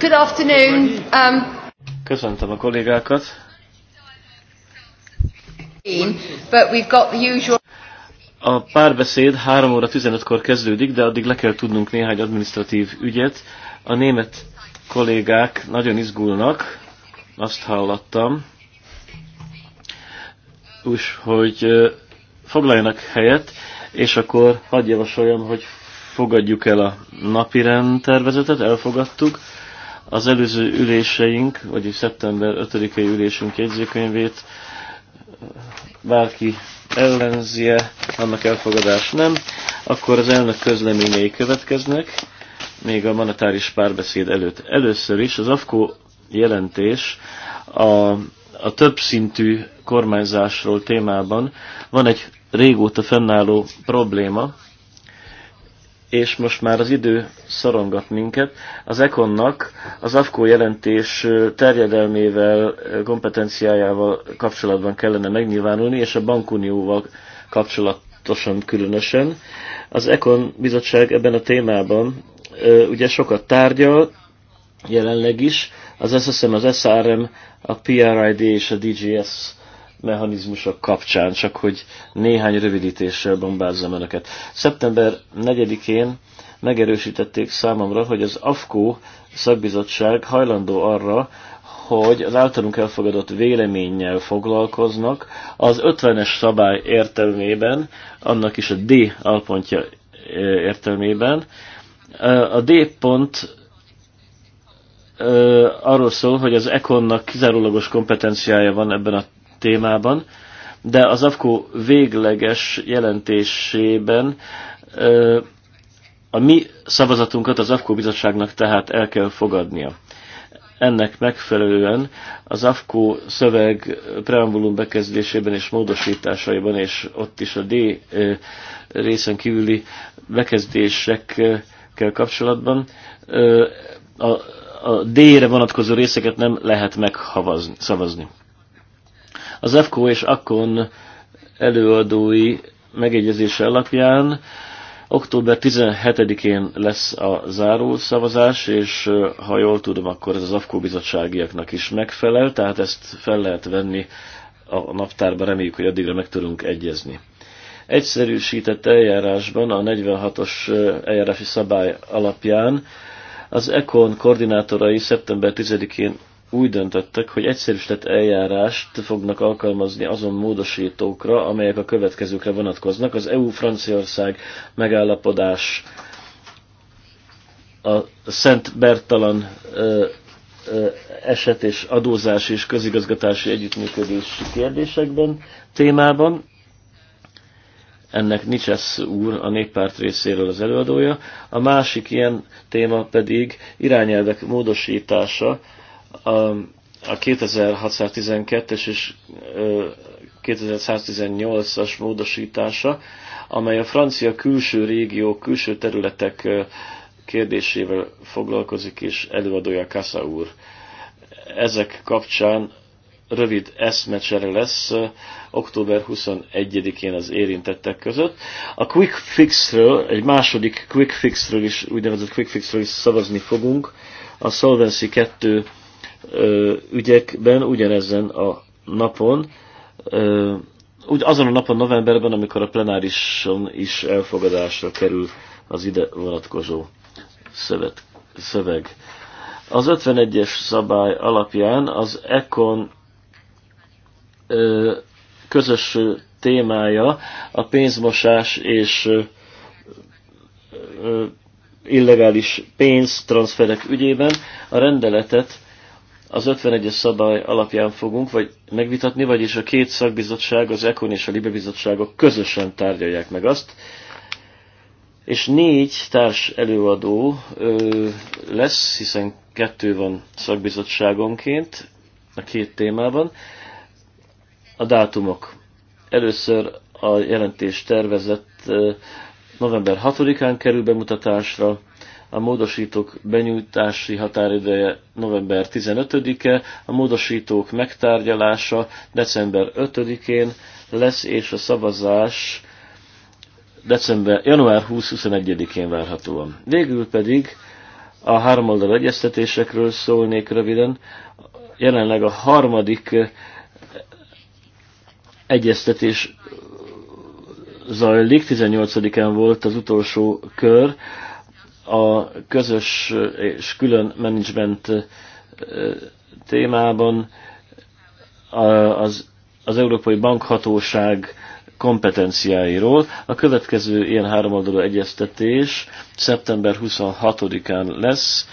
Good afternoon. Um, Köszöntöm a kollégákat. But we've got the usual... A párbeszéd 3 óra 15-kor kezdődik, de addig le kell tudnunk néhány administratív ügyet. A német kollégák nagyon izgulnak, azt hallottam, úgyhogy foglaljanak helyet, és akkor hadd javasoljam, hogy fogadjuk el a napi rendtervezetet, elfogadtuk az előző üléseink, vagyis szeptember 5-i ülésünk jegyzőkönyvét bárki ellenzie, annak elfogadás nem, akkor az elnök közleményei következnek, még a monetáris párbeszéd előtt. Először is az AFKO jelentés a, a többszintű kormányzásról témában van egy régóta fennálló probléma, és most már az idő szorongat minket. Az Econnak az AFKO jelentés terjedelmével, kompetenciájával kapcsolatban kellene megnyilvánulni, és a bankunióval kapcsolatosan különösen. Az Econ bizottság ebben a témában ugye sokat tárgyal, jelenleg is, az SSM, az SRM, a PRID és a DGS mechanizmusok kapcsán, csak hogy néhány rövidítéssel bombázzam önöket. Szeptember 4-én megerősítették számomra, hogy az AFKO szakbizottság hajlandó arra, hogy az általunk elfogadott véleménnyel foglalkoznak, az 50-es szabály értelmében, annak is a D alpontja értelmében. A D pont arról szól, hogy az Econnak kizárólagos kompetenciája van ebben a témában, de az AFKO végleges jelentésében a mi szavazatunkat az AFKO bizottságnak tehát el kell fogadnia. Ennek megfelelően az AFKO szöveg preambulum bekezdésében és módosításaiban, és ott is a D részen kívüli bekezdésekkel kapcsolatban a, D-re vonatkozó részeket nem lehet megszavazni. Az EFKO és akon előadói megegyezése alapján október 17-én lesz a záró szavazás, és ha jól tudom, akkor ez az AFKO bizottságiaknak is megfelel, tehát ezt fel lehet venni a naptárba, reméljük, hogy addigra meg tudunk egyezni. Egyszerűsített eljárásban a 46-os eljárási szabály alapján az ECON koordinátorai szeptember 10-én úgy döntöttek, hogy egyszerűsített eljárást fognak alkalmazni azon módosítókra, amelyek a következőkre vonatkoznak. Az EU-Franciaország megállapodás, a Szent Bertalan ö, ö, eset és adózási és közigazgatási együttműködési kérdésekben témában. Ennek Nicsesz úr a néppárt részéről az előadója. A másik ilyen téma pedig irányelvek módosítása, a, a 2612-es és 2118-as módosítása, amely a francia külső régió, külső területek kérdésével foglalkozik, és előadója Kassa úr. Ezek kapcsán rövid eszmecsere lesz október 21-én az érintettek között. A Quick Fixről, egy második Quick Fixről is, úgynevezett Quick Fixről is szavazni fogunk. A Solvency 2 ügyekben ugyanezen a napon, úgy azon a napon novemberben, amikor a plenárison is elfogadásra kerül az ide vonatkozó szövet, szöveg. Az 51-es szabály alapján az ECON közös témája a pénzmosás és illegális pénztranszferek ügyében a rendeletet az 51-es szabály alapján fogunk vagy megvitatni, vagyis a két szakbizottság, az ECON és a LIBE bizottságok közösen tárgyalják meg azt, és négy társ előadó ö, lesz, hiszen kettő van szakbizottságonként a két témában. A dátumok. Először a jelentés tervezett ö, november 6-án kerül bemutatásra, a módosítók benyújtási határideje november 15-e, a módosítók megtárgyalása december 5-én lesz, és a szavazás december, január 20-21-én várhatóan. Végül pedig a háromoldal egyeztetésekről szólnék röviden. Jelenleg a harmadik eh, egyeztetés zajlik, 18-án volt az utolsó kör, a közös és külön menedzsment témában az, az Európai Bankhatóság kompetenciáiról. A következő ilyen háromoldalú egyeztetés szeptember 26-án lesz,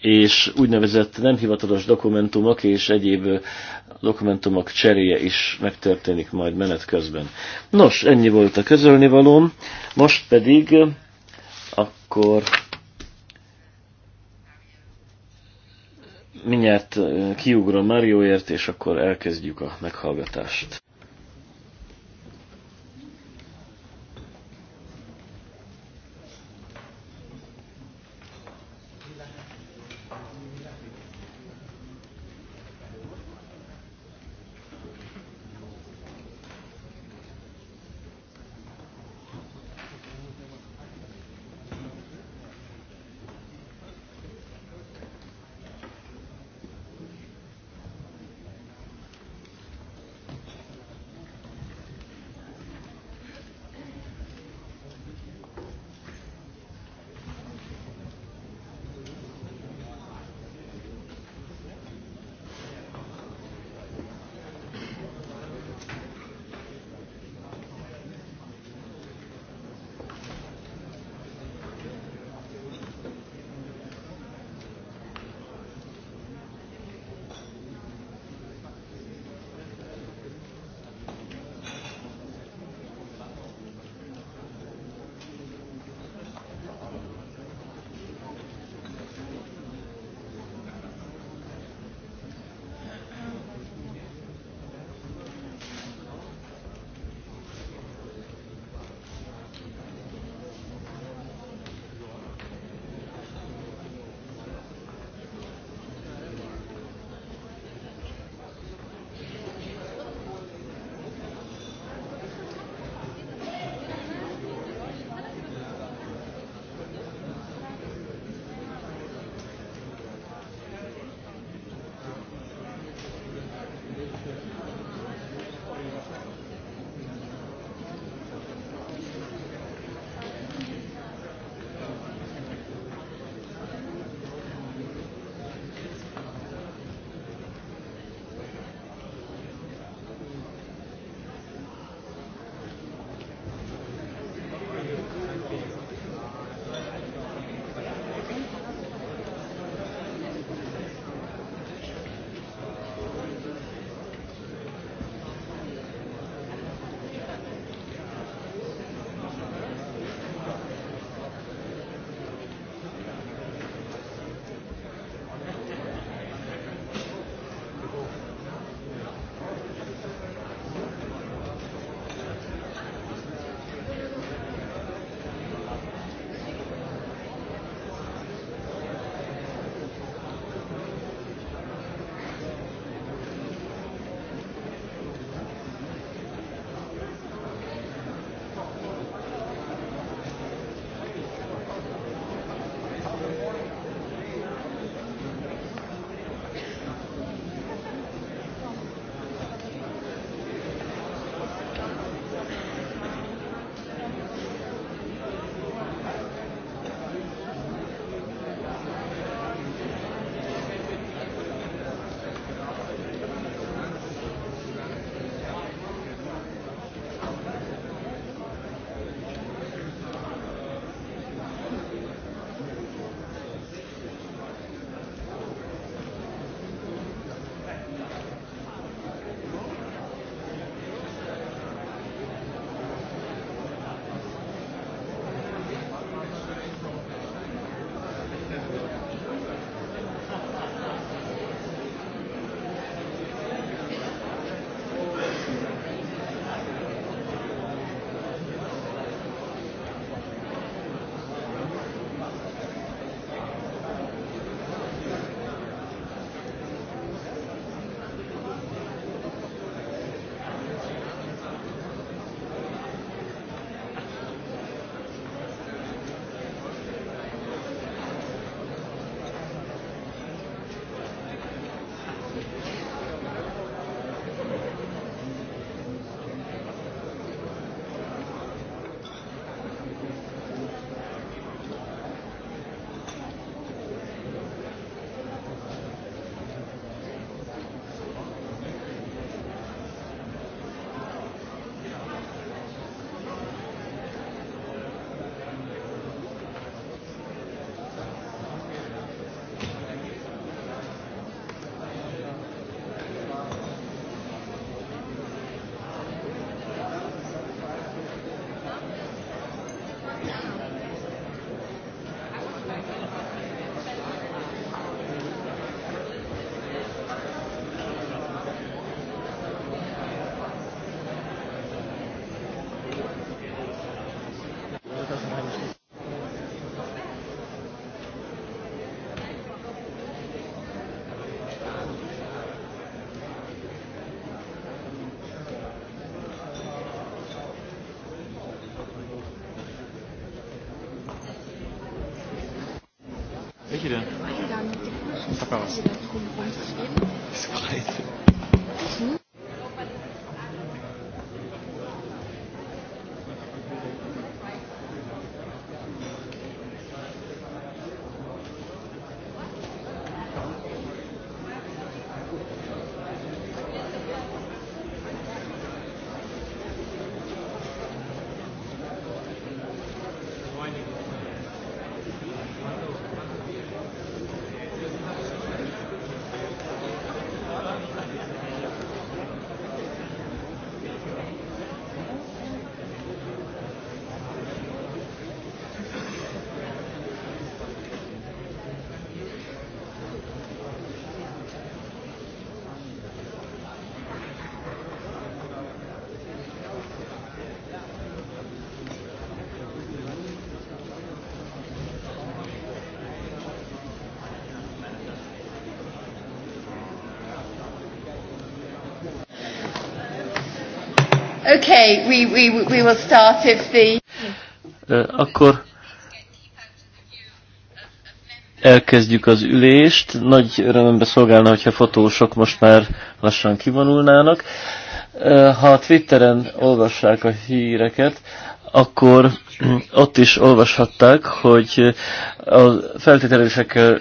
és úgynevezett nem hivatalos dokumentumok és egyéb dokumentumok cseréje is megtörténik majd menet közben. Nos, ennyi volt a közölnivalóm, most pedig akkor mindjárt eh, kiugrom Marioért, és akkor elkezdjük a meghallgatást. Paris. Okay, we, we, we will start if the... Akkor elkezdjük az ülést. Nagy örömömbe szolgálna, hogyha fotósok most már lassan kivonulnának. Ha a Twitteren olvassák a híreket, akkor ott is olvashatták, hogy a feltételésekkel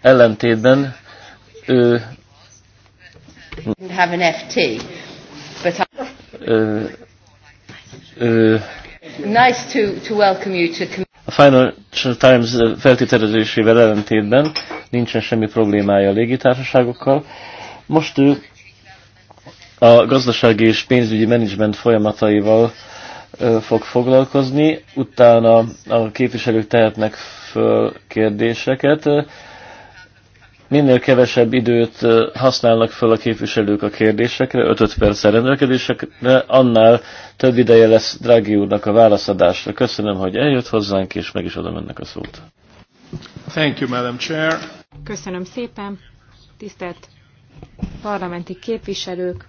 ellentétben ő have an FT nice to, to welcome you to a Financial Times feltételezésével ellentétben nincsen semmi problémája a légitársaságokkal. Most ő a gazdasági és pénzügyi menedzsment folyamataival fog foglalkozni, utána a képviselők tehetnek föl kérdéseket minél kevesebb időt használnak fel a képviselők a kérdésekre, 5 perc rendelkezésekre, annál több ideje lesz Drági úrnak a válaszadásra. Köszönöm, hogy eljött hozzánk, és meg is adom ennek a szót. Thank you, Madam Chair. Köszönöm szépen, tisztelt parlamenti képviselők.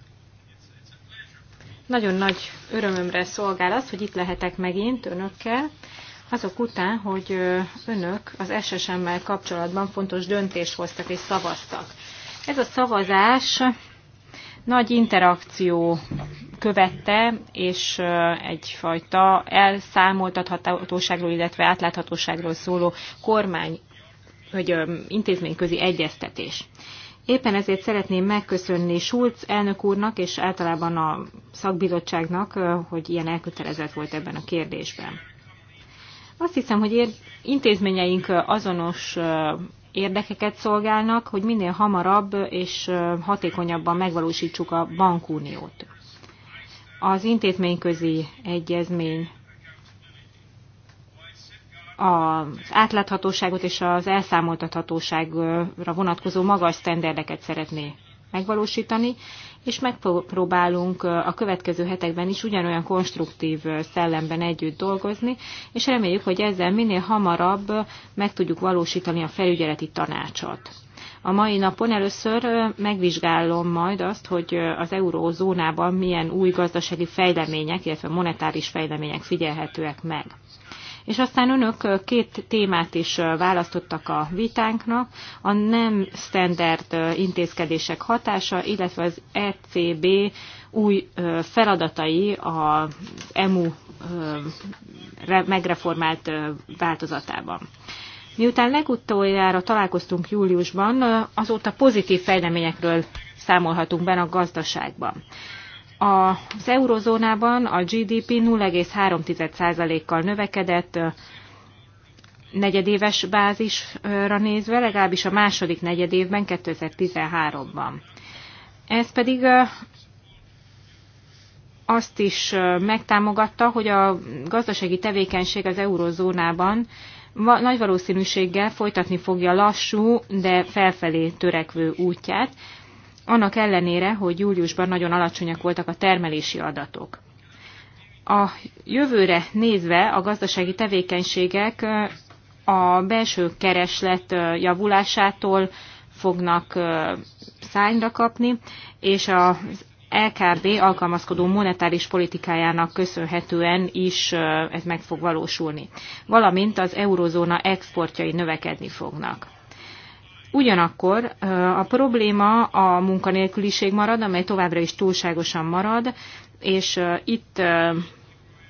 Nagyon nagy örömömre szolgál az, hogy itt lehetek megint önökkel, azok után, hogy önök az SSM-mel kapcsolatban fontos döntést hoztak és szavaztak. Ez a szavazás nagy interakció követte, és egyfajta elszámoltathatóságról, illetve átláthatóságról szóló kormány hogy intézményközi egyeztetés. Éppen ezért szeretném megköszönni Schulz elnök úrnak és általában a szakbizottságnak, hogy ilyen elkötelezett volt ebben a kérdésben. Azt hiszem, hogy ér, intézményeink azonos érdekeket szolgálnak, hogy minél hamarabb és hatékonyabban megvalósítsuk a bankuniót. Az intézményközi egyezmény az átláthatóságot és az elszámoltathatóságra vonatkozó magas sztenderdeket szeretné megvalósítani, és megpróbálunk a következő hetekben is ugyanolyan konstruktív szellemben együtt dolgozni, és reméljük, hogy ezzel minél hamarabb meg tudjuk valósítani a felügyeleti tanácsot. A mai napon először megvizsgálom majd azt, hogy az eurózónában milyen új gazdasági fejlemények, illetve monetáris fejlemények figyelhetőek meg. És aztán önök két témát is választottak a vitánknak, a nem standard intézkedések hatása, illetve az ECB új feladatai az EMU megreformált változatában. Miután legutoljára találkoztunk júliusban, azóta pozitív fejleményekről számolhatunk be a gazdaságban. Az eurozónában a GDP 0,3%-kal növekedett negyedéves bázisra nézve, legalábbis a második negyedévben 2013-ban. Ez pedig azt is megtámogatta, hogy a gazdasági tevékenység az eurozónában nagy valószínűséggel folytatni fogja lassú, de felfelé törekvő útját, annak ellenére, hogy júliusban nagyon alacsonyak voltak a termelési adatok. A jövőre nézve a gazdasági tevékenységek a belső kereslet javulásától fognak szányra kapni, és az LKB alkalmazkodó monetáris politikájának köszönhetően is ez meg fog valósulni, valamint az eurozóna exportjai növekedni fognak. Ugyanakkor a probléma a munkanélküliség marad, amely továbbra is túlságosan marad, és itt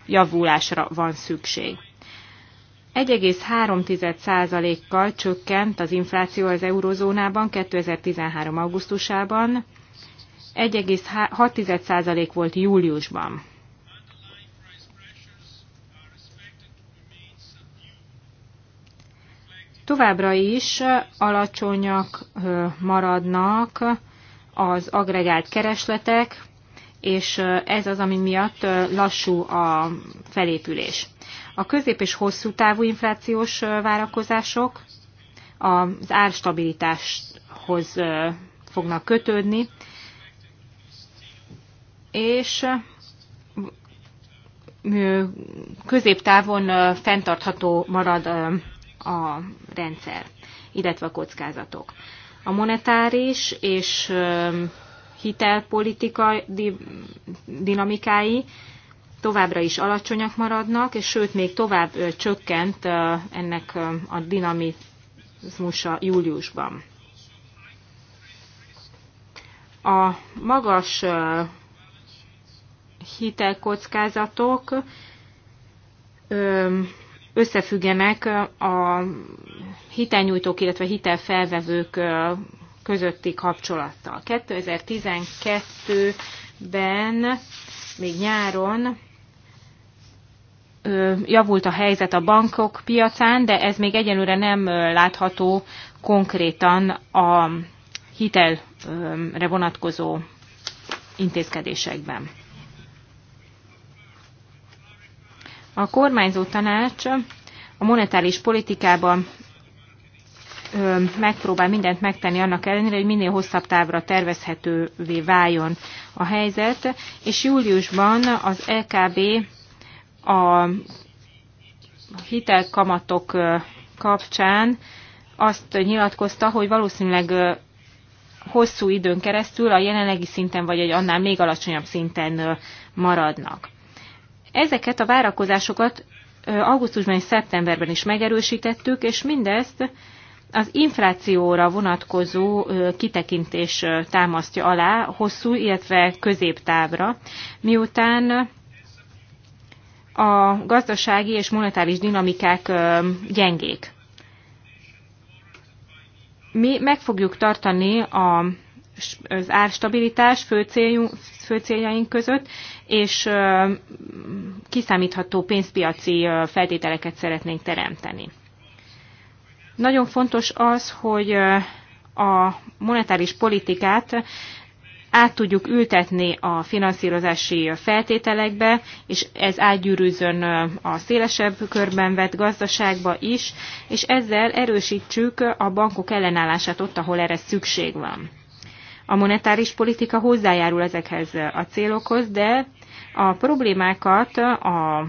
javulásra van szükség. 1,3%-kal csökkent az infláció az eurozónában 2013. augusztusában, 1,6% volt júliusban. Továbbra is alacsonyak maradnak az agregált keresletek, és ez az, ami miatt lassú a felépülés. A közép- és hosszú távú inflációs várakozások az árstabilitáshoz fognak kötődni, és középtávon fenntartható marad a rendszer, illetve a kockázatok. A monetáris és hitelpolitika dinamikái továbbra is alacsonyak maradnak, és sőt még tovább csökkent ennek a dinamizmusa júliusban. A magas hitelkockázatok összefüggenek a hitelnyújtók, illetve hitelfelvevők közötti kapcsolattal. 2012-ben, még nyáron javult a helyzet a bankok piacán, de ez még egyelőre nem látható konkrétan a hitelre vonatkozó intézkedésekben. A kormányzó tanács a monetáris politikában megpróbál mindent megtenni annak ellenére, hogy minél hosszabb távra tervezhetővé váljon a helyzet, és júliusban az LKB a hitelkamatok kapcsán azt nyilatkozta, hogy valószínűleg hosszú időn keresztül a jelenlegi szinten vagy egy annál még alacsonyabb szinten maradnak. Ezeket a várakozásokat augusztusban és szeptemberben is megerősítettük, és mindezt az inflációra vonatkozó kitekintés támasztja alá hosszú, illetve középtávra, miután a gazdasági és monetáris dinamikák gyengék. Mi meg fogjuk tartani a, az árstabilitás fő, céljunk, fő céljaink között, és kiszámítható pénzpiaci feltételeket szeretnénk teremteni. Nagyon fontos az, hogy a monetáris politikát át tudjuk ültetni a finanszírozási feltételekbe, és ez átgyűrűzön a szélesebb körben vett gazdaságba is, és ezzel erősítsük a bankok ellenállását ott, ahol erre szükség van. A monetáris politika hozzájárul ezekhez a célokhoz, de a problémákat a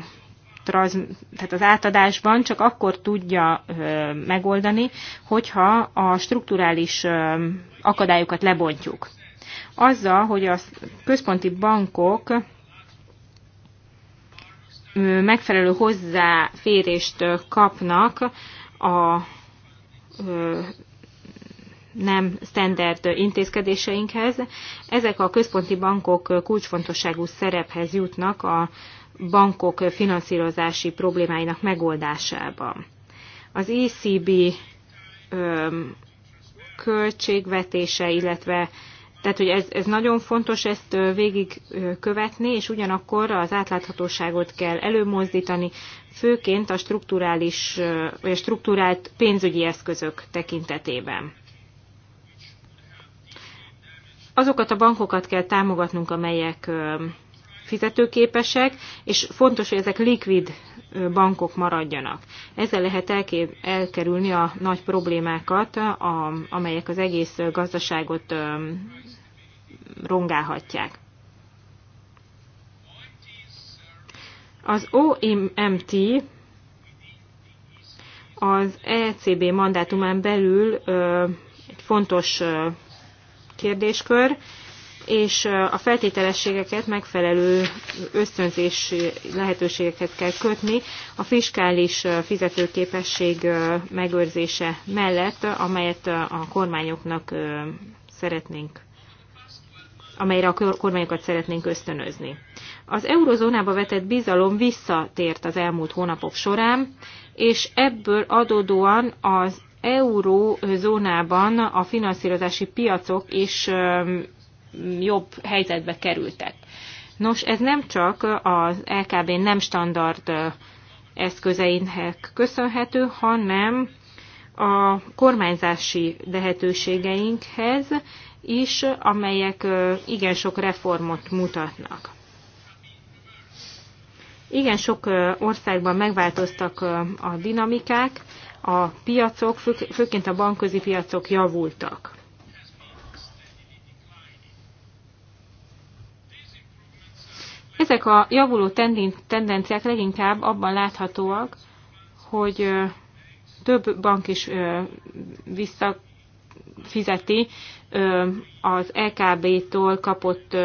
tehát az átadásban csak akkor tudja ö, megoldani, hogyha a strukturális ö, akadályokat lebontjuk. Azzal, hogy a központi bankok ö, megfelelő hozzáférést kapnak a ö, nem standard intézkedéseinkhez. Ezek a központi bankok kulcsfontosságú szerephez jutnak a bankok finanszírozási problémáinak megoldásában. Az ECB költségvetése, illetve tehát, hogy ez, ez nagyon fontos ezt végig követni, és ugyanakkor az átláthatóságot kell előmozdítani, főként a strukturális, vagy a struktúrált pénzügyi eszközök tekintetében azokat a bankokat kell támogatnunk, amelyek fizetőképesek, és fontos, hogy ezek likvid bankok maradjanak. Ezzel lehet elkerülni a nagy problémákat, amelyek az egész gazdaságot rongálhatják. Az OMT az ECB mandátumán belül egy fontos kérdéskör, és a feltételességeket megfelelő ösztönzés lehetőségeket kell kötni a fiskális fizetőképesség megőrzése mellett, amelyet a kormányoknak szeretnénk amelyre a kormányokat szeretnénk ösztönözni. Az eurozónába vetett bizalom visszatért az elmúlt hónapok során, és ebből adódóan az eurózónában a finanszírozási piacok is jobb helyzetbe kerültek. Nos, ez nem csak az LKB nem standard eszközeinek köszönhető, hanem a kormányzási lehetőségeinkhez is, amelyek igen sok reformot mutatnak. Igen sok országban megváltoztak a dinamikák, a piacok, főként a bankközi piacok javultak. Ezek a javuló tendenciák leginkább abban láthatóak, hogy több bank is visszafizeti az LKB-tól kapott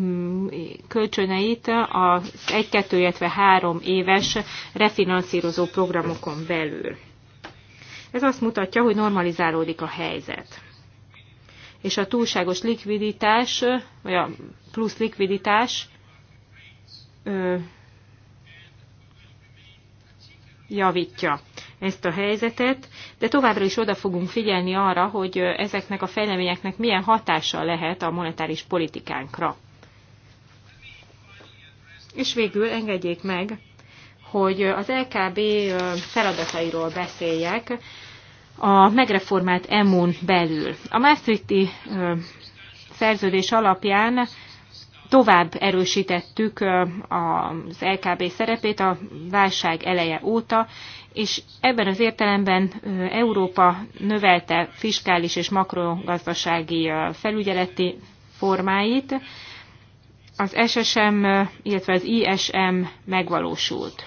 Mm, kölcsöneit az 1, 2, illetve 3 éves refinanszírozó programokon belül. Ez azt mutatja, hogy normalizálódik a helyzet. És a túlságos likviditás, vagy a plusz likviditás javítja ezt a helyzetet, de továbbra is oda fogunk figyelni arra, hogy ezeknek a fejleményeknek milyen hatása lehet a monetáris politikánkra. És végül engedjék meg, hogy az LKB feladatairól beszéljek a megreformált EMU-n belül. A Maastrichti szerződés alapján tovább erősítettük az LKB szerepét a válság eleje óta, és ebben az értelemben Európa növelte fiskális és makrogazdasági felügyeleti formáit, az SSM, illetve az ISM megvalósult.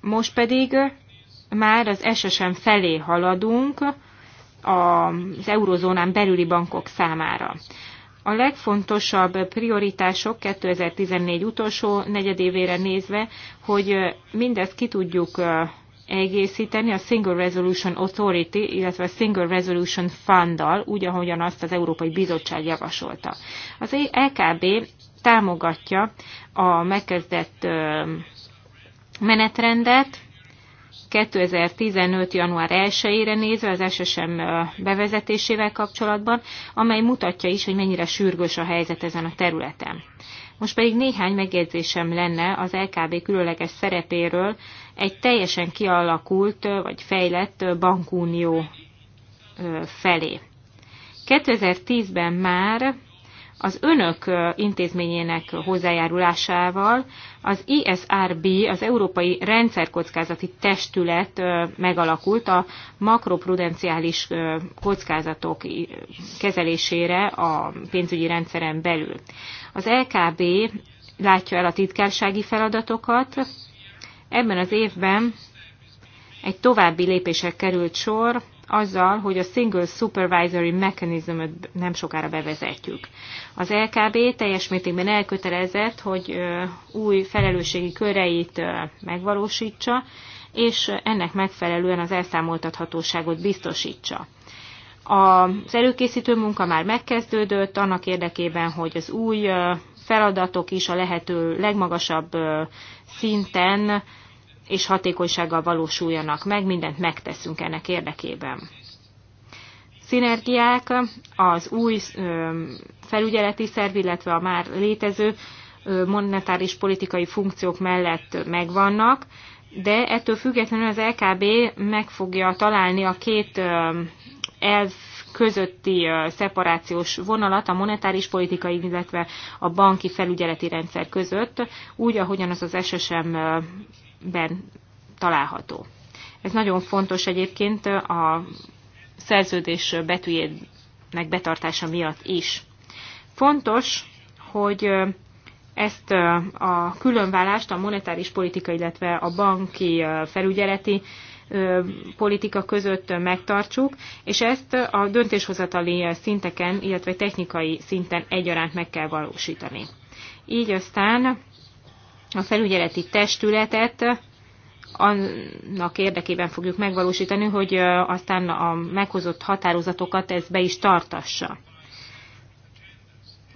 Most pedig már az SSM felé haladunk az eurozónán belüli bankok számára. A legfontosabb prioritások 2014 utolsó negyedévére nézve, hogy mindezt ki tudjuk Egészíteni a Single Resolution Authority, illetve a Single Resolution Funddal, úgy, ahogyan azt az Európai Bizottság javasolta. Az EKB támogatja a megkezdett menetrendet, 2015. január 1-ére nézve az SSM bevezetésével kapcsolatban, amely mutatja is, hogy mennyire sürgős a helyzet ezen a területen. Most pedig néhány megjegyzésem lenne az LKB különleges szerepéről egy teljesen kialakult vagy fejlett bankunió felé. 2010-ben már az önök intézményének hozzájárulásával az ISRB, az Európai Rendszerkockázati Testület megalakult a makroprudenciális kockázatok kezelésére a pénzügyi rendszeren belül. Az LKB látja el a titkársági feladatokat. Ebben az évben egy további lépésre került sor azzal, hogy a Single Supervisory mechanism nem sokára bevezetjük. Az LKB teljes mértékben elkötelezett, hogy új felelősségi köreit megvalósítsa, és ennek megfelelően az elszámoltathatóságot biztosítsa. Az előkészítő munka már megkezdődött, annak érdekében, hogy az új feladatok is a lehető legmagasabb szinten és hatékonysággal valósuljanak meg, mindent megteszünk ennek érdekében. Szinergiák az új felügyeleti szerv, illetve a már létező monetáris politikai funkciók mellett megvannak, de ettől függetlenül az LKB meg fogja találni a két elv közötti szeparációs vonalat a monetáris politikai, illetve a banki felügyeleti rendszer között, úgy, ahogyan az az SSM ben található. Ez nagyon fontos egyébként a szerződés betűjének betartása miatt is. Fontos, hogy ezt a különválást a monetáris politika, illetve a banki felügyeleti politika között megtartsuk, és ezt a döntéshozatali szinteken, illetve technikai szinten egyaránt meg kell valósítani. Így aztán a felügyeleti testületet annak érdekében fogjuk megvalósítani, hogy aztán a meghozott határozatokat ez be is tartassa.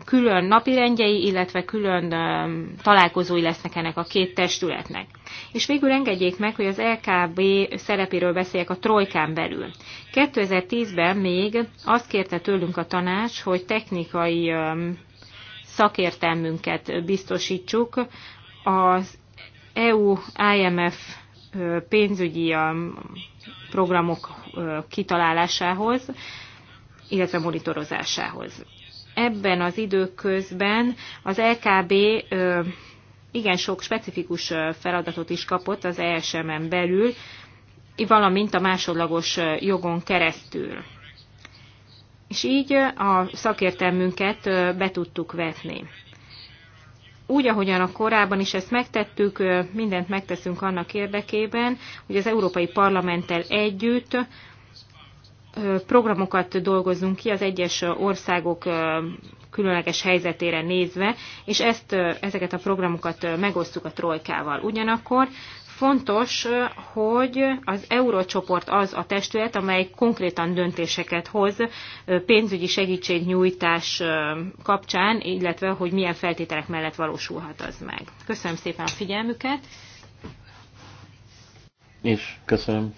Külön napirendjei, illetve külön találkozói lesznek ennek a két testületnek. És végül engedjék meg, hogy az LKB szerepéről beszéljek a trojkán belül. 2010-ben még azt kérte tőlünk a tanács, hogy technikai szakértelmünket biztosítsuk az EU-IMF pénzügyi programok kitalálásához, illetve monitorozásához. Ebben az időközben az LKB e igen sok specifikus feladatot is kapott az ESM-en belül, valamint a másodlagos jogon keresztül. És így a szakértelmünket be tudtuk vetni úgy, ahogyan a korábban is ezt megtettük, mindent megteszünk annak érdekében, hogy az Európai Parlamenttel együtt programokat dolgozzunk ki az egyes országok különleges helyzetére nézve, és ezt, ezeket a programokat megosztjuk a trojkával. Ugyanakkor Fontos, hogy az eurócsoport az a testület, amely konkrétan döntéseket hoz pénzügyi segítségnyújtás kapcsán, illetve hogy milyen feltételek mellett valósulhat az meg. Köszönöm szépen a figyelmüket. És köszönöm,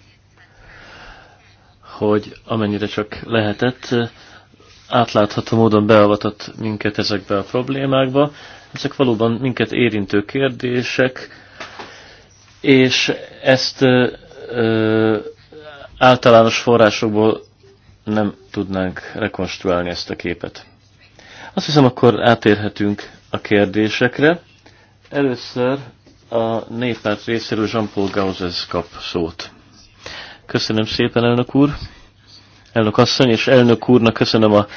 hogy amennyire csak lehetett, átlátható módon beavatott minket ezekbe a problémákba. Ezek valóban minket érintő kérdések, és ezt ö, ö, általános forrásokból nem tudnánk rekonstruálni ezt a képet. Azt hiszem, akkor átérhetünk a kérdésekre. Először a néppárt részéről Jean-Paul Gauzes kap szót. Köszönöm szépen, elnök úr, elnök asszony, és elnök úrnak köszönöm a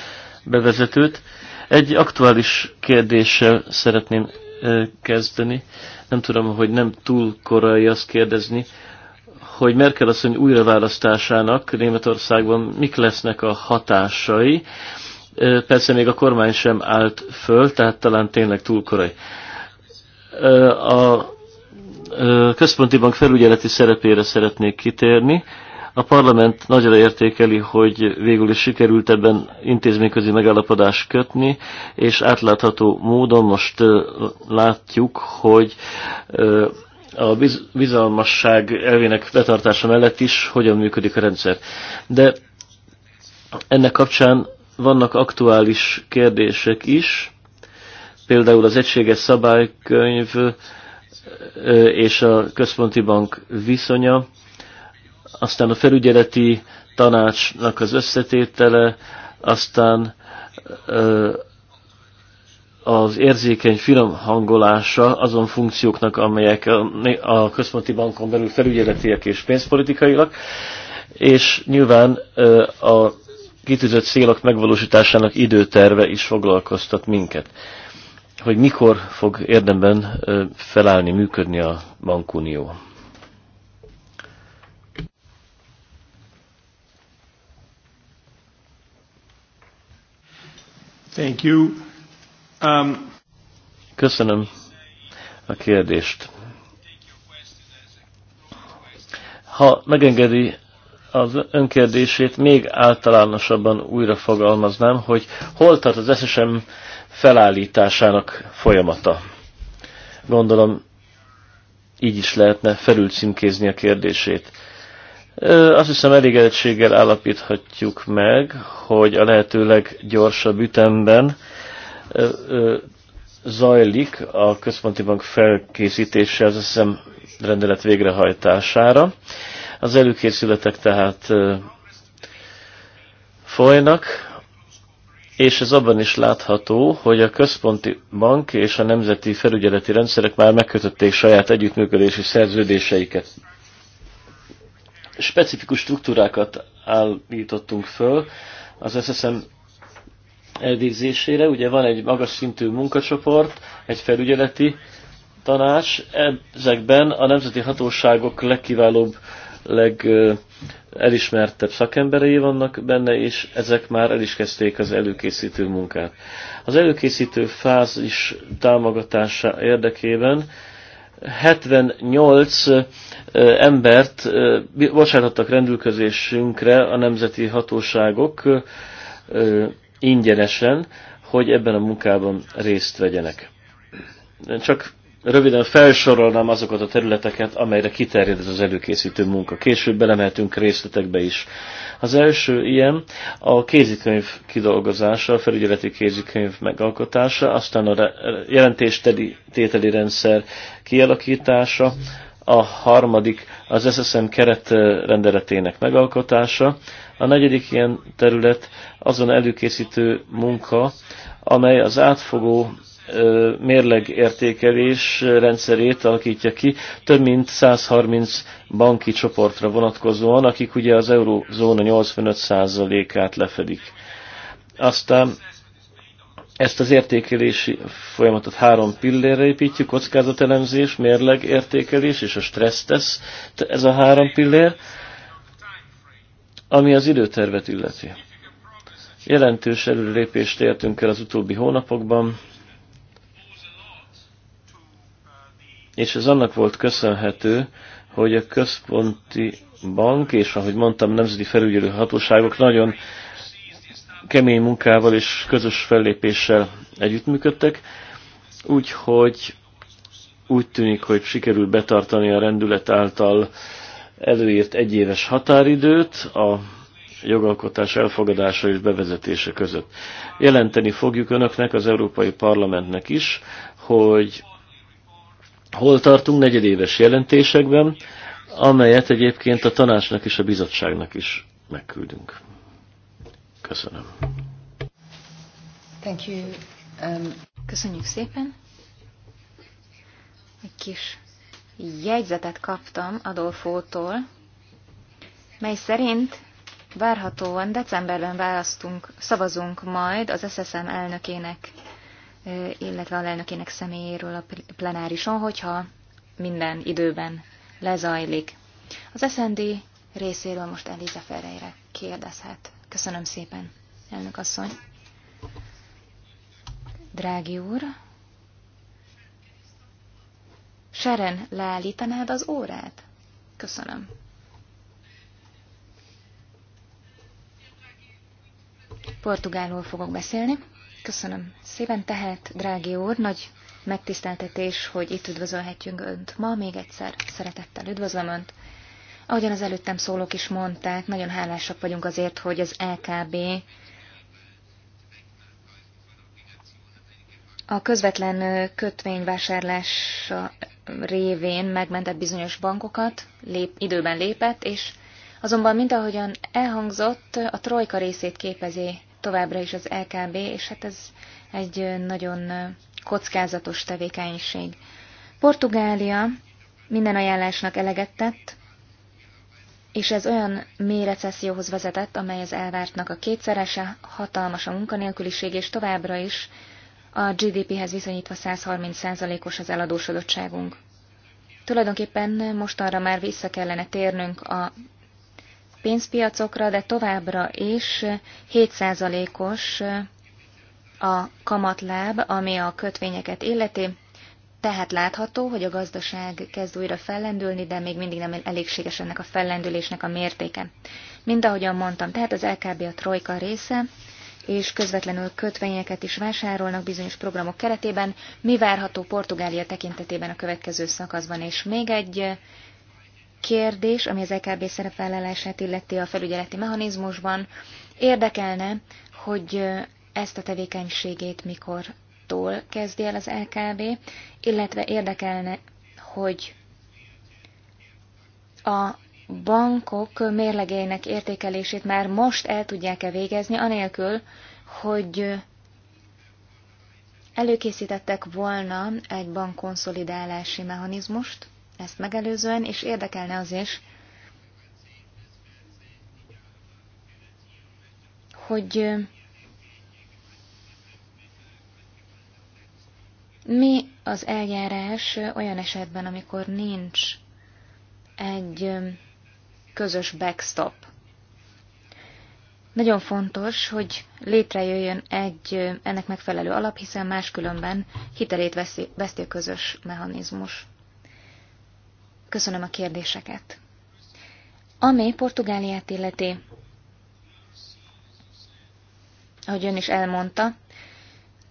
bevezetőt. Egy aktuális kérdéssel szeretném kezdeni. Nem tudom, hogy nem túl korai azt kérdezni, hogy Merkel asszony újraválasztásának Németországban mik lesznek a hatásai. Persze még a kormány sem állt föl, tehát talán tényleg túl korai. A központi bank felügyeleti szerepére szeretnék kitérni. A parlament nagyra értékeli, hogy végül is sikerült ebben intézményközi megállapodást kötni, és átlátható módon most látjuk, hogy a bizalmasság elvének betartása mellett is hogyan működik a rendszer. De ennek kapcsán vannak aktuális kérdések is, például az egységes szabálykönyv és a központi bank viszonya, aztán a felügyeleti tanácsnak az összetétele, aztán az érzékeny finom hangolása azon funkcióknak, amelyek a központi bankon belül felügyeletiek és pénzpolitikailag, és nyilván a kitűzött célok megvalósításának időterve is foglalkoztat minket, hogy mikor fog érdemben felállni, működni a bankunió. Thank you. Um... Köszönöm a kérdést. Ha megengedi az önkérdését, még általánosabban újra fogalmaznám, hogy hol tart az SSM felállításának folyamata. Gondolom, így is lehetne felülcímkézni a kérdését. Azt hiszem elégedettséggel állapíthatjuk meg, hogy a lehető leggyorsabb ütemben zajlik a központi bank felkészítése az hiszem rendelet végrehajtására. Az előkészületek tehát folynak, és ez abban is látható, hogy a központi bank és a nemzeti felügyeleti rendszerek már megkötötték saját együttműködési szerződéseiket specifikus struktúrákat állítottunk föl az SSM elvégzésére. Ugye van egy magas szintű munkacsoport, egy felügyeleti tanács, ezekben a nemzeti hatóságok legkiválóbb, legelismertebb szakemberei vannak benne, és ezek már el is kezdték az előkészítő munkát. Az előkészítő fázis támogatása érdekében 78 embert bocsátottak rendülközésünkre a nemzeti hatóságok ingyenesen, hogy ebben a munkában részt vegyenek. Csak röviden felsorolnám azokat a területeket, amelyre kiterjed ez az előkészítő munka. Később belemeltünk részletekbe is. Az első ilyen a kézikönyv kidolgozása, a felügyeleti kézikönyv megalkotása, aztán a jelentéstételi rendszer kialakítása, a harmadik az SSM keretrendeletének megalkotása, a negyedik ilyen terület azon előkészítő munka, amely az átfogó mérlegértékelés rendszerét alakítja ki több mint 130 banki csoportra vonatkozóan, akik ugye az eurózóna 85%-át lefedik. Aztán ezt az értékelési folyamatot három pillérre építjük, kockázatelemzés, mérlegértékelés és a tesz, ez a három pillér, ami az időtervet illeti. Jelentős előrelépést értünk el az utóbbi hónapokban, és ez annak volt köszönhető, hogy a központi bank, és ahogy mondtam, nemzeti felügyelő hatóságok nagyon kemény munkával és közös fellépéssel együttműködtek, úgyhogy úgy tűnik, hogy sikerül betartani a rendület által előírt egyéves határidőt a jogalkotás elfogadása és bevezetése között. Jelenteni fogjuk önöknek, az Európai Parlamentnek is, hogy hol tartunk negyedéves jelentésekben, amelyet egyébként a tanácsnak és a bizottságnak is megküldünk. Köszönöm. Thank you. Um, köszönjük szépen. Egy kis jegyzetet kaptam Adolfótól, mely szerint várhatóan decemberben választunk, szavazunk majd az SSM elnökének illetve a lelnökének személyéről a plenárison, hogyha minden időben lezajlik. Az SND részéről most Eliza Ferreira kérdezhet. Köszönöm szépen, elnök asszony. Drági úr, Seren, leállítanád az órát? Köszönöm. Portugálul fogok beszélni. Köszönöm szépen. Tehát, drági úr, nagy megtiszteltetés, hogy itt üdvözölhetjünk Önt ma. Még egyszer szeretettel üdvözlöm Önt. Ahogyan az előttem szólók is mondták, nagyon hálásak vagyunk azért, hogy az LKB a közvetlen kötvényvásárlása révén megmentett bizonyos bankokat, lép, időben lépett, és azonban, mint ahogyan elhangzott, a trojka részét képezi továbbra is az LKB, és hát ez egy nagyon kockázatos tevékenység. Portugália minden ajánlásnak eleget tett, és ez olyan mély recesszióhoz vezetett, amely az elvártnak a kétszerese, hatalmas a munkanélküliség, és továbbra is a GDP-hez viszonyítva 130%-os az eladósodottságunk. Tulajdonképpen most arra már vissza kellene térnünk a pénzpiacokra, de továbbra is 7%-os a kamatláb, ami a kötvényeket illeti, tehát látható, hogy a gazdaság kezd újra fellendülni, de még mindig nem elégséges ennek a fellendülésnek a mértéke. Mind ahogyan mondtam, tehát az LKB a trojka része, és közvetlenül kötvényeket is vásárolnak bizonyos programok keretében. Mi várható Portugália tekintetében a következő szakaszban? És még egy kérdés, ami az EKB szerepvállalását illeti a felügyeleti mechanizmusban. Érdekelne, hogy ezt a tevékenységét mikor tól kezdi el az LKB, e illetve érdekelne, hogy a bankok mérlegeinek értékelését már most el tudják-e végezni, anélkül, hogy előkészítettek volna egy bankkonszolidálási mechanizmust, ezt megelőzően, és érdekelne az is, hogy mi az eljárás olyan esetben, amikor nincs egy közös backstop. Nagyon fontos, hogy létrejöjjön egy ennek megfelelő alap, hiszen máskülönben hitelét veszi, veszi a közös mechanizmus. Köszönöm a kérdéseket. Ami Portugáliát illeti, ahogy ön is elmondta,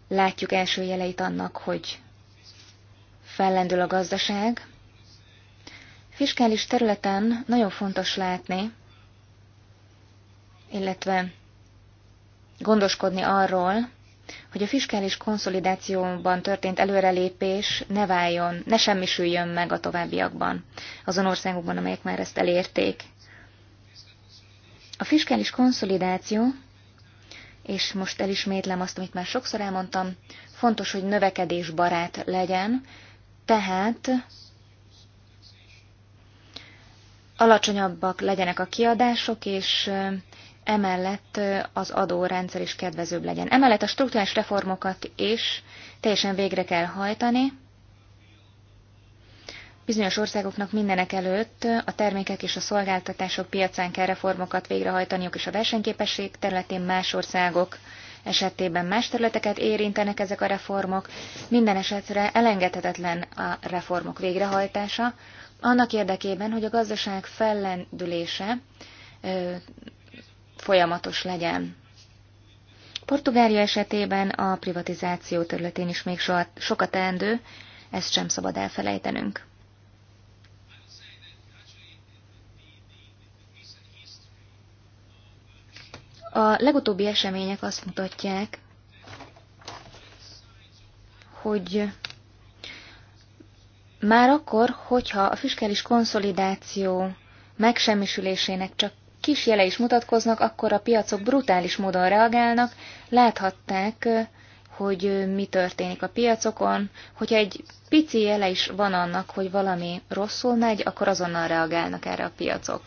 látjuk első jeleit annak, hogy fellendül a gazdaság. Fiskális területen nagyon fontos látni, illetve gondoskodni arról, hogy a fiskális konszolidációban történt előrelépés ne váljon, ne semmisüljön meg a továbbiakban, azon országokban, amelyek már ezt elérték. A fiskális konszolidáció, és most elismétlem azt, amit már sokszor elmondtam, fontos, hogy növekedésbarát legyen, tehát alacsonyabbak legyenek a kiadások, és emellett az adórendszer is kedvezőbb legyen. Emellett a struktúrás reformokat is teljesen végre kell hajtani. Bizonyos országoknak mindenek előtt a termékek és a szolgáltatások piacán kell reformokat végrehajtaniuk, és a versenyképesség területén más országok esetében más területeket érintenek ezek a reformok. Minden esetre elengedhetetlen a reformok végrehajtása, annak érdekében, hogy a gazdaság fellendülése folyamatos legyen. Portugália esetében a privatizáció területén is még soha, sokat teendő, ezt sem szabad elfelejtenünk. A legutóbbi események azt mutatják, hogy már akkor, hogyha a fiskális konszolidáció megsemmisülésének csak kis jele is mutatkoznak, akkor a piacok brutális módon reagálnak. Láthatták, hogy mi történik a piacokon. Hogyha egy pici jele is van annak, hogy valami rosszul megy, akkor azonnal reagálnak erre a piacok.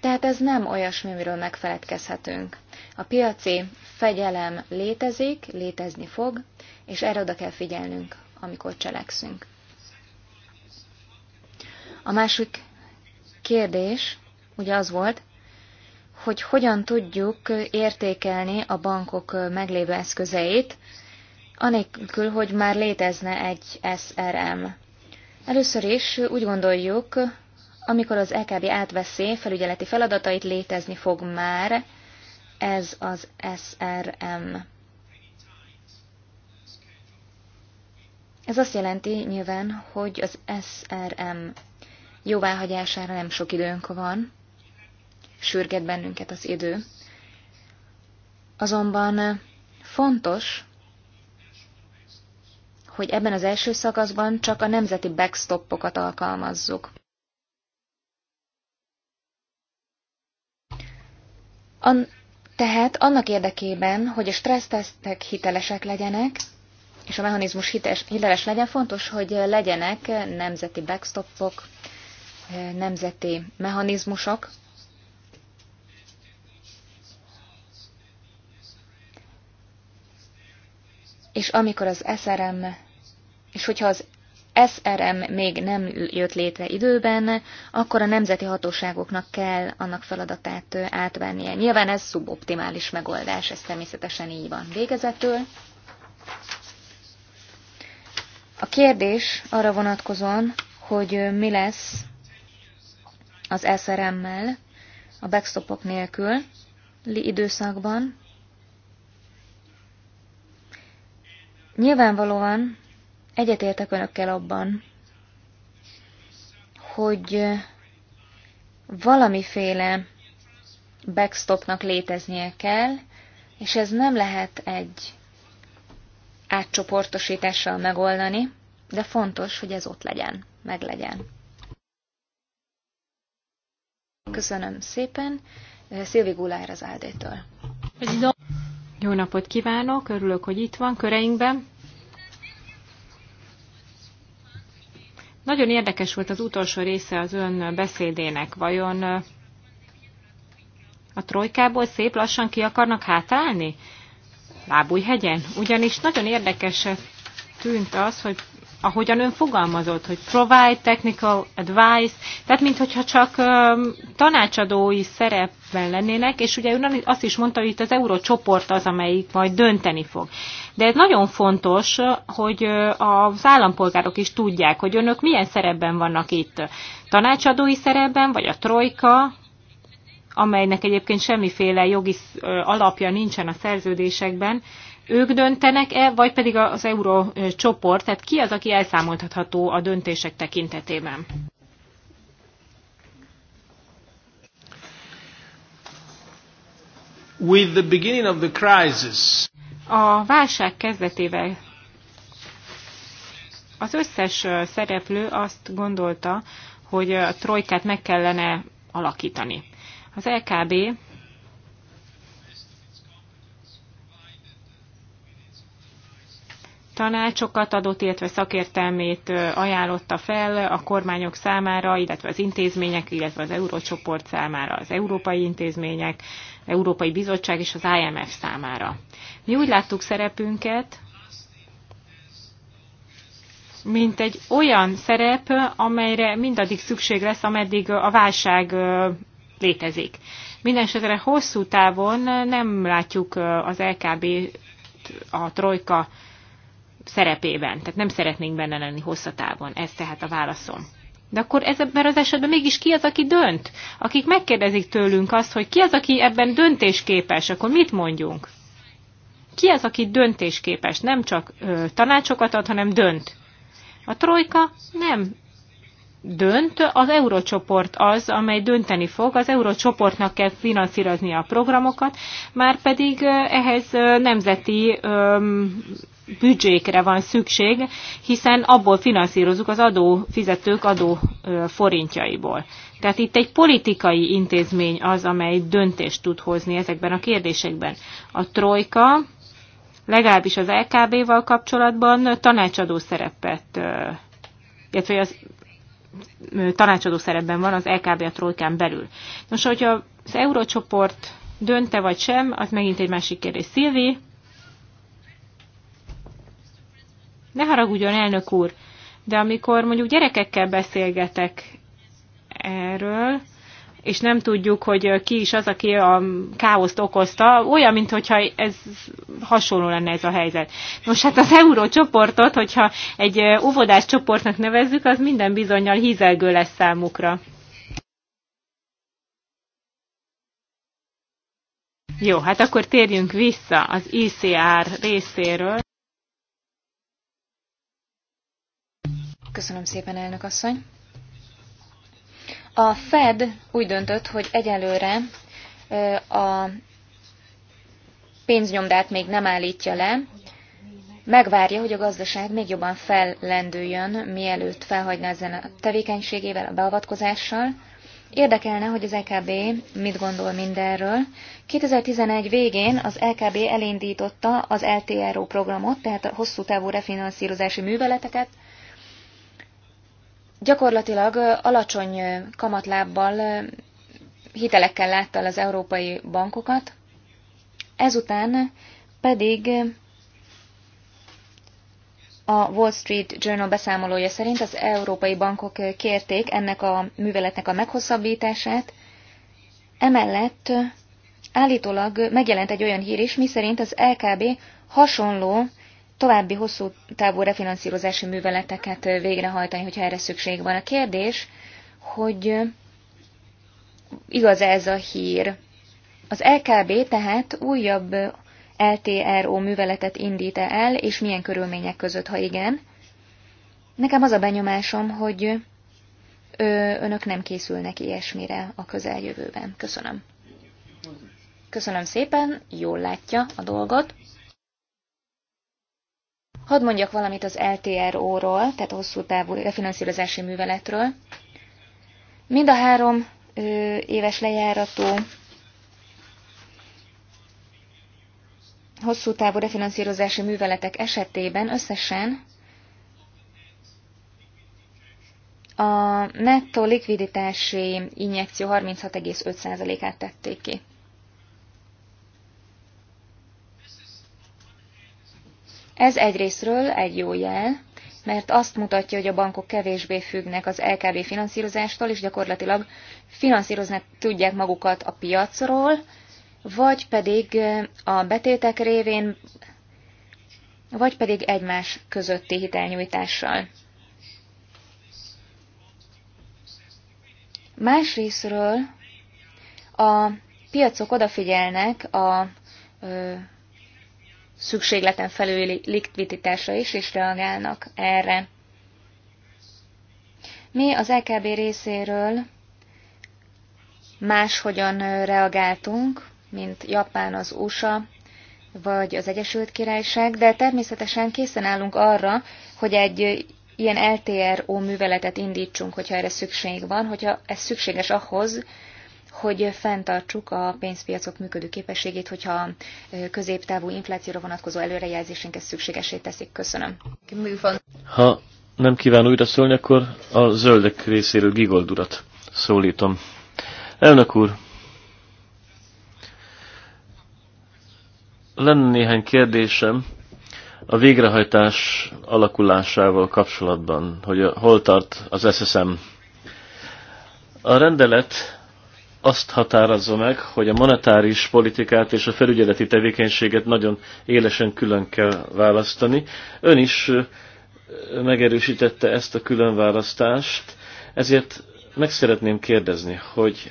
Tehát ez nem olyasmi, amiről megfeledkezhetünk. A piaci fegyelem létezik, létezni fog, és erre oda kell figyelnünk, amikor cselekszünk. A másik kérdés ugye az volt, hogy hogyan tudjuk értékelni a bankok meglévő eszközeit, anélkül, hogy már létezne egy SRM. Először is úgy gondoljuk, amikor az EKB átveszi felügyeleti feladatait, létezni fog már ez az SRM. Ez azt jelenti nyilván, hogy az SRM jóváhagyására nem sok időnk van, sürget bennünket az idő. Azonban fontos, hogy ebben az első szakaszban csak a nemzeti backstopokat alkalmazzuk. An tehát annak érdekében, hogy a stressztesztek hitelesek legyenek, és a mechanizmus hiteles, hiteles legyen, fontos, hogy legyenek nemzeti backstopok, nemzeti mechanizmusok, és amikor az SRM, és hogyha az SRM még nem jött létre időben, akkor a nemzeti hatóságoknak kell annak feladatát átvennie. Nyilván ez szuboptimális megoldás, ez természetesen így van. Végezetül a kérdés arra vonatkozóan, hogy mi lesz az SRM-mel, a backstopok nélkül időszakban. Nyilvánvalóan egyetértek önökkel abban, hogy valamiféle backstopnak léteznie kell, és ez nem lehet egy átcsoportosítással megoldani, de fontos, hogy ez ott legyen, meglegyen. Köszönöm szépen. Szilvi Gulár az Áldétől. Jó napot kívánok, örülök, hogy itt van köreinkben. Nagyon érdekes volt az utolsó része az ön beszédének. Vajon a trojkából szép lassan ki akarnak hátálni? Lábújhegyen? Ugyanis nagyon érdekes tűnt az, hogy ahogyan ön fogalmazott, hogy provide technical advice, tehát mintha csak um, tanácsadói szerepben lennének, és ugye ön azt is mondta, hogy itt az eurócsoport az, amelyik majd dönteni fog. De ez nagyon fontos, hogy az állampolgárok is tudják, hogy önök milyen szerepben vannak itt. Tanácsadói szerepben, vagy a trojka, amelynek egyébként semmiféle jogi alapja nincsen a szerződésekben, ők döntenek-e, vagy pedig az euró csoport, tehát ki az, aki elszámoltatható a döntések tekintetében? With the beginning of the crisis. A válság kezdetével az összes szereplő azt gondolta, hogy a trojkát meg kellene alakítani. Az LKB tanácsokat adott, illetve szakértelmét ajánlotta fel a kormányok számára, illetve az intézmények, illetve az eurócsoport számára, az európai intézmények, Európai Bizottság és az IMF számára. Mi úgy láttuk szerepünket, mint egy olyan szerep, amelyre mindaddig szükség lesz, ameddig a válság létezik. Mindenesetre hosszú távon nem látjuk az LKB a trojka szerepében. Tehát nem szeretnénk benne lenni hosszatávon. Ez tehát a válaszom. De akkor ez ebben az esetben mégis ki az, aki dönt? Akik megkérdezik tőlünk azt, hogy ki az, aki ebben döntésképes, akkor mit mondjunk? Ki az, aki döntésképes? Nem csak ö, tanácsokat ad, hanem dönt. A trojka nem dönt, az eurócsoport az, amely dönteni fog, az eurócsoportnak kell finanszírozni a programokat, már pedig ehhez nemzeti büdzsékre van szükség, hiszen abból finanszírozunk az adófizetők adó forintjaiból. Tehát itt egy politikai intézmény az, amely döntést tud hozni ezekben a kérdésekben. A trojka legalábbis az LKB-val kapcsolatban tanácsadó szerepet, illetve az tanácsadó szerepben van az LKB a trojkán belül. Nos, hogyha az eurócsoport dönte vagy sem, az megint egy másik kérdés. Szilvi, Ne haragudjon, elnök úr, de amikor mondjuk gyerekekkel beszélgetek erről, és nem tudjuk, hogy ki is az, aki a káoszt okozta, olyan, mintha ez hasonló lenne ez a helyzet. Nos, hát az eurócsoportot, hogyha egy óvodás csoportnak nevezzük, az minden bizonyal hízelgő lesz számukra. Jó, hát akkor térjünk vissza az ICR részéről. Köszönöm szépen, elnök asszony. A Fed úgy döntött, hogy egyelőre a pénznyomdát még nem állítja le, megvárja, hogy a gazdaság még jobban fellendüljön, mielőtt felhagyna ezen a tevékenységével, a beavatkozással. Érdekelne, hogy az LKB e mit gondol mindenről. 2011 végén az LKB e elindította az LTRO programot, tehát a hosszú távú refinanszírozási műveleteket, gyakorlatilag alacsony kamatlábbal hitelekkel látta az európai bankokat, ezután pedig a Wall Street Journal beszámolója szerint az európai bankok kérték ennek a műveletnek a meghosszabbítását, emellett állítólag megjelent egy olyan hír is, miszerint az LKB hasonló további hosszú távú refinanszírozási műveleteket végrehajtani, hogyha erre szükség van. A kérdés, hogy igaz -e ez a hír. Az LKB tehát újabb LTRO műveletet indít -e el, és milyen körülmények között, ha igen. Nekem az a benyomásom, hogy önök nem készülnek ilyesmire a közeljövőben. Köszönöm. Köszönöm szépen, jól látja a dolgot. Hadd mondjak valamit az LTRO-ról, tehát a hosszú távú finanszírozási műveletről. Mind a három ö, éves lejáratú hosszú távú refinanszírozási műveletek esetében összesen a nettó likviditási injekció 36,5%-át tették ki. Ez egyrésztről egy jó jel, mert azt mutatja, hogy a bankok kevésbé függnek az LKB finanszírozástól, és gyakorlatilag finanszírozni tudják magukat a piacról, vagy pedig eh, a betétek révén, vagy pedig egymás közötti hitelnyújtással. Másrésztről a piacok odafigyelnek a eh, szükségleten felüli likviditásra is, és reagálnak erre. Mi az EKB részéről máshogyan reagáltunk, mint Japán, az USA, vagy az Egyesült Királyság, de természetesen készen állunk arra, hogy egy ilyen LTRO műveletet indítsunk, hogyha erre szükség van, hogyha ez szükséges ahhoz, hogy fenntartsuk a pénzpiacok működő képességét, hogyha középtávú inflációra vonatkozó előrejelzésünk ezt szükségesé teszik. Köszönöm. Ha nem kíván újra szólni, akkor a zöldek részéről Gigold urat szólítom. Elnök úr, lenne néhány kérdésem a végrehajtás alakulásával kapcsolatban, hogy hol tart az SSM. A rendelet azt határozza meg, hogy a monetáris politikát és a felügyeleti tevékenységet nagyon élesen külön kell választani. Ön is megerősítette ezt a különválasztást, ezért meg szeretném kérdezni, hogy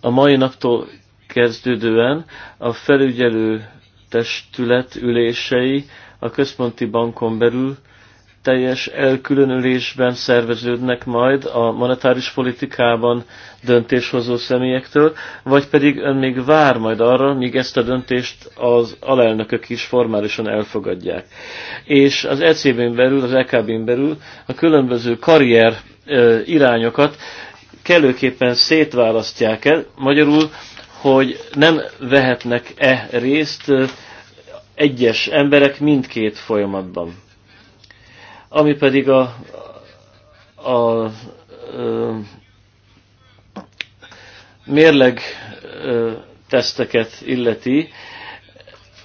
a mai naptól kezdődően a felügyelő testület ülései a központi bankon belül teljes elkülönülésben szerveződnek majd a monetáris politikában döntéshozó személyektől, vagy pedig ön még vár majd arra, míg ezt a döntést az alelnökök is formálisan elfogadják. És az ECB-n belül, az EKB-n belül a különböző karrier irányokat kellőképpen szétválasztják el, magyarul, hogy nem vehetnek-e részt egyes emberek mindkét folyamatban. Ami pedig a, a, a mérleg teszteket illeti,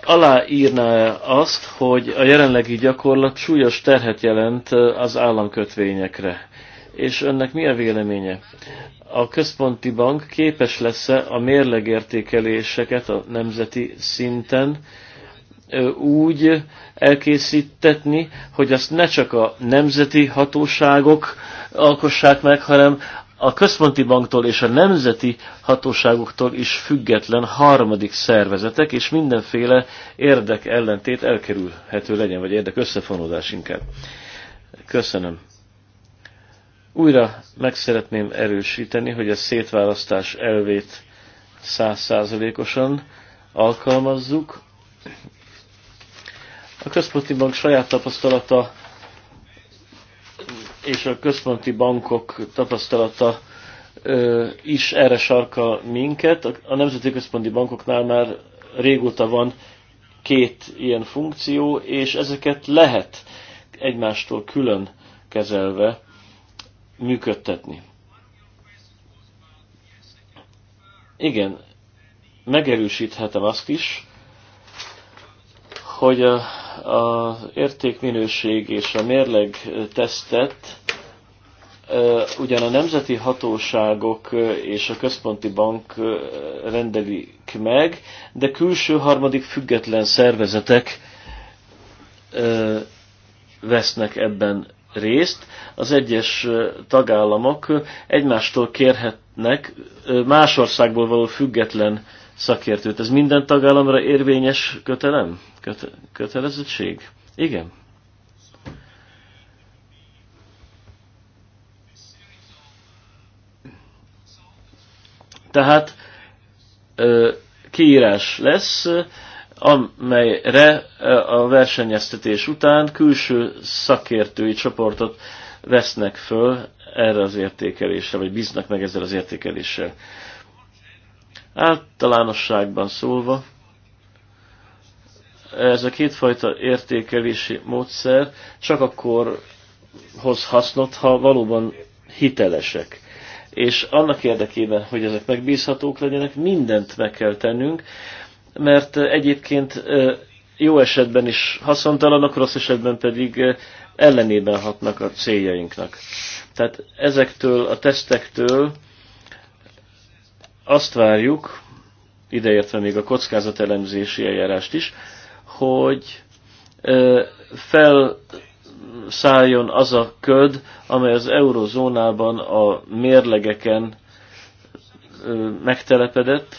aláírná -e azt, hogy a jelenlegi gyakorlat súlyos terhet jelent az államkötvényekre. És önnek mi a véleménye? A központi bank képes lesz-e a mérlegértékeléseket a nemzeti szinten úgy elkészítetni, hogy azt ne csak a nemzeti hatóságok alkossák meg, hanem a központi banktól és a nemzeti hatóságoktól is független harmadik szervezetek, és mindenféle érdek ellentét elkerülhető legyen, vagy érdek összefonódás inkább. Köszönöm. Újra meg szeretném erősíteni, hogy a szétválasztás elvét százszázalékosan alkalmazzuk, a központi bank saját tapasztalata és a központi bankok tapasztalata is erre sarka minket. A nemzeti központi bankoknál már régóta van két ilyen funkció, és ezeket lehet egymástól külön kezelve működtetni. Igen, megerősíthetem azt is, hogy a, a értékminőség és a mérleg tesztet ugyan a nemzeti hatóságok és a központi bank rendelik meg, de külső harmadik független szervezetek vesznek ebben részt. Az egyes tagállamok egymástól kérhetnek más országból való független szakértőt. Ez minden tagállamra érvényes kötelem? Köte, kötelezettség? Igen. Tehát kiírás lesz, amelyre a versenyeztetés után külső szakértői csoportot vesznek föl erre az értékelésre, vagy bíznak meg ezzel az értékeléssel. Általánosságban szólva, ez a kétfajta értékelési módszer csak akkor hoz hasznot, ha valóban hitelesek. És annak érdekében, hogy ezek megbízhatók legyenek, mindent meg kell tennünk, mert egyébként jó esetben is haszontalanok, rossz esetben pedig ellenében hatnak a céljainknak. Tehát ezektől a tesztektől azt várjuk, ideértve még a kockázatelemzési eljárást is, hogy felszálljon az a köd, amely az eurozónában a mérlegeken megtelepedett,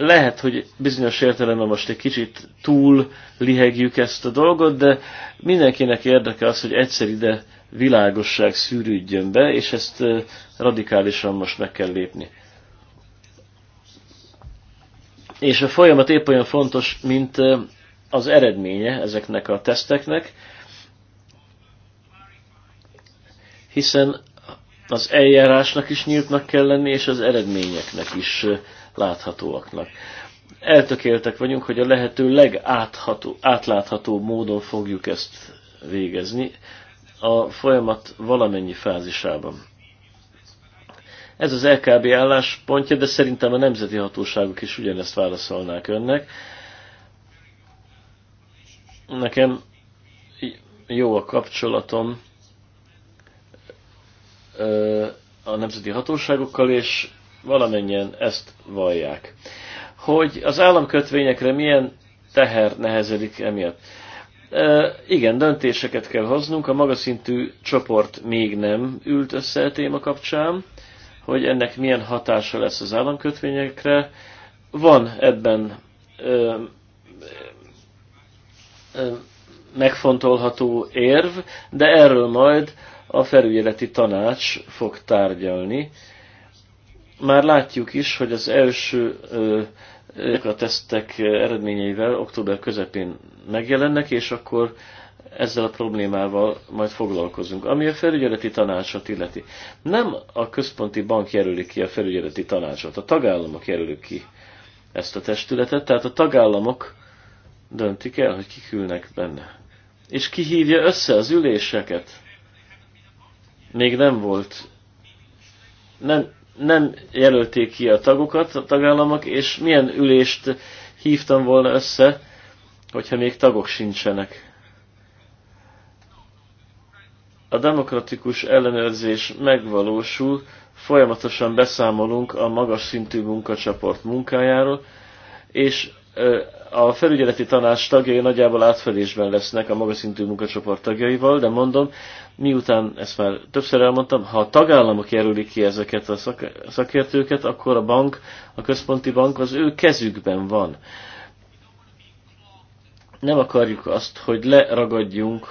lehet, hogy bizonyos értelemben most egy kicsit túl lihegjük ezt a dolgot, de mindenkinek érdeke az, hogy egyszer ide világosság szűrődjön be, és ezt radikálisan most meg kell lépni. És a folyamat épp olyan fontos, mint az eredménye ezeknek a teszteknek, hiszen az eljárásnak is nyíltnak kell lenni, és az eredményeknek is láthatóaknak. Eltökéltek vagyunk, hogy a lehető legátlátható módon fogjuk ezt végezni a folyamat valamennyi fázisában. Ez az LKB álláspontja, de szerintem a nemzeti hatóságok is ugyanezt válaszolnák önnek. Nekem jó a kapcsolatom a nemzeti hatóságokkal, és valamennyien ezt vallják. Hogy az államkötvényekre milyen teher nehezedik emiatt. E, igen, döntéseket kell hoznunk, a magaszintű csoport még nem ült össze a téma kapcsán, hogy ennek milyen hatása lesz az államkötvényekre. Van ebben e, e, megfontolható érv, de erről majd a felügyeleti tanács fog tárgyalni már látjuk is, hogy az első a tesztek eredményeivel október közepén megjelennek, és akkor ezzel a problémával majd foglalkozunk. Ami a felügyeleti tanácsot illeti. Nem a központi bank jelöli ki a felügyeleti tanácsot, a tagállamok jelölik ki ezt a testületet, tehát a tagállamok döntik el, hogy ülnek benne. És ki hívja össze az üléseket? Még nem volt, nem nem jelölték ki a tagokat, a tagállamok, és milyen ülést hívtam volna össze, hogyha még tagok sincsenek. A demokratikus ellenőrzés megvalósul, folyamatosan beszámolunk a magas szintű munkacsoport munkájáról, és a felügyeleti tanács tagjai nagyjából átfedésben lesznek a magas szintű munkacsoport tagjaival, de mondom, miután ezt már többször elmondtam, ha a tagállamok jelölik ki ezeket a szakértőket, akkor a bank, a központi bank az ő kezükben van. Nem akarjuk azt, hogy leragadjunk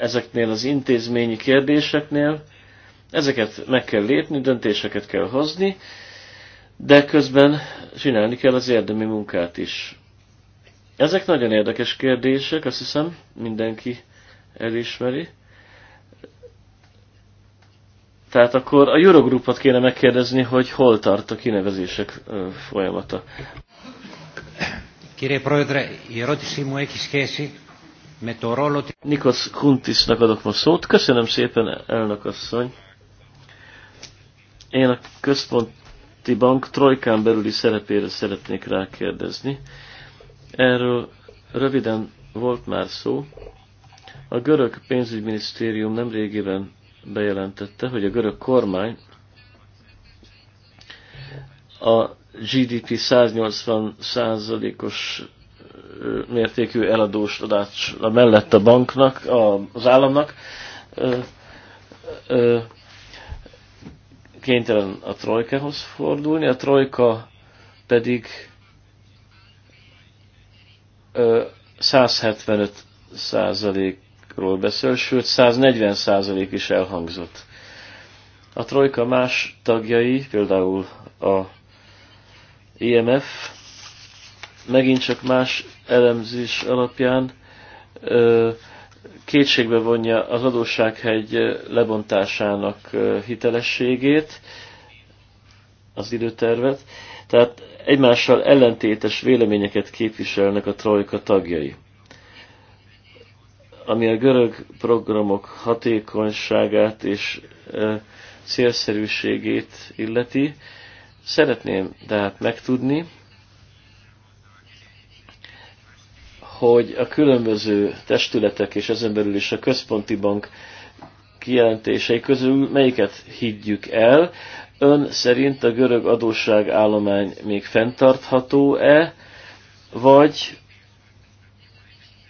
ezeknél az intézményi kérdéseknél, ezeket meg kell lépni, döntéseket kell hozni, de közben csinálni kell az érdemi munkát is. Ezek nagyon érdekes kérdések, azt hiszem mindenki elismeri. Tehát akkor a Eurogroupot kéne megkérdezni, hogy hol tart a kinevezések folyamata. Kire Prodre, erotisimú egy kis Nikos Kuntisnak adok most szót. Köszönöm szépen, elnök asszony. Én a központ Központi Bank trojkán belüli szerepére szeretnék rákérdezni. Erről röviden volt már szó. A görög pénzügyminisztérium nemrégiben bejelentette, hogy a görög kormány a GDP 180%-os mértékű eladósodás mellett a banknak, az államnak kénytelen a trojkához fordulni, a trojka pedig 175 ról beszél, sőt 140 is elhangzott. A trojka más tagjai, például a IMF, megint csak más elemzés alapján ö, kétségbe vonja az adóssághegy lebontásának hitelességét, az időtervet, tehát egymással ellentétes véleményeket képviselnek a trojka tagjai. Ami a görög programok hatékonyságát és célszerűségét illeti, szeretném tehát megtudni, hogy a különböző testületek és ezen belül is a központi bank kijelentései közül melyiket higgyük el. Ön szerint a görög adósság állomány még fenntartható-e, vagy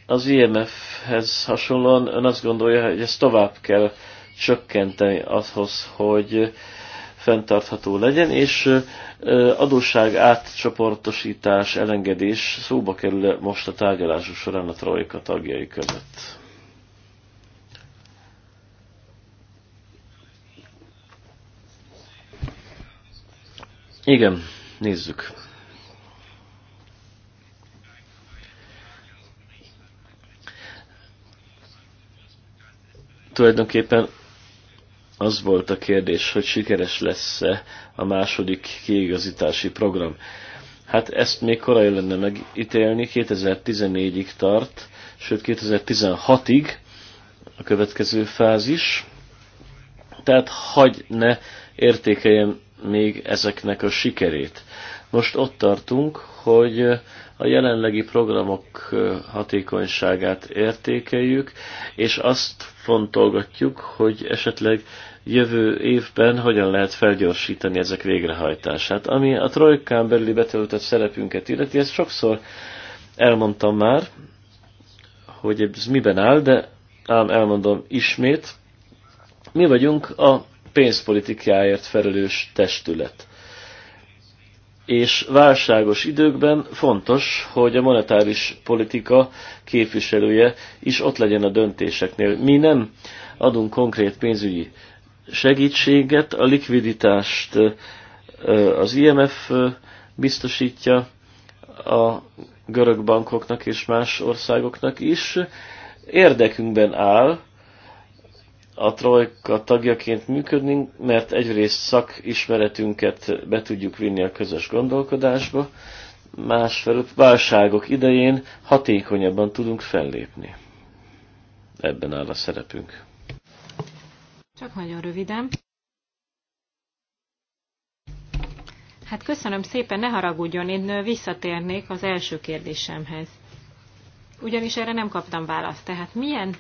az IMF-hez hasonlóan ön azt gondolja, hogy ezt tovább kell csökkenteni ahhoz, hogy fenntartható legyen, és adósság átcsoportosítás, elengedés szóba kerül -e most a tárgyalások során a trojka tagjai között. Igen, nézzük. Tulajdonképpen az volt a kérdés, hogy sikeres lesz-e a második kiigazítási program. Hát ezt még korai lenne megítélni, 2014-ig tart, sőt 2016-ig a következő fázis. Tehát hagy ne értékeljem még ezeknek a sikerét. Most ott tartunk, hogy a jelenlegi programok hatékonyságát értékeljük, és azt fontolgatjuk, hogy esetleg jövő évben hogyan lehet felgyorsítani ezek végrehajtását. Ami a trojkán belüli betöltött szerepünket illeti, ezt sokszor elmondtam már, hogy ez miben áll, de ám elmondom ismét. Mi vagyunk a pénzpolitikáért felelős testület. És válságos időkben fontos, hogy a monetáris politika képviselője is ott legyen a döntéseknél. Mi nem adunk konkrét pénzügyi segítséget, a likviditást az IMF biztosítja a görög bankoknak és más országoknak is. Érdekünkben áll a trojka tagjaként működni, mert egyrészt szakismeretünket be tudjuk vinni a közös gondolkodásba, másfelől válságok idején hatékonyabban tudunk fellépni. Ebben áll a szerepünk. Csak nagyon röviden. Hát köszönöm szépen, ne haragudjon, én visszatérnék az első kérdésemhez. Ugyanis erre nem kaptam választ. Tehát milyen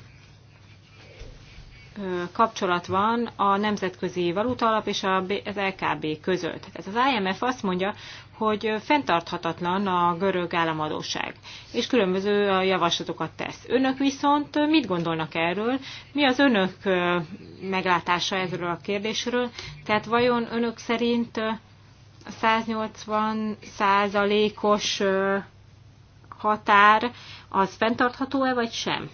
kapcsolat van a Nemzetközi Alap és az LKB között. Tehát az IMF azt mondja, hogy fenntarthatatlan a görög államadóság, és különböző javaslatokat tesz. Önök viszont mit gondolnak erről? Mi az önök meglátása erről a kérdésről? Tehát vajon önök szerint 180 százalékos határ az fenntartható-e, vagy sem?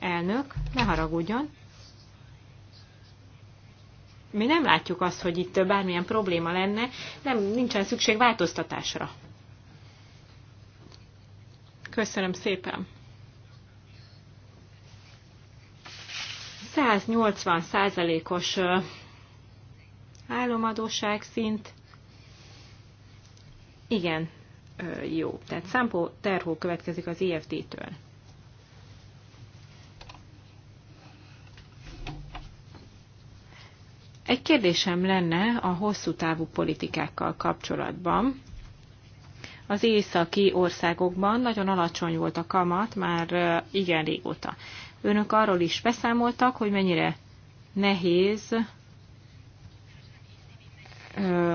Elnök, ne haragudjon. Mi nem látjuk azt, hogy itt bármilyen probléma lenne, nem, nincsen szükség változtatásra. Köszönöm szépen. 180 százalékos állomadóság szint. Igen, jó. Tehát Számpó Terhó következik az IFD-től. E Egy kérdésem lenne a hosszú távú politikákkal kapcsolatban. Az északi országokban nagyon alacsony volt a kamat már igen régóta. Önök arról is beszámoltak, hogy mennyire nehéz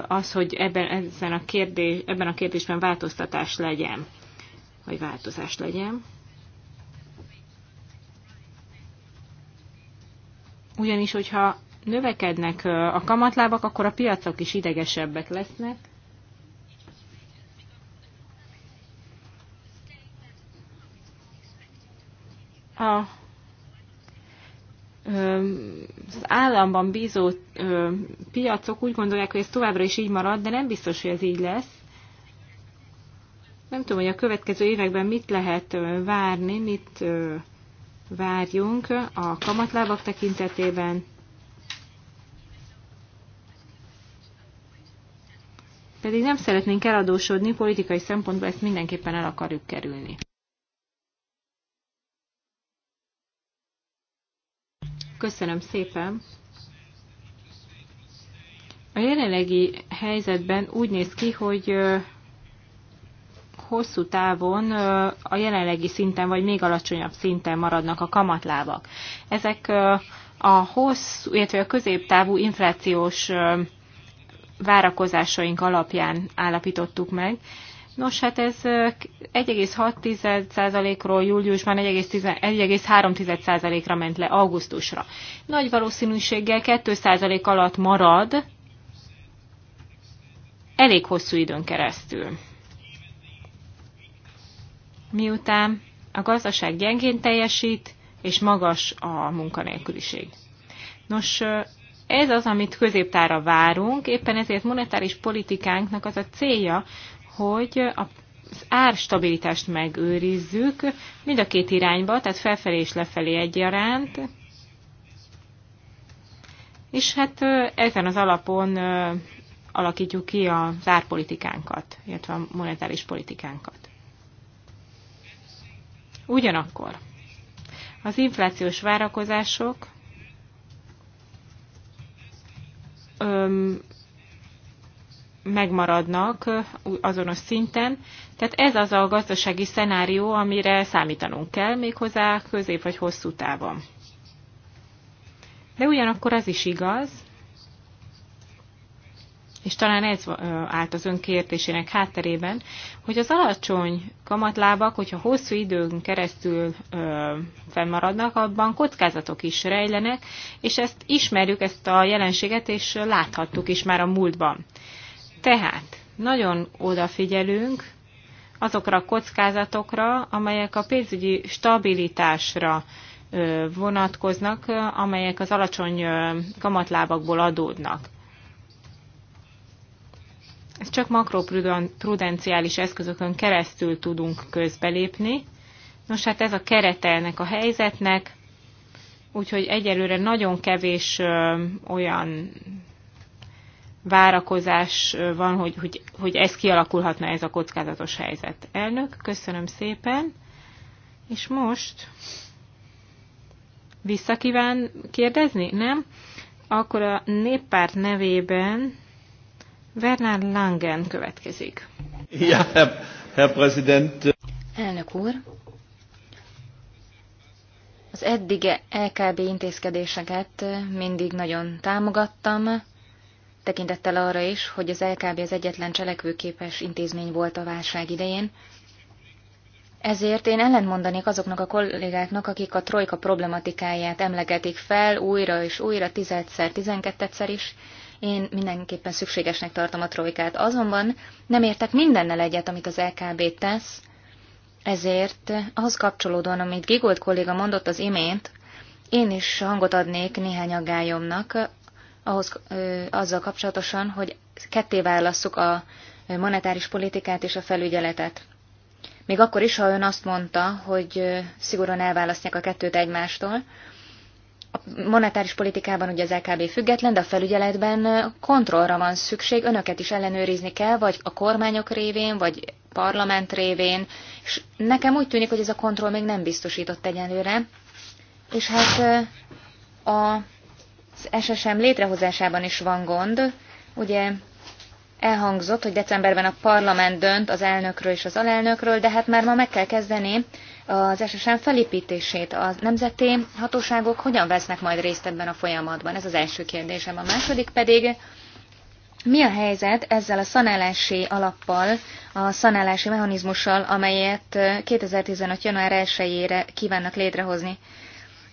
az, hogy ebben, ezen a kérdés, ebben a kérdésben változtatás legyen, vagy változás legyen. Ugyanis, hogyha növekednek a kamatlábak, akkor a piacok is idegesebbek lesznek. A az államban bízó piacok úgy gondolják, hogy ez továbbra is így marad, de nem biztos, hogy ez így lesz. Nem tudom, hogy a következő években mit lehet várni, mit várjunk a kamatlábak tekintetében. pedig nem szeretnénk eladósodni, politikai szempontból ezt mindenképpen el akarjuk kerülni. Köszönöm szépen! A jelenlegi helyzetben úgy néz ki, hogy hosszú távon a jelenlegi szinten, vagy még alacsonyabb szinten maradnak a kamatlábak. Ezek a hosszú, illetve a középtávú inflációs várakozásaink alapján állapítottuk meg. Nos, hát ez 1,6%-ról júliusban 1,3%-ra ment le augusztusra. Nagy valószínűséggel 2% alatt marad elég hosszú időn keresztül. Miután a gazdaság gyengén teljesít, és magas a munkanélküliség. Nos, ez az, amit középtára várunk, éppen ezért monetáris politikánknak az a célja, hogy a az árstabilitást megőrizzük mind a két irányba, tehát felfelé és lefelé egyaránt, és hát ezen az alapon alakítjuk ki az árpolitikánkat, illetve a monetáris politikánkat. Ugyanakkor az inflációs várakozások öm, megmaradnak azonos szinten. Tehát ez az a gazdasági szenárió, amire számítanunk kell méghozzá közép vagy hosszú távon. De ugyanakkor az is igaz, és talán ez állt az önkértésének hátterében, hogy az alacsony kamatlábak, hogyha hosszú időn keresztül ö, fennmaradnak, abban kockázatok is rejlenek, és ezt ismerjük, ezt a jelenséget, és láthattuk is már a múltban. Tehát nagyon odafigyelünk azokra a kockázatokra, amelyek a pénzügyi stabilitásra vonatkoznak, amelyek az alacsony kamatlábakból adódnak. Ez csak makroprudenciális eszközökön keresztül tudunk közbelépni. Nos, hát ez a kerete ennek a helyzetnek, úgyhogy egyelőre nagyon kevés ö, olyan várakozás van, hogy, hogy, hogy ez kialakulhatna ez a kockázatos helyzet. Elnök, köszönöm szépen, és most visszakíván kérdezni, nem? Akkor a néppárt nevében Werner Langen következik. Ja, Herr, Herr Präsident. Elnök úr, az eddig LKB intézkedéseket mindig nagyon támogattam, tekintettel arra is, hogy az LKB az egyetlen cselekvőképes intézmény volt a válság idején. Ezért én ellentmondanék azoknak a kollégáknak, akik a trojka problematikáját emlegetik fel újra és újra, tizedszer, tizenkettetszer is, én mindenképpen szükségesnek tartom a trojkát. Azonban nem értek mindennel egyet, amit az LKB tesz, ezért ahhoz kapcsolódóan, amit Gigolt kolléga mondott az imént, én is hangot adnék néhány aggályomnak ahhoz, ö, azzal kapcsolatosan, hogy ketté válasszuk a monetáris politikát és a felügyeletet. Még akkor is, ha ön azt mondta, hogy szigorúan elválasztják a kettőt egymástól, a monetáris politikában ugye az LKB független, de a felügyeletben kontrollra van szükség, önöket is ellenőrizni kell, vagy a kormányok révén, vagy parlament révén, és nekem úgy tűnik, hogy ez a kontroll még nem biztosított egyenlőre, és hát a az SSM létrehozásában is van gond. Ugye elhangzott, hogy decemberben a parlament dönt az elnökről és az alelnökről, de hát már ma meg kell kezdeni az SSM felépítését. A nemzeti hatóságok hogyan vesznek majd részt ebben a folyamatban? Ez az első kérdésem. A második pedig, mi a helyzet ezzel a szanálási alappal, a szanálási mechanizmussal, amelyet 2015. január 1-ére kívánnak létrehozni?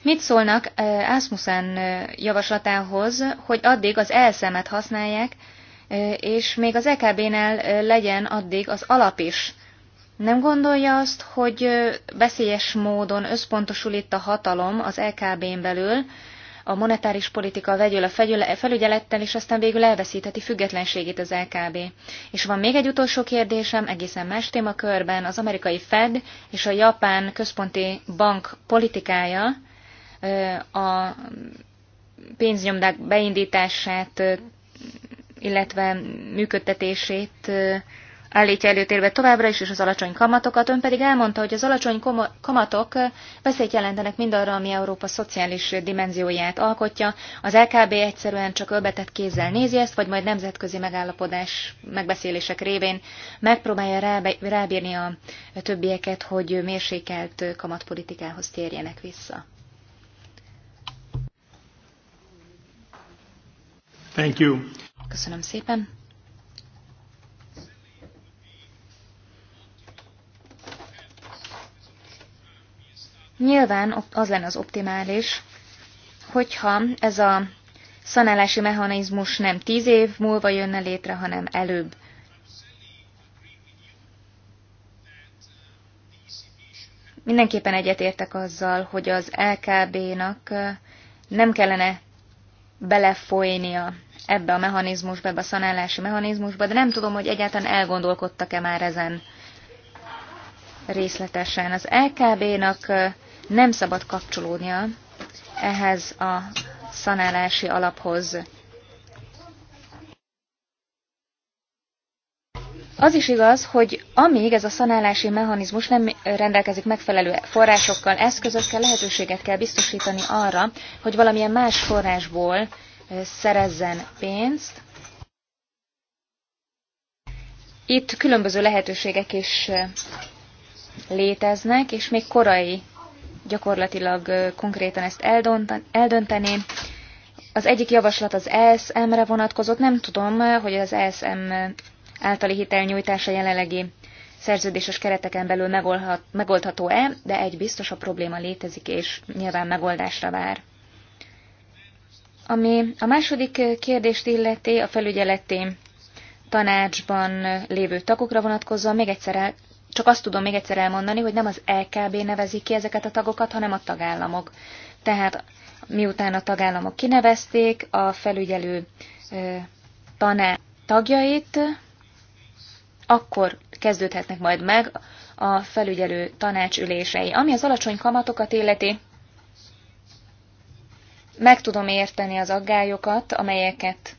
Mit szólnak Asmussen javaslatához, hogy addig az elszemet használják, és még az ekb nél legyen addig az alap is, nem gondolja azt, hogy veszélyes módon összpontosul itt a hatalom az LKB-n belül, a monetáris politika vegyül a felügyelettel, és aztán végül elveszítheti függetlenségét az LKB. És van még egy utolsó kérdésem, egészen más témakörben, az amerikai Fed és a japán központi bank politikája a pénznyomdák beindítását, illetve működtetését állítja előtérbe továbbra is, és az alacsony kamatokat. Ön pedig elmondta, hogy az alacsony kamatok veszélyt jelentenek mindarra, ami Európa szociális dimenzióját alkotja. Az LKB egyszerűen csak öbetett kézzel nézi ezt, vagy majd nemzetközi megállapodás megbeszélések révén megpróbálja rábírni a többieket, hogy mérsékelt kamatpolitikához térjenek vissza. Thank you. Köszönöm szépen. Nyilván az lenne az optimális, hogyha ez a szanálási mechanizmus nem tíz év múlva jönne létre, hanem előbb. Mindenképpen egyetértek azzal, hogy az LKB-nak nem kellene belefolynia ebbe a mechanizmusba, ebbe a szanálási mechanizmusba, de nem tudom, hogy egyáltalán elgondolkodtak-e már ezen részletesen. Az LKB-nak nem szabad kapcsolódnia ehhez a szanálási alaphoz. Az is igaz, hogy amíg ez a szanálási mechanizmus nem rendelkezik megfelelő forrásokkal, eszközökkel, lehetőséget kell biztosítani arra, hogy valamilyen más forrásból szerezzen pénzt. Itt különböző lehetőségek is léteznek, és még korai gyakorlatilag konkrétan ezt eldönteni. Az egyik javaslat az ESM-re vonatkozott. Nem tudom, hogy az ESM általi hitelnyújtása jelenlegi szerződéses kereteken belül megoldható-e, de egy biztos a probléma létezik, és nyilván megoldásra vár. Ami a második kérdést illeti, a felügyeleti tanácsban lévő tagokra vonatkozva, még egyszer csak azt tudom még egyszer elmondani, hogy nem az LKB nevezi ki ezeket a tagokat, hanem a tagállamok. Tehát miután a tagállamok kinevezték a felügyelő taná tagjait, akkor kezdődhetnek majd meg a felügyelő tanács ülései. Ami az alacsony kamatokat illeti, meg tudom érteni az aggályokat, amelyeket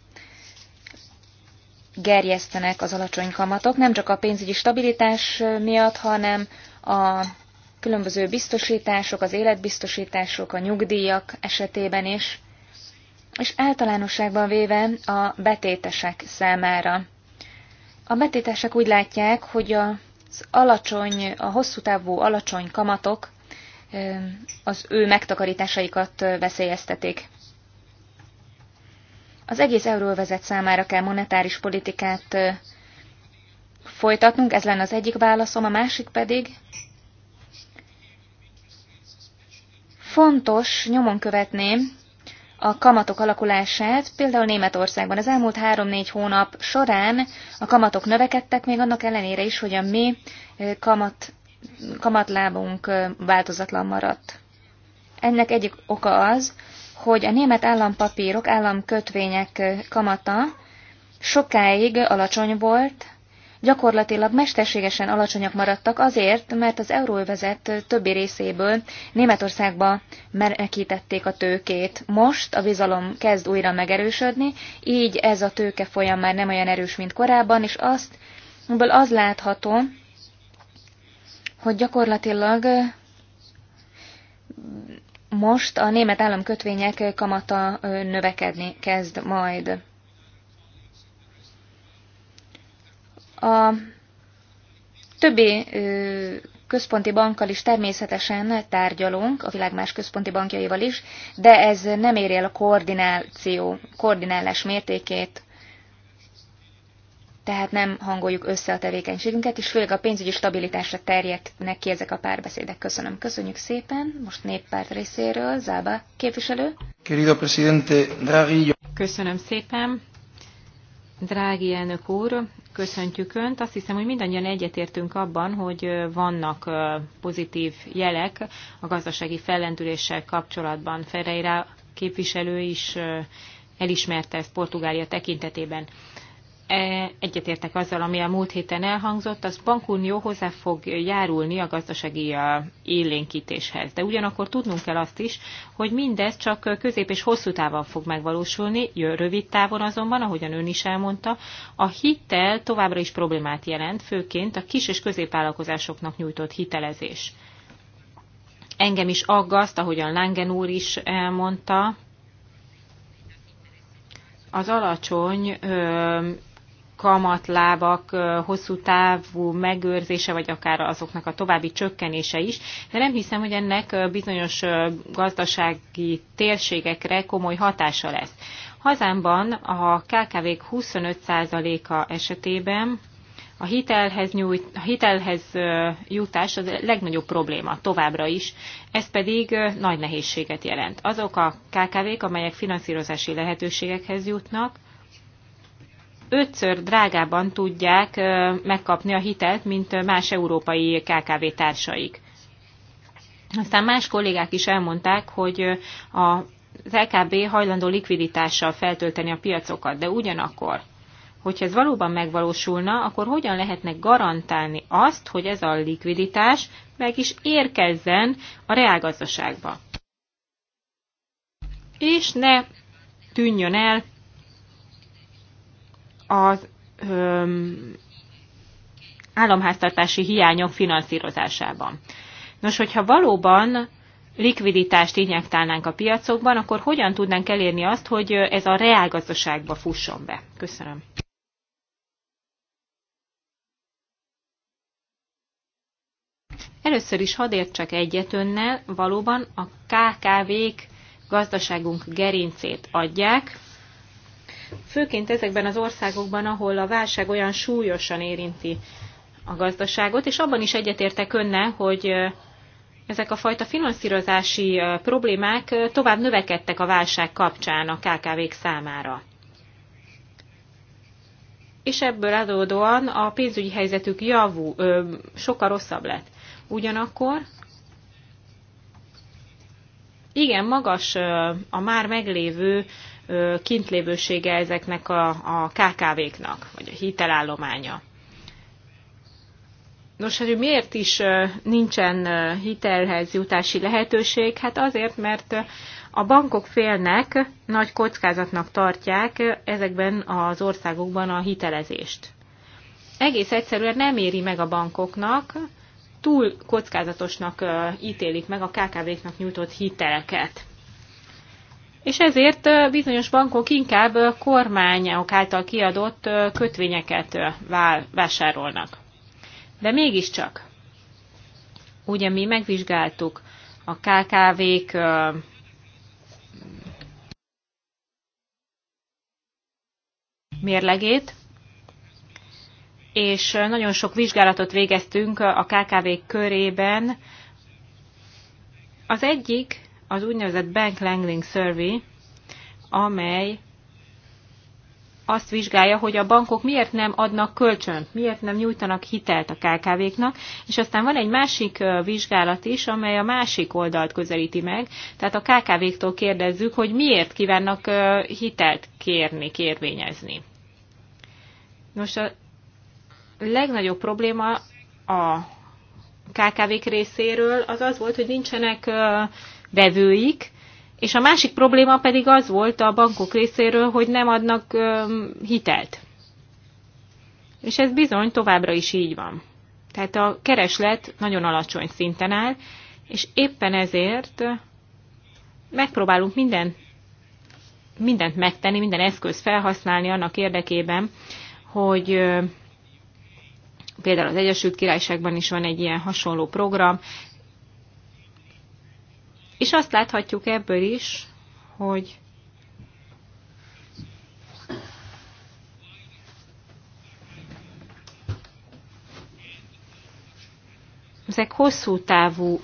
gerjesztenek az alacsony kamatok, nem csak a pénzügyi stabilitás miatt, hanem a különböző biztosítások, az életbiztosítások, a nyugdíjak esetében is, és általánosságban véve a betétesek számára. A betétesek úgy látják, hogy az alacsony, a hosszú távú alacsony kamatok az ő megtakarításaikat veszélyeztetik. Az egész euróvezet számára kell monetáris politikát folytatnunk, ez lenne az egyik válaszom, a másik pedig fontos nyomon követni a kamatok alakulását, például Németországban az elmúlt három-négy hónap során a kamatok növekedtek, még annak ellenére is, hogy a mi kamat, kamatlábunk változatlan maradt. Ennek egyik oka az, hogy a német állampapírok, államkötvények kamata sokáig alacsony volt, gyakorlatilag mesterségesen alacsonyak maradtak azért, mert az euróövezet többi részéből Németországba merekítették a tőkét. Most a bizalom kezd újra megerősödni, így ez a tőke folyam már nem olyan erős, mint korábban, és azt, ebből az látható, hogy gyakorlatilag most a német államkötvények kamata növekedni kezd majd. A többi központi bankkal is természetesen tárgyalunk, a világ más központi bankjaival is, de ez nem éri el a koordináció, koordinálás mértékét tehát nem hangoljuk össze a tevékenységünket, és főleg a pénzügyi stabilitásra terjednek ki ezek a párbeszédek. Köszönöm. Köszönjük szépen. Most néppárt részéről, Zába képviselő. Querido presidente, Köszönöm szépen. Drági elnök úr, köszöntjük Önt. Azt hiszem, hogy mindannyian egyetértünk abban, hogy vannak pozitív jelek a gazdasági fellendüléssel kapcsolatban. Ferreira képviselő is elismerte ezt Portugália tekintetében. E, egyetértek azzal, ami a múlt héten elhangzott, az bankunió hozzá fog járulni a gazdasági élénkítéshez. De ugyanakkor tudnunk kell azt is, hogy mindez csak közép és hosszú távon fog megvalósulni, rövid távon azonban, ahogyan ön is elmondta, a hitel továbbra is problémát jelent, főként a kis és középvállalkozásoknak nyújtott hitelezés. Engem is aggaszt, ahogyan Langen úr is elmondta, az alacsony ö, kamatlábak hosszú távú megőrzése, vagy akár azoknak a további csökkenése is, de nem hiszem, hogy ennek bizonyos gazdasági térségekre komoly hatása lesz. Hazámban a KKV-k 25%-a esetében a hitelhez, nyújt, a hitelhez jutás az a legnagyobb probléma továbbra is, ez pedig nagy nehézséget jelent. Azok a KKV-k, amelyek finanszírozási lehetőségekhez jutnak, ötször drágában tudják megkapni a hitelt, mint más európai KKV társaik. Aztán más kollégák is elmondták, hogy a az LKB hajlandó likviditással feltölteni a piacokat, de ugyanakkor, hogyha ez valóban megvalósulna, akkor hogyan lehetne garantálni azt, hogy ez a likviditás meg is érkezzen a reálgazdaságba? És ne tűnjön el az öm, államháztartási hiányok finanszírozásában. Nos, hogyha valóban likviditást injektálnánk a piacokban, akkor hogyan tudnánk elérni azt, hogy ez a reálgazdaságba fusson be? Köszönöm. Először is hadd értsek egyet önnel, valóban a KKV-k gazdaságunk gerincét adják, főként ezekben az országokban, ahol a válság olyan súlyosan érinti a gazdaságot, és abban is egyetértek önne, hogy ezek a fajta finanszírozási problémák tovább növekedtek a válság kapcsán a KKV-k számára. És ebből adódóan a pénzügyi helyzetük javú, ö, sokkal rosszabb lett. Ugyanakkor igen, magas a már meglévő kintlévősége ezeknek a, a KKV-knak, vagy a hitelállománya. Nos, hogy miért is nincsen hitelhez jutási lehetőség? Hát azért, mert a bankok félnek, nagy kockázatnak tartják ezekben az országokban a hitelezést. Egész egyszerűen nem éri meg a bankoknak, túl kockázatosnak ítélik meg a KKV-knak nyújtott hiteleket és ezért bizonyos bankok inkább kormányok által kiadott kötvényeket vásárolnak. De mégiscsak, ugye mi megvizsgáltuk a KKV-k mérlegét, és nagyon sok vizsgálatot végeztünk a KKV körében. Az egyik az úgynevezett Bank Langling Survey, amely azt vizsgálja, hogy a bankok miért nem adnak kölcsönt, miért nem nyújtanak hitelt a KKV-knak, és aztán van egy másik vizsgálat is, amely a másik oldalt közelíti meg, tehát a KKV-któl kérdezzük, hogy miért kívánnak hitelt kérni, kérvényezni. Nos, a legnagyobb probléma a KKV-k részéről az az volt, hogy nincsenek vevőik, és a másik probléma pedig az volt a bankok részéről, hogy nem adnak hitelt. És ez bizony továbbra is így van. Tehát a kereslet nagyon alacsony szinten áll, és éppen ezért megpróbálunk minden, mindent megtenni, minden eszköz felhasználni annak érdekében, hogy például az Egyesült Királyságban is van egy ilyen hasonló program, és azt láthatjuk ebből is, hogy ezek hosszú távú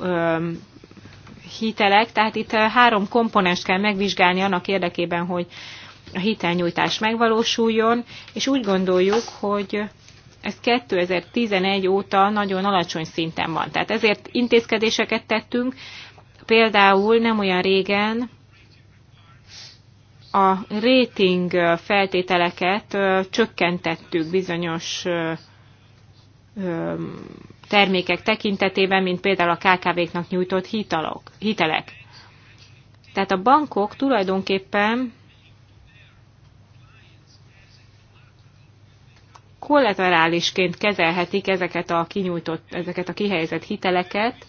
hitelek, tehát itt három komponens kell megvizsgálni annak érdekében, hogy a hitelnyújtás megvalósuljon, és úgy gondoljuk, hogy ez 2011 óta nagyon alacsony szinten van. Tehát ezért intézkedéseket tettünk, Például nem olyan régen a rating feltételeket csökkentettük bizonyos termékek tekintetében, mint például a KKV-knak nyújtott hitalok, hitelek. Tehát a bankok tulajdonképpen kollaterálisként kezelhetik ezeket a kinyújtott, ezeket a kihelyezett hiteleket,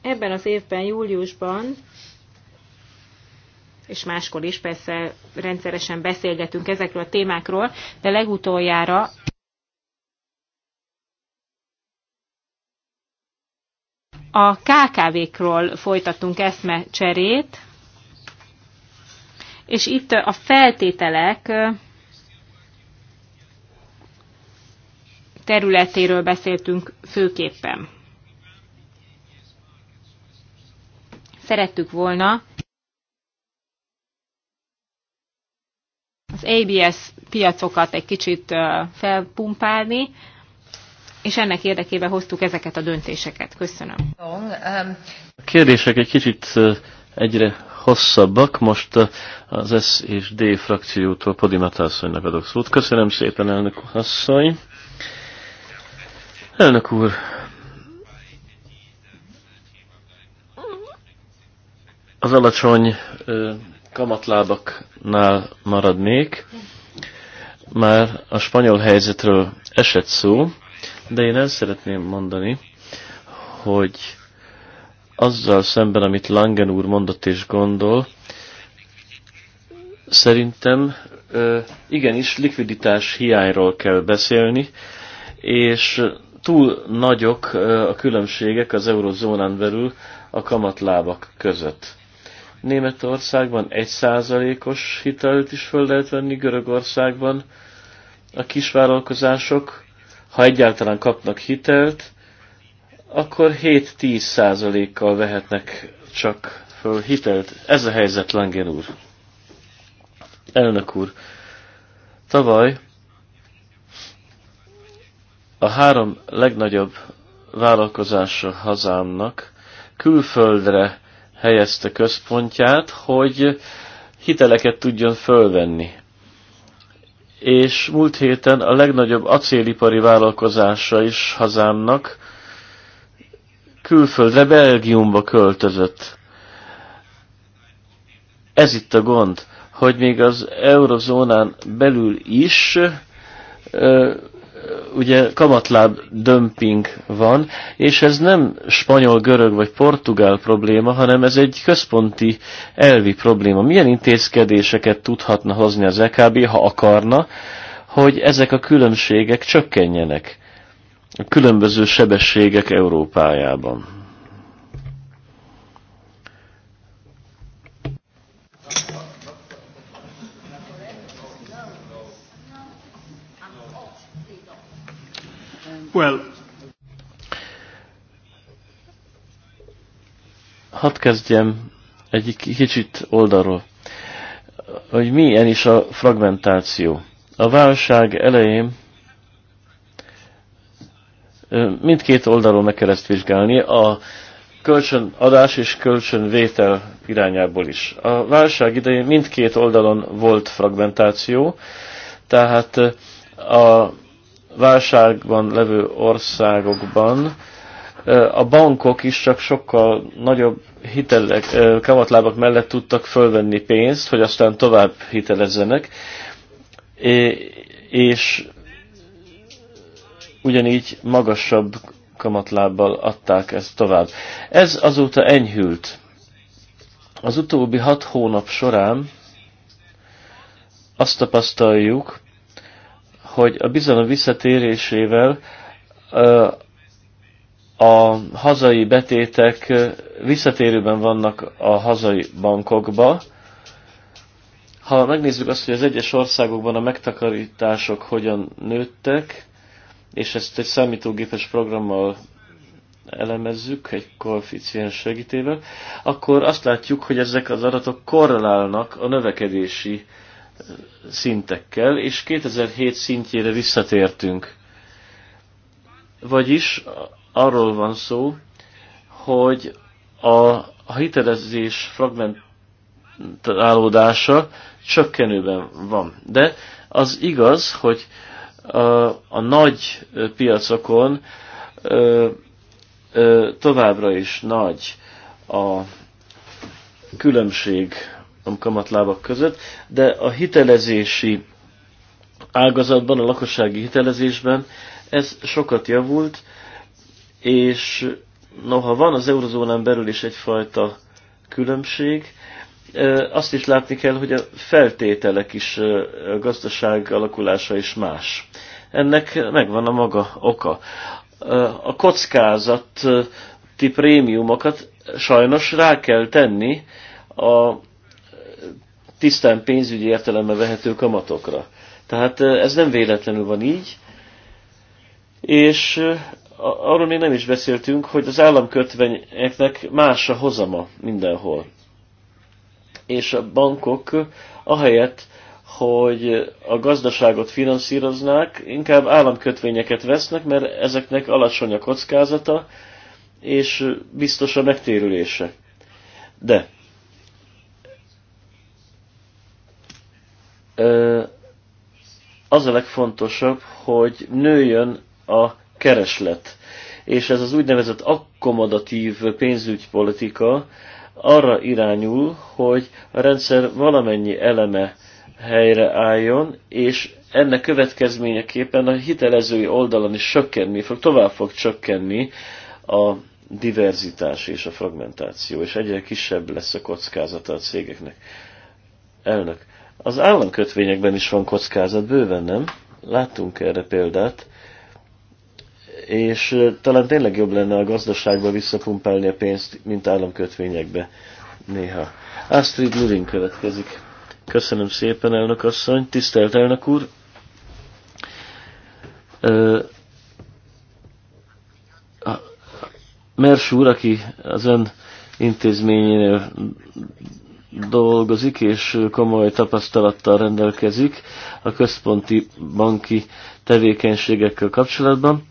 Ebben az évben, júliusban, és máskor is persze rendszeresen beszélgetünk ezekről a témákról, de legutoljára a KKV-król folytattunk eszmecserét, és itt a feltételek területéről beszéltünk főképpen. szerettük volna az ABS piacokat egy kicsit felpumpálni, és ennek érdekében hoztuk ezeket a döntéseket. Köszönöm. Um, a kérdések egy kicsit egyre hosszabbak. Most az S és D frakciótól Podimatászonynak adok szót. Köszönöm szépen, elnök asszony. Elnök úr, az alacsony kamatlábaknál maradnék. Már a spanyol helyzetről esett szó, de én el szeretném mondani, hogy azzal szemben, amit Langen úr mondott és gondol, szerintem igenis likviditás hiányról kell beszélni, és túl nagyok a különbségek az eurozónán belül a kamatlábak között Németországban 1 százalékos hitelt is föl lehet venni, Görögországban a kisvállalkozások, ha egyáltalán kapnak hitelt, akkor 7 10 százalékkal vehetnek csak föl hitelt. Ez a helyzet, Langen úr. Elnök úr, tavaly a három legnagyobb vállalkozása hazámnak külföldre helyezte központját, hogy hiteleket tudjon fölvenni. És múlt héten a legnagyobb acélipari vállalkozása is hazámnak külföldre, Belgiumba költözött. Ez itt a gond, hogy még az eurozónán belül is ugye kamatláb dömping van, és ez nem spanyol, görög vagy portugál probléma, hanem ez egy központi elvi probléma. Milyen intézkedéseket tudhatna hozni az EKB, ha akarna, hogy ezek a különbségek csökkenjenek a különböző sebességek Európájában? Well. Hadd kezdjem egy kicsit oldalról, hogy milyen is a fragmentáció. A válság elején mindkét oldalról meg kell ezt vizsgálni, a kölcsönadás és kölcsönvétel irányából is. A válság idején mindkét oldalon volt fragmentáció, tehát a válságban levő országokban a bankok is csak sokkal nagyobb hitelek, kamatlábak mellett tudtak fölvenni pénzt, hogy aztán tovább hitelezzenek, és ugyanígy magasabb kamatlábbal adták ezt tovább. Ez azóta enyhült. Az utóbbi hat hónap során azt tapasztaljuk, hogy a bizalom visszatérésével a hazai betétek visszatérőben vannak a hazai bankokba. Ha megnézzük azt, hogy az egyes országokban a megtakarítások hogyan nőttek, és ezt egy számítógépes programmal elemezzük, egy koeficiens segítével, akkor azt látjuk, hogy ezek az adatok korrelálnak a növekedési uh, szintekkel, és 2007 szintjére visszatértünk. Vagyis arról van szó, hogy a hitelezés fragmentálódása csökkenőben van. De az igaz, hogy a, a nagy piacokon ö, ö, továbbra is nagy a különbség kamatlábak között, de a hitelezési ágazatban, a lakossági hitelezésben ez sokat javult, és noha van az eurozónán belül is egyfajta különbség, azt is látni kell, hogy a feltételek is, a gazdaság alakulása is más. Ennek megvan a maga oka. A kockázati prémiumokat sajnos rá kell tenni a tisztán pénzügyi értelemben vehető kamatokra. Tehát ez nem véletlenül van így, és arról még nem is beszéltünk, hogy az államkötvényeknek más a hozama mindenhol. És a bankok ahelyett, hogy a gazdaságot finanszíroznák, inkább államkötvényeket vesznek, mert ezeknek alacsony a kockázata, és biztos a megtérülése. De az a legfontosabb, hogy nőjön a kereslet. És ez az úgynevezett akkomodatív pénzügypolitika arra irányul, hogy a rendszer valamennyi eleme álljon, és ennek következményeképpen a hitelezői oldalon is csökkenni fog, tovább fog csökkenni a diverzitás és a fragmentáció, és egyre kisebb lesz a kockázata a cégeknek. Elnök, az államkötvényekben is van kockázat, bőven nem. Láttunk erre példát. És talán tényleg jobb lenne a gazdaságba visszapumpálni a pénzt, mint államkötvényekbe néha. Astrid Lurin következik. Köszönöm szépen, elnök asszony. Tisztelt elnök úr! Mers úr, aki az ön intézményénél dolgozik és komoly tapasztalattal rendelkezik a központi banki tevékenységekkel kapcsolatban.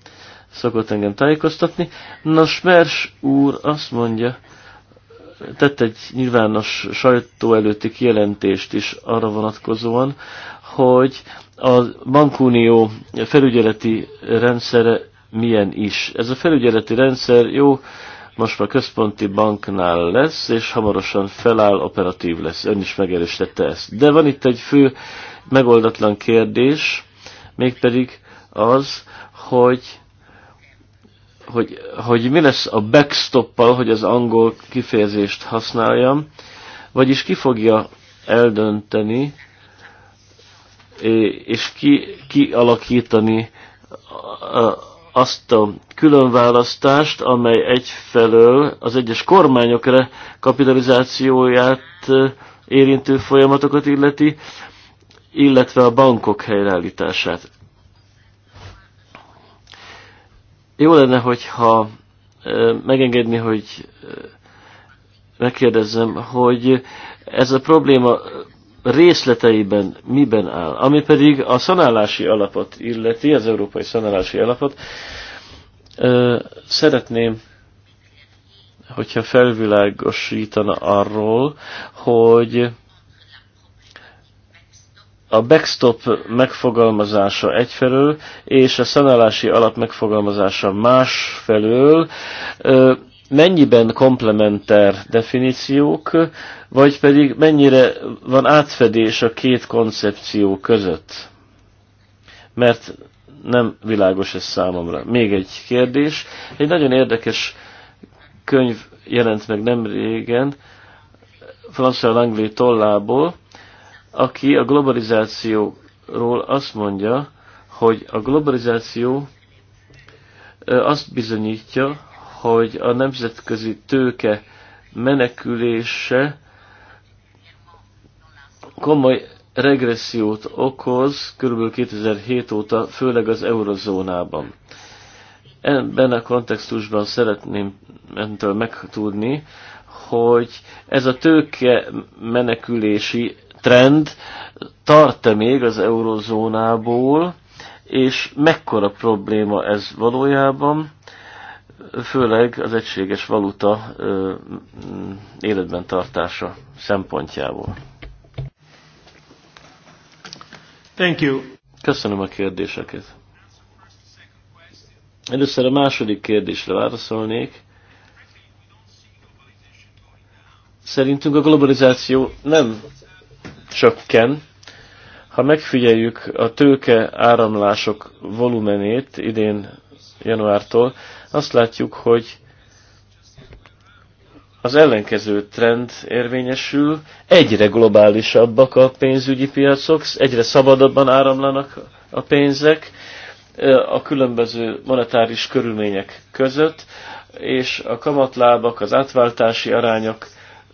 Szokott engem tájékoztatni. Nos, Mers úr azt mondja, tett egy nyilvános sajtó előtti kijelentést is arra vonatkozóan, hogy a bankunió felügyeleti rendszere milyen is. Ez a felügyeleti rendszer jó most már központi banknál lesz, és hamarosan feláll, operatív lesz. Ön is megerősítette ezt. De van itt egy fő megoldatlan kérdés, mégpedig az, hogy, hogy, hogy mi lesz a backstoppal, hogy az angol kifejezést használjam, vagyis ki fogja eldönteni, és ki, ki alakítani a, a azt a különválasztást, amely egyfelől az egyes kormányok kapitalizációját érintő folyamatokat illeti, illetve a bankok helyreállítását. Jó lenne, hogyha megengedni, hogy megkérdezzem, hogy ez a probléma részleteiben miben áll. Ami pedig a szanálási alapot illeti, az európai szanálási alapot, szeretném, hogyha felvilágosítana arról, hogy a backstop megfogalmazása egyfelől, és a szanálási alap megfogalmazása másfelől mennyiben komplementer definíciók, vagy pedig mennyire van átfedés a két koncepció között. Mert nem világos ez számomra. Még egy kérdés. Egy nagyon érdekes könyv jelent meg nem régen, François Langley tollából, aki a globalizációról azt mondja, hogy a globalizáció azt bizonyítja, hogy a nemzetközi tőke menekülése komoly regressziót okoz, kb. 2007 óta, főleg az eurozónában. Ebben a kontextusban szeretném öntől megtudni, hogy ez a tőke menekülési trend tart-e még az eurozónából, és mekkora probléma ez valójában, főleg az egységes valuta életben tartása szempontjából. Thank you. Köszönöm a kérdéseket. Először a második kérdésre válaszolnék. Szerintünk a globalizáció nem csökken. Ha megfigyeljük a tőke áramlások volumenét idén januártól, azt látjuk, hogy az ellenkező trend érvényesül, egyre globálisabbak a pénzügyi piacok, egyre szabadabban áramlanak a pénzek a különböző monetáris körülmények között, és a kamatlábak, az átváltási arányok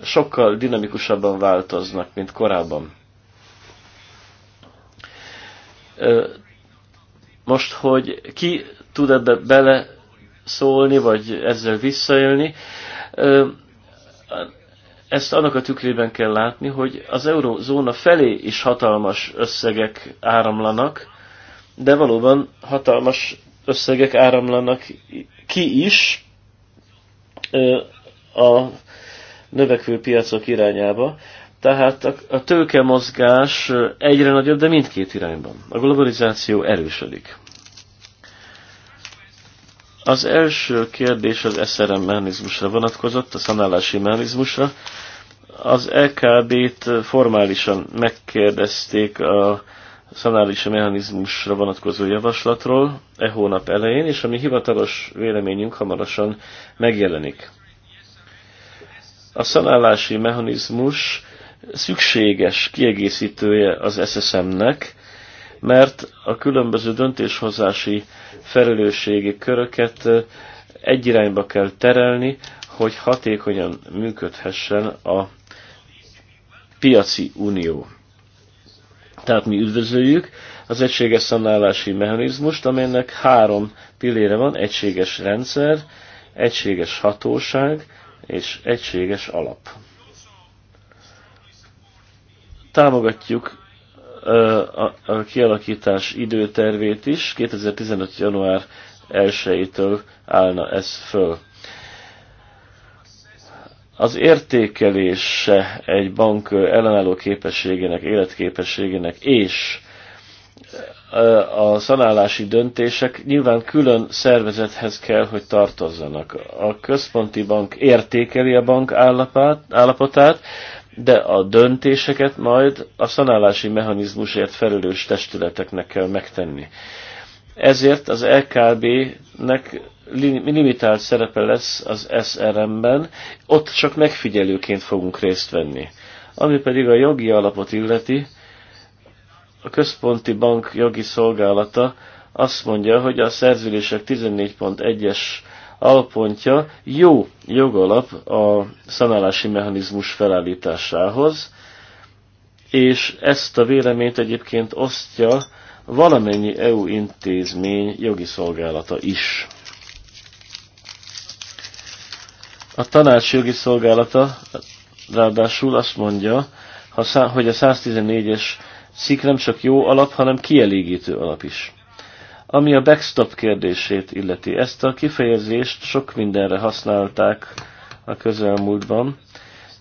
sokkal dinamikusabban változnak, mint korábban. Most, hogy ki tud ebbe bele szólni, vagy ezzel visszaélni. Ezt annak a tükrében kell látni, hogy az eurozóna felé is hatalmas összegek áramlanak, de valóban hatalmas összegek áramlanak ki is a növekvő piacok irányába. Tehát a tőkemozgás egyre nagyobb, de mindkét irányban. A globalizáció erősödik. Az első kérdés az SRM mechanizmusra vonatkozott, a szanálási mechanizmusra. Az lkb e t formálisan megkérdezték a szanálási mechanizmusra vonatkozó javaslatról e hónap elején, és ami hivatalos véleményünk hamarosan megjelenik. A szanálási mechanizmus szükséges kiegészítője az SSM-nek, mert a különböző döntéshozási felelősségi köröket egy irányba kell terelni, hogy hatékonyan működhessen a piaci unió. Tehát mi üdvözöljük az egységes szanálási mechanizmust, amelynek három pillére van, egységes rendszer, egységes hatóság és egységes alap. Támogatjuk a kialakítás időtervét is. 2015. január 1-től állna ez föl. Az értékelése egy bank ellenálló képességének, életképességének és a szanálási döntések nyilván külön szervezethez kell, hogy tartozzanak. A központi bank értékeli a bank állapát, állapotát, de a döntéseket majd a szanálási mechanizmusért felelős testületeknek kell megtenni. Ezért az LKB-nek limitált szerepe lesz az SRM-ben, ott csak megfigyelőként fogunk részt venni. Ami pedig a jogi alapot illeti, a központi bank jogi szolgálata azt mondja, hogy a szerződések 14.1-es alpontja jó jogalap a szanálási mechanizmus felállításához, és ezt a véleményt egyébként osztja valamennyi EU intézmény jogi szolgálata is. A tanács jogi szolgálata ráadásul azt mondja, hogy a 114-es szik nem csak jó alap, hanem kielégítő alap is. Ami a backstop kérdését illeti, ezt a kifejezést sok mindenre használták a közelmúltban.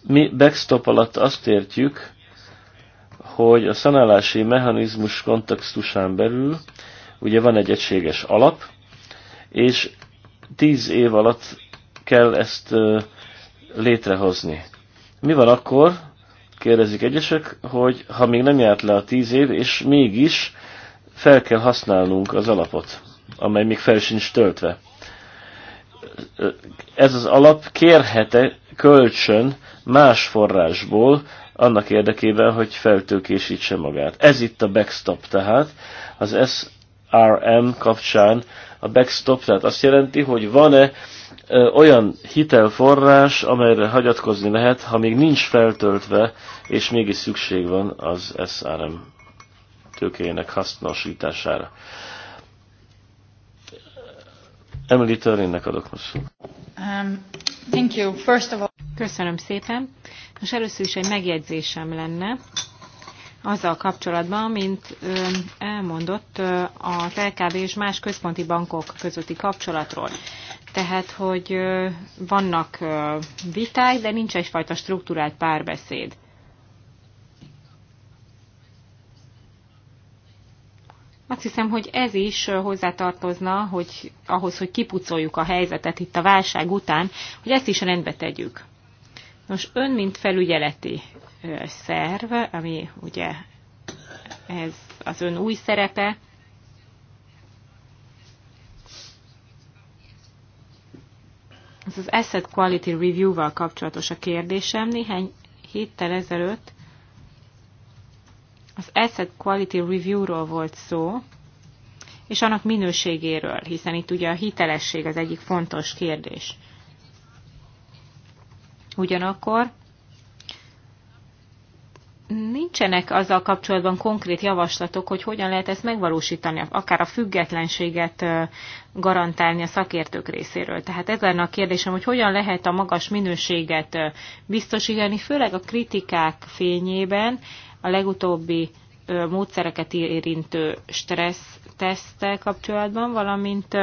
Mi backstop alatt azt értjük, hogy a szanálási mechanizmus kontextusán belül ugye van egy egységes alap, és tíz év alatt kell ezt létrehozni. Mi van akkor, kérdezik egyesek, hogy ha még nem járt le a tíz év, és mégis fel kell használnunk az alapot, amely még fel sincs töltve. Ez az alap kérhete kölcsön más forrásból annak érdekében, hogy feltőkésítse magát. Ez itt a backstop tehát. Az SRM kapcsán a backstop tehát azt jelenti, hogy van-e olyan hitelforrás, amelyre hagyatkozni lehet, ha még nincs feltöltve, és mégis szükség van az SRM tőkéjének hasznosítására. Emily Törnének adok most um, thank you. First of all... Köszönöm szépen. Most először is egy megjegyzésem lenne azzal kapcsolatban, mint elmondott az LKB és más központi bankok közötti kapcsolatról. Tehát, hogy vannak viták, de nincs egyfajta struktúrált párbeszéd. Azt hiszem, hogy ez is hozzátartozna, hogy ahhoz, hogy kipucoljuk a helyzetet itt a válság után, hogy ezt is rendbe tegyük. Nos, ön, mint felügyeleti szerv, ami ugye ez az ön új szerepe, Ez az Asset Quality Review-val kapcsolatos a kérdésem. Néhány héttel ezelőtt az Asset Quality Review-ról volt szó, és annak minőségéről, hiszen itt ugye a hitelesség az egyik fontos kérdés. Ugyanakkor nincsenek azzal kapcsolatban konkrét javaslatok, hogy hogyan lehet ezt megvalósítani, akár a függetlenséget garantálni a szakértők részéről. Tehát ez lenne a kérdésem, hogy hogyan lehet a magas minőséget biztosítani, főleg a kritikák fényében, a legutóbbi módszereket érintő stressz teszttel kapcsolatban, valamint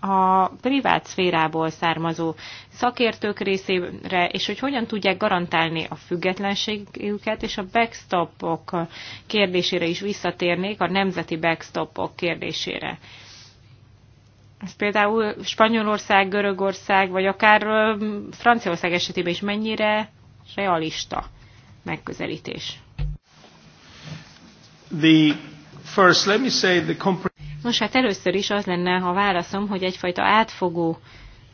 a privát szférából származó szakértők részére, és hogy hogyan tudják garantálni a függetlenségüket, és a backstopok -ok kérdésére is visszatérnék, a nemzeti backstopok -ok kérdésére. Ez például Spanyolország, Görögország, vagy akár Franciaország esetében is mennyire realista megközelítés. The first, let me say the Nos, hát először is az lenne a válaszom, hogy egyfajta átfogó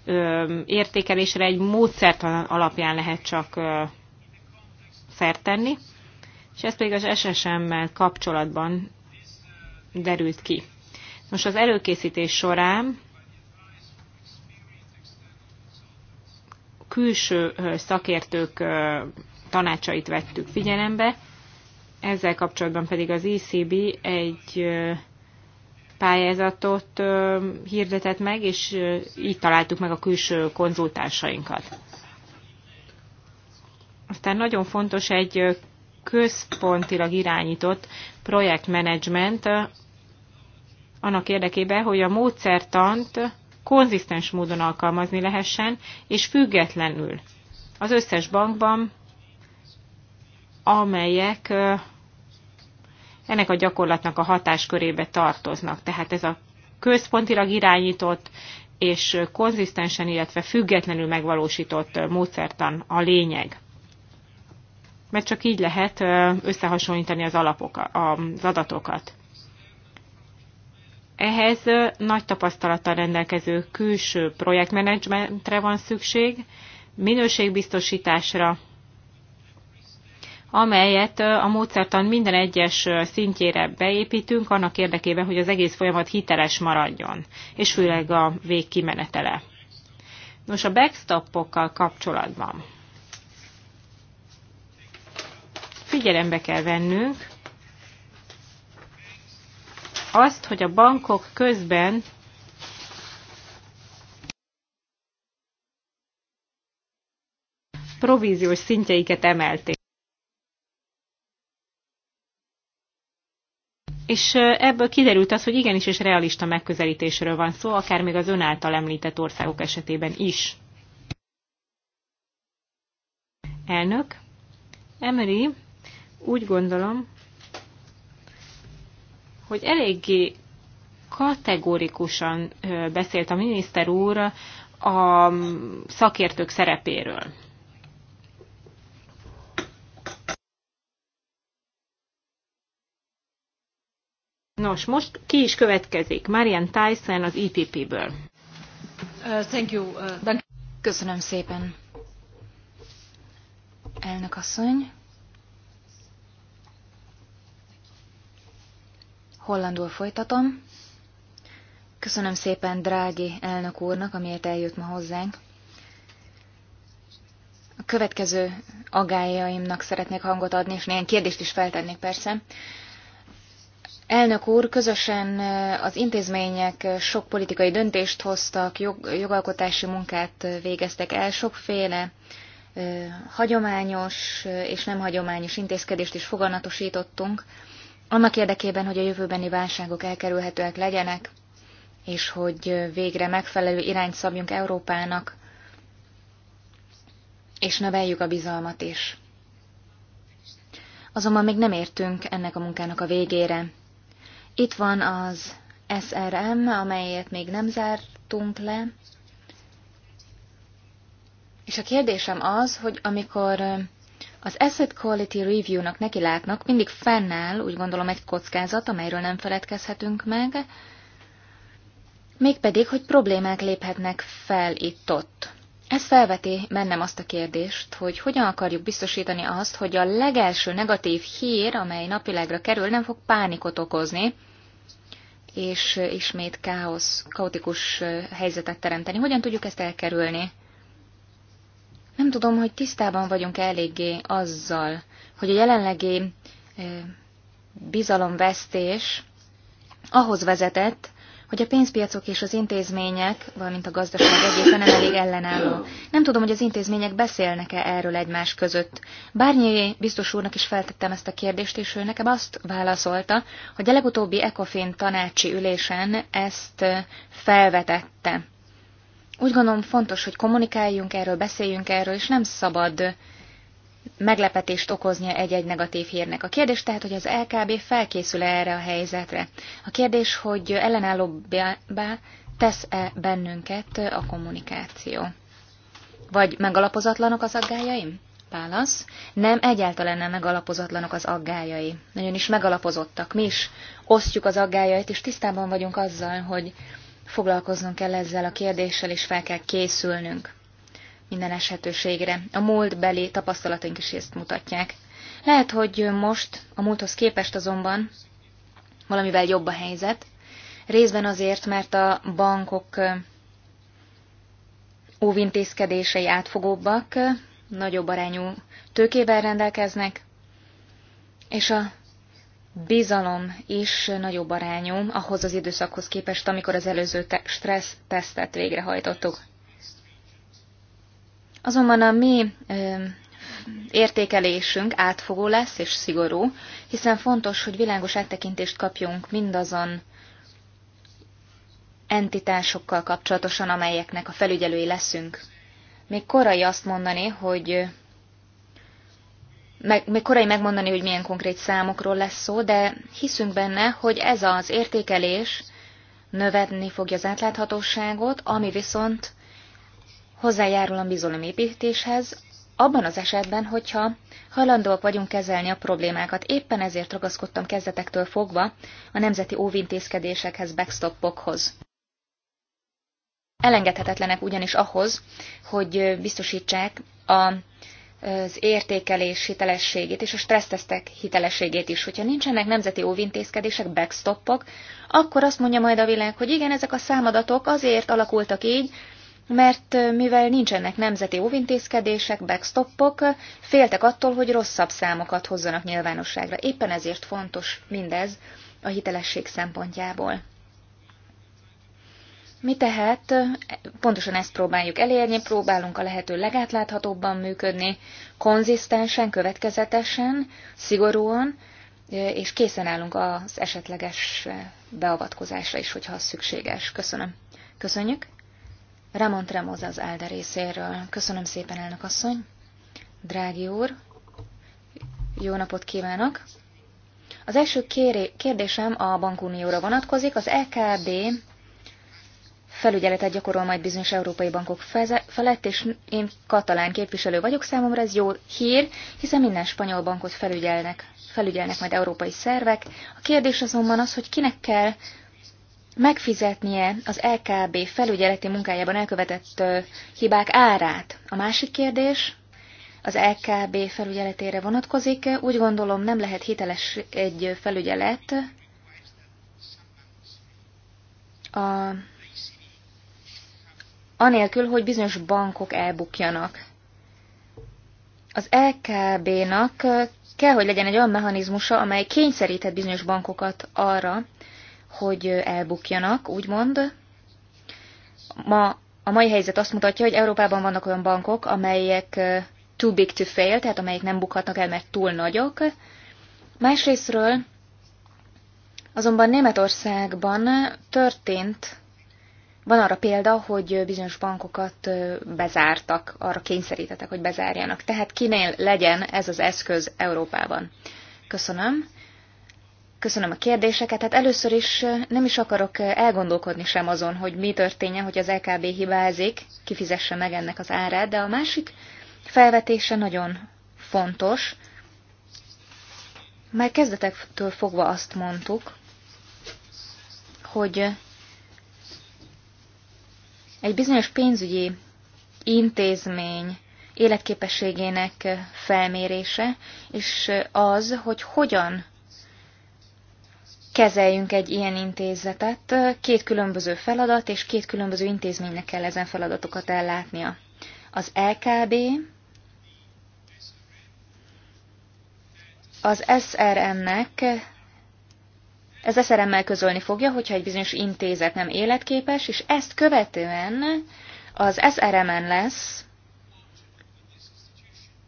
ö, értékelésre egy módszert alapján lehet csak ö, szert tenni, és ez pedig az SSM-mel kapcsolatban derült ki. Most az előkészítés során külső szakértők tanácsait vettük figyelembe, ezzel kapcsolatban pedig az ECB egy pályázatot hirdetett meg, és így találtuk meg a külső konzultásainkat. Aztán nagyon fontos egy központilag irányított projektmenedzsment annak érdekében, hogy a módszertant konzisztens módon alkalmazni lehessen, és függetlenül az összes bankban, amelyek ennek a gyakorlatnak a hatáskörébe tartoznak. Tehát ez a központilag irányított és konzisztensen, illetve függetlenül megvalósított módszertan a lényeg. Mert csak így lehet összehasonlítani az, alapok, az adatokat. Ehhez nagy tapasztalattal rendelkező külső projektmenedzsmentre van szükség, minőségbiztosításra, amelyet a módszertan minden egyes szintjére beépítünk, annak érdekében, hogy az egész folyamat hiteles maradjon, és főleg a végkimenetele. Nos, a backstopokkal kapcsolatban figyelembe kell vennünk azt, hogy a bankok közben províziós szintjeiket emelték. És ebből kiderült az, hogy igenis és realista megközelítésről van szó, akár még az ön által említett országok esetében is. Elnök, Emery, úgy gondolom, hogy eléggé kategórikusan beszélt a miniszter úr a szakértők szerepéről. Nos, most ki is következik? Marian Tyson az IPP-ből. E uh, thank you. Uh, Köszönöm szépen. Elnök asszony. Hollandul folytatom. Köszönöm szépen drági elnök úrnak, amiért eljött ma hozzánk. A következő agályaimnak szeretnék hangot adni, és néhány kérdést is feltennék persze. Elnök úr, közösen az intézmények sok politikai döntést hoztak, jog, jogalkotási munkát végeztek el, sokféle hagyományos és nem hagyományos intézkedést is foganatosítottunk, annak érdekében, hogy a jövőbeni válságok elkerülhetőek legyenek, és hogy végre megfelelő irányt szabjunk Európának, és növeljük a bizalmat is. Azonban még nem értünk ennek a munkának a végére. Itt van az SRM, amelyet még nem zártunk le. És a kérdésem az, hogy amikor az Asset Quality Review-nak nekilátnak, mindig fennáll, úgy gondolom, egy kockázat, amelyről nem feledkezhetünk meg, mégpedig, hogy problémák léphetnek fel itt-ott. Ez felveti mennem azt a kérdést, hogy hogyan akarjuk biztosítani azt, hogy a legelső negatív hír, amely napilegre kerül, nem fog pánikot okozni, és ismét káosz, kaotikus helyzetet teremteni. Hogyan tudjuk ezt elkerülni? Nem tudom, hogy tisztában vagyunk eléggé azzal, hogy a jelenlegi bizalomvesztés ahhoz vezetett, hogy a pénzpiacok és az intézmények, valamint a gazdaság egyébben nem elég ellenálló. Nem tudom, hogy az intézmények beszélnek-e erről egymás között. Bárnyi biztos úrnak is feltettem ezt a kérdést, és ő nekem azt válaszolta, hogy a legutóbbi ECOFIN tanácsi ülésen ezt felvetette. Úgy gondolom fontos, hogy kommunikáljunk erről, beszéljünk erről, és nem szabad meglepetést okoznia egy-egy negatív hírnek. A kérdés tehát, hogy az LKB felkészül -e erre a helyzetre. A kérdés, hogy ellenállóbbá tesz-e bennünket a kommunikáció. Vagy megalapozatlanok az aggájaim? Válasz. Nem, egyáltalán nem megalapozatlanok az aggájai. Nagyon is megalapozottak. Mi is osztjuk az aggájait, és tisztában vagyunk azzal, hogy foglalkoznunk kell ezzel a kérdéssel, és fel kell készülnünk minden esetőségre. A múltbeli tapasztalataink is ezt mutatják. Lehet, hogy most, a múlthoz képest azonban valamivel jobb a helyzet, részben azért, mert a bankok óvintézkedései átfogóbbak, nagyobb arányú tőkével rendelkeznek, és a bizalom is nagyobb arányú ahhoz az időszakhoz képest, amikor az előző te- stressz tesztet végrehajtottuk. Azonban a mi értékelésünk átfogó lesz és szigorú, hiszen fontos, hogy világos áttekintést kapjunk mindazon entitásokkal kapcsolatosan, amelyeknek a felügyelői leszünk. Még korai azt mondani, hogy meg, még korai megmondani, hogy milyen konkrét számokról lesz szó, de hiszünk benne, hogy ez az értékelés növedni fogja az átláthatóságot, ami viszont hozzájárul a bizalomépítéshez, abban az esetben, hogyha hajlandóak vagyunk kezelni a problémákat. Éppen ezért ragaszkodtam kezdetektől fogva a nemzeti óvintézkedésekhez, backstopokhoz. Elengedhetetlenek ugyanis ahhoz, hogy biztosítsák a az értékelés hitelességét és a stressztesztek hitelességét is. Hogyha nincsenek nemzeti óvintézkedések, backstopok, akkor azt mondja majd a világ, hogy igen, ezek a számadatok azért alakultak így, mert mivel nincsenek nemzeti óvintézkedések, backstopok, féltek attól, hogy rosszabb számokat hozzanak nyilvánosságra. Éppen ezért fontos mindez a hitelesség szempontjából. Mi tehát pontosan ezt próbáljuk elérni, próbálunk a lehető legátláthatóbban működni, konzisztensen, következetesen, szigorúan, és készen állunk az esetleges beavatkozásra is, hogyha az szükséges. Köszönöm. Köszönjük. Ramon Tremoz az Elde részéről. Köszönöm szépen, elnök asszony. Drági úr, jó napot kívánok! Az első kérdésem a bankunióra vonatkozik. Az EKB felügyeletet gyakorol majd bizonyos európai bankok felett, és én katalán képviselő vagyok, számomra ez jó hír, hiszen minden spanyol bankot felügyelnek, felügyelnek majd európai szervek. A kérdés azonban az, hogy kinek kell megfizetnie az LKB felügyeleti munkájában elkövetett hibák árát. A másik kérdés az LKB felügyeletére vonatkozik. Úgy gondolom nem lehet hiteles egy felügyelet a, anélkül, hogy bizonyos bankok elbukjanak. Az LKB-nak kell, hogy legyen egy olyan mechanizmusa, amely kényszeríthet bizonyos bankokat arra, hogy elbukjanak, úgymond. Ma a mai helyzet azt mutatja, hogy Európában vannak olyan bankok, amelyek too big to fail, tehát amelyek nem bukhatnak el, mert túl nagyok. Másrésztről azonban Németországban történt, van arra példa, hogy bizonyos bankokat bezártak, arra kényszerítettek, hogy bezárjanak. Tehát kinél legyen ez az eszköz Európában? Köszönöm. Köszönöm a kérdéseket. Hát először is nem is akarok elgondolkodni sem azon, hogy mi történje, hogy az LKB hibázik, kifizesse meg ennek az árát, de a másik felvetése nagyon fontos. Már kezdetektől fogva azt mondtuk, hogy egy bizonyos pénzügyi intézmény életképességének felmérése, és az, hogy hogyan kezeljünk egy ilyen intézetet. Két különböző feladat, és két különböző intézménynek kell ezen feladatokat ellátnia. Az LKB, az SRM-nek, ez SRM-mel közölni fogja, hogyha egy bizonyos intézet nem életképes, és ezt követően az SRM-en lesz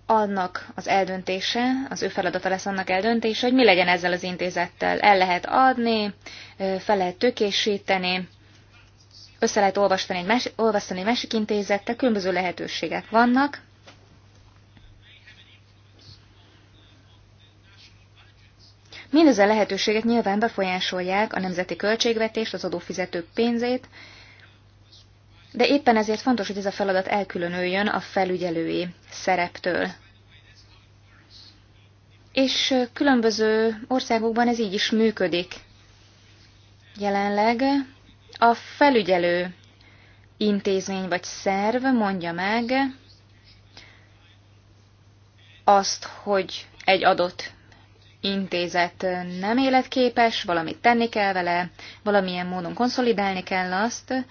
annak az eldöntése, az ő feladata lesz annak eldöntése, hogy mi legyen ezzel az intézettel. El lehet adni, fel lehet tökésíteni, össze lehet olvasni egy, más, olvasni egy másik intézettel, különböző lehetőségek vannak. Mindezen lehetőségek nyilván befolyásolják a nemzeti költségvetést, az adófizetők pénzét, de éppen ezért fontos, hogy ez a feladat elkülönüljön a felügyelői szereptől. És különböző országokban ez így is működik. Jelenleg a felügyelő intézmény vagy szerv mondja meg azt, hogy egy adott intézet nem életképes, valamit tenni kell vele, valamilyen módon konszolidálni kell azt,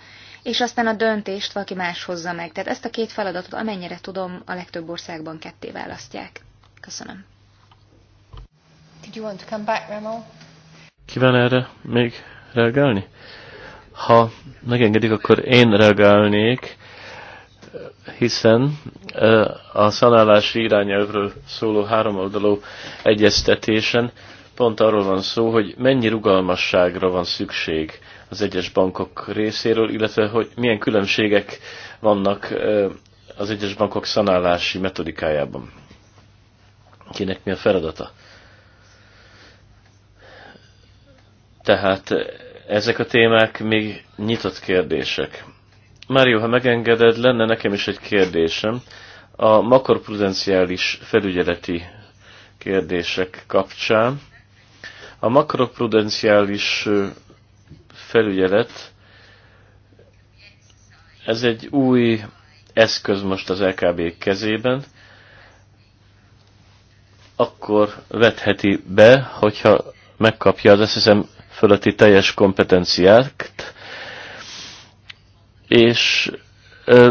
és aztán a döntést valaki más hozza meg. Tehát ezt a két feladatot, amennyire tudom, a legtöbb országban ketté választják. Köszönöm. Did you want to come back, Kíván erre még reagálni? Ha megengedik, akkor én reagálnék, hiszen a szanálási irányelvről szóló háromoldalú egyeztetésen pont arról van szó, hogy mennyi rugalmasságra van szükség az egyes bankok részéről, illetve hogy milyen különbségek vannak az egyes bankok szanálási metodikájában. Kinek mi a feladata? Tehát ezek a témák még nyitott kérdések. Mário, ha megengeded, lenne nekem is egy kérdésem. A makroprudenciális felügyeleti kérdések kapcsán. A makroprudenciális felügyelet, ez egy új eszköz most az LKB kezében, akkor vetheti be, hogyha megkapja az SSM fölötti teljes kompetenciát, és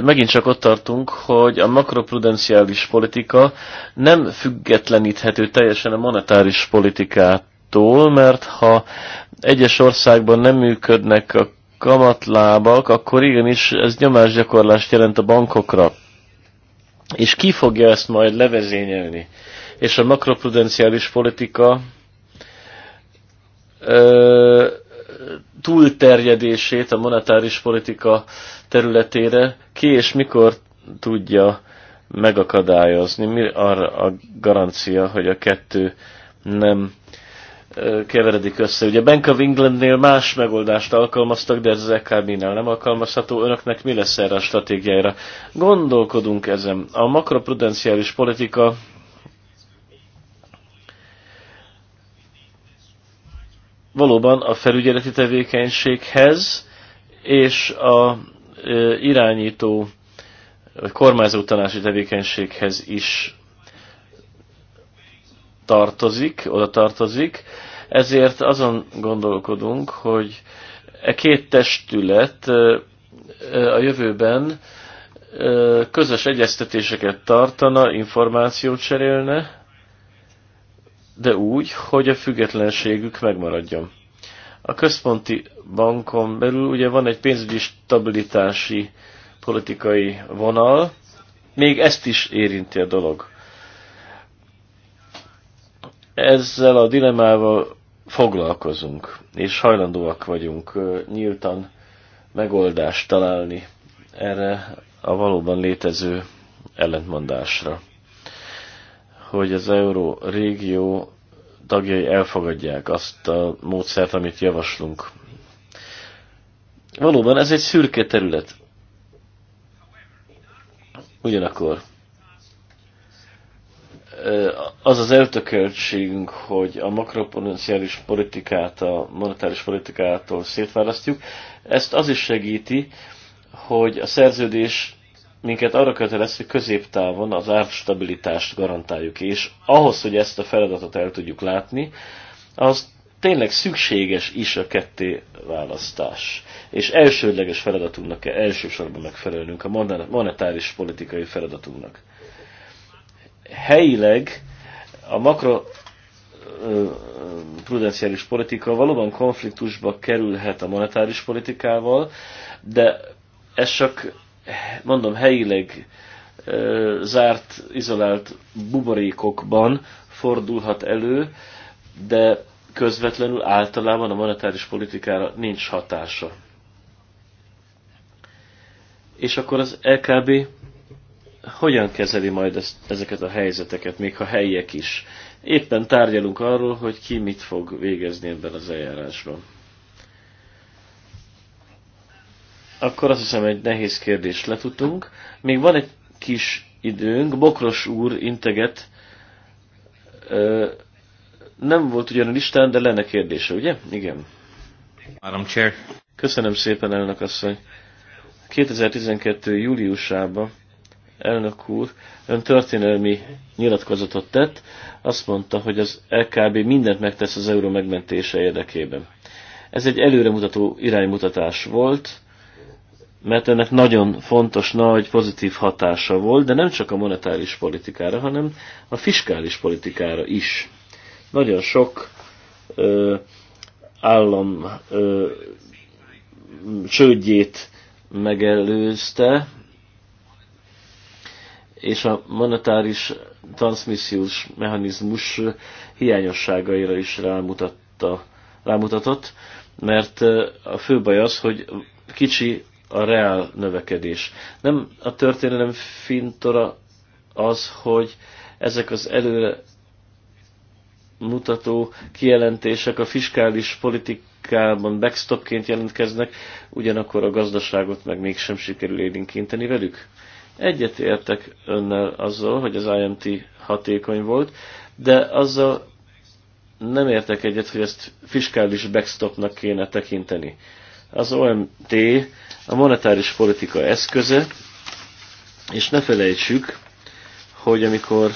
megint csak ott tartunk, hogy a makroprudenciális politika nem függetleníthető teljesen a monetáris politikát attól, mert ha egyes országban nem működnek a kamatlábak, akkor igenis ez nyomásgyakorlást jelent a bankokra. És ki fogja ezt majd levezényelni? És a makroprudenciális politika ö, túlterjedését a monetáris politika területére ki és mikor tudja megakadályozni? Mi arra a garancia, hogy a kettő nem keveredik össze. Ugye Bank of Englandnél más megoldást alkalmaztak, de ez az ekb nem alkalmazható. Önöknek mi lesz erre a stratégiára? Gondolkodunk ezen. A makroprudenciális politika valóban a felügyeleti tevékenységhez és a irányító vagy kormányzó tanási tevékenységhez is tartozik, oda tartozik. Ezért azon gondolkodunk, hogy e két testület a jövőben közös egyeztetéseket tartana, információt cserélne, de úgy, hogy a függetlenségük megmaradjon. A központi bankon belül ugye van egy pénzügyi stabilitási politikai vonal, még ezt is érinti a dolog. Ezzel a dilemával foglalkozunk, és hajlandóak vagyunk nyíltan megoldást találni erre a valóban létező ellentmondásra. Hogy az euró régió tagjai elfogadják azt a módszert, amit javaslunk. Valóban ez egy szürke terület. Ugyanakkor az az eltökéltségünk, hogy a makropotenciális politikát a monetáris politikától szétválasztjuk, ezt az is segíti, hogy a szerződés minket arra kötelez, hogy középtávon az árstabilitást garantáljuk, és ahhoz, hogy ezt a feladatot el tudjuk látni, az tényleg szükséges is a ketté választás. És elsődleges feladatunknak kell elsősorban megfelelnünk a monetáris politikai feladatunknak helyileg a makro prudenciális politika valóban konfliktusba kerülhet a monetáris politikával, de ez csak, mondom, helyileg zárt, izolált buborékokban fordulhat elő, de közvetlenül általában a monetáris politikára nincs hatása. És akkor az LKB hogyan kezeli majd ezt, ezeket a helyzeteket, még ha helyiek is. Éppen tárgyalunk arról, hogy ki mit fog végezni ebben az eljárásban. Akkor azt hiszem, egy nehéz kérdést letudtunk. Még van egy kis időnk. Bokros úr integet. Ö, nem volt ugyan a listán, de lenne kérdése, ugye? Igen. Chair. Köszönöm szépen, elnök asszony. 2012. júliusában elnök úr ön történelmi nyilatkozatot tett, azt mondta, hogy az LKB mindent megtesz az euró megmentése érdekében. Ez egy előremutató iránymutatás volt, mert ennek nagyon fontos, nagy, pozitív hatása volt, de nem csak a monetáris politikára, hanem a fiskális politikára is. Nagyon sok ö, állam ö, csődjét megelőzte, és a monetáris transmissziós mechanizmus hiányosságaira is rámutatta, rámutatott, mert a fő baj az, hogy kicsi a reál növekedés. Nem a történelem fintora az, hogy ezek az előre mutató kijelentések a fiskális politikában backstopként jelentkeznek, ugyanakkor a gazdaságot meg mégsem sikerül érinkinteni velük egyet értek önnel azzal, hogy az IMT hatékony volt, de azzal nem értek egyet, hogy ezt fiskális backstopnak kéne tekinteni. Az OMT a monetáris politika eszköze, és ne felejtsük, hogy amikor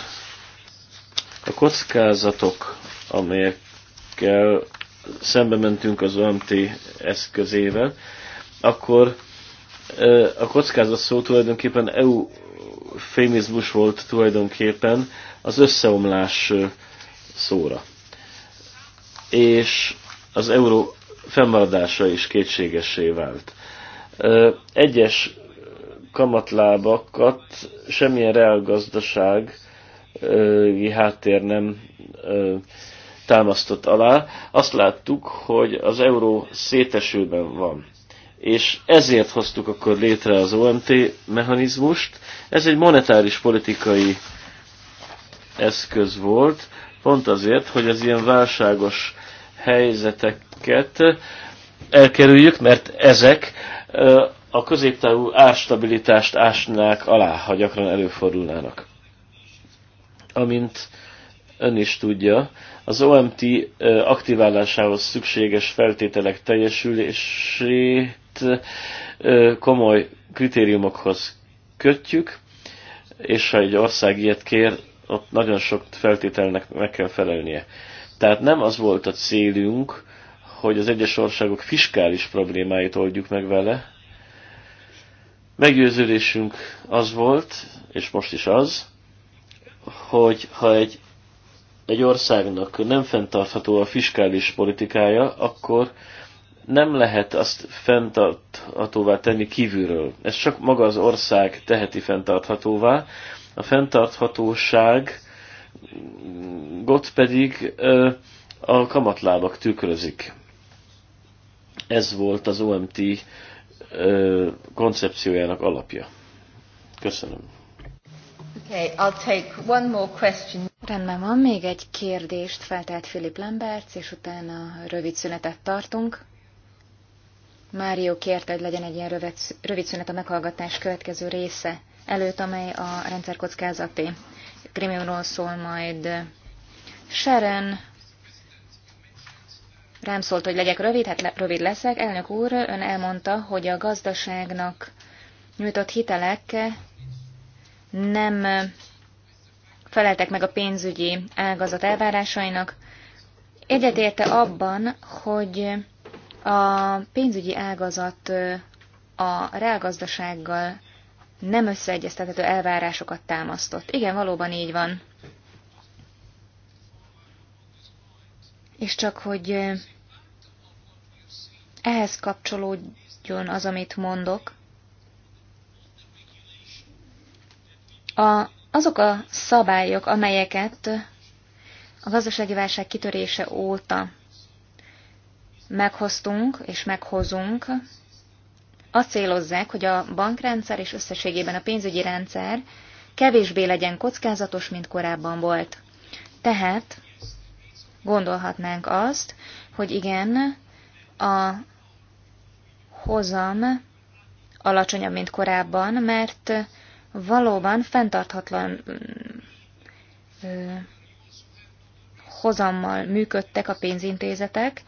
a kockázatok, amelyekkel szembe mentünk az OMT eszközével, akkor a kockázat szó tulajdonképpen EU fémizmus volt tulajdonképpen az összeomlás szóra. És az euró fennmaradása is kétségessé vált. Egyes kamatlábakat semmilyen reálgazdasági háttér nem támasztott alá. Azt láttuk, hogy az euró szétesőben van és ezért hoztuk akkor létre az OMT mechanizmust. Ez egy monetáris politikai eszköz volt, pont azért, hogy az ilyen válságos helyzeteket elkerüljük, mert ezek a középtávú árstabilitást ásnák alá, ha gyakran előfordulnának. Amint ön is tudja, az OMT aktiválásához szükséges feltételek teljesülésé komoly kritériumokhoz kötjük, és ha egy ország ilyet kér, ott nagyon sok feltételnek meg kell felelnie. Tehát nem az volt a célunk, hogy az egyes országok fiskális problémáit oldjuk meg vele. Meggyőződésünk az volt, és most is az, hogy ha egy, egy országnak nem fenntartható a fiskális politikája, akkor nem lehet azt fenntarthatóvá tenni kívülről. Ez csak maga az ország teheti fenntarthatóvá. A fenntarthatóság gott pedig a kamatlábak tükrözik. Ez volt az OMT koncepciójának alapja. Köszönöm. Okay, I'll take one more question. Rendben van, még egy kérdést feltelt Philip Lemberts, és utána rövid szünetet tartunk. Mário kérte, hogy legyen egy ilyen rövid, rövid szünet a meghallgatás következő része előtt, amely a rendszerkockázati krimiumról szól majd. Sharon rám szólt, hogy legyek rövid, hát le, rövid leszek. Elnök úr, ön elmondta, hogy a gazdaságnak nyújtott hitelek nem feleltek meg a pénzügyi ágazat elvárásainak. Egyetérte abban, hogy a pénzügyi ágazat a reálgazdasággal nem összeegyeztethető elvárásokat támasztott. Igen, valóban így van. És csak hogy ehhez kapcsolódjon az, amit mondok, a, azok a szabályok, amelyeket a gazdasági válság kitörése óta meghoztunk és meghozunk, azt célozzák, hogy a bankrendszer és összességében a pénzügyi rendszer kevésbé legyen kockázatos, mint korábban volt. Tehát gondolhatnánk azt, hogy igen, a hozam alacsonyabb, mint korábban, mert valóban fenntarthatlan ö, hozammal működtek a pénzintézetek,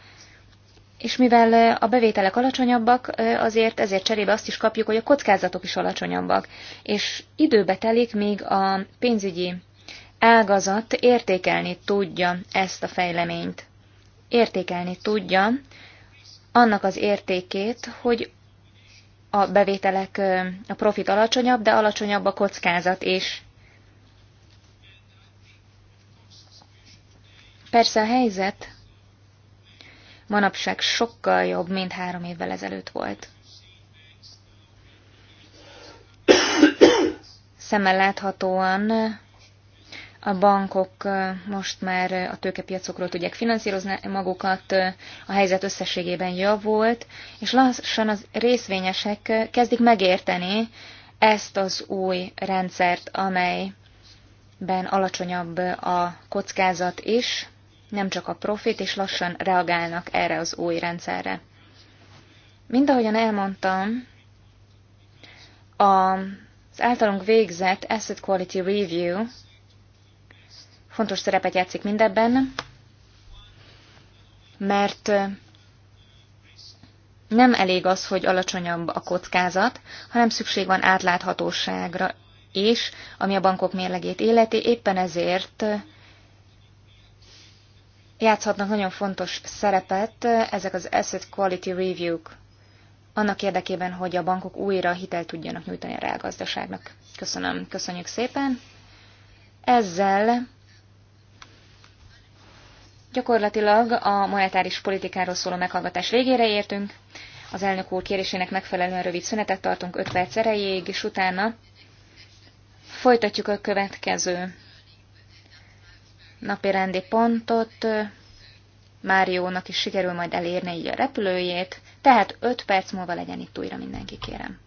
és mivel a bevételek alacsonyabbak, azért ezért cserébe azt is kapjuk, hogy a kockázatok is alacsonyabbak. És időbe telik, míg a pénzügyi ágazat értékelni tudja ezt a fejleményt. Értékelni tudja annak az értékét, hogy a bevételek, a profit alacsonyabb, de alacsonyabb a kockázat is. Persze a helyzet manapság sokkal jobb, mint három évvel ezelőtt volt. Szemmel láthatóan a bankok most már a tőkepiacokról tudják finanszírozni magukat, a helyzet összességében javult, és lassan az részvényesek kezdik megérteni ezt az új rendszert, amelyben alacsonyabb a kockázat is, nem csak a profit, és lassan reagálnak erre az új rendszerre. Mind ahogyan elmondtam, az általunk végzett Asset Quality Review fontos szerepet játszik mindebben, mert nem elég az, hogy alacsonyabb a kockázat, hanem szükség van átláthatóságra is, ami a bankok mérlegét életi, éppen ezért játszhatnak nagyon fontos szerepet ezek az asset quality review-k annak érdekében, hogy a bankok újra hitelt tudjanak nyújtani a reálgazdaságnak. Köszönöm, köszönjük szépen. Ezzel gyakorlatilag a monetáris politikáról szóló meghallgatás végére értünk. Az elnök úr kérésének megfelelően rövid szünetet tartunk 5 perc erejéig, és utána folytatjuk a következő napi rendi pontot Máriónak is sikerül majd elérni így a repülőjét, tehát 5 perc múlva legyen itt újra mindenki, kérem.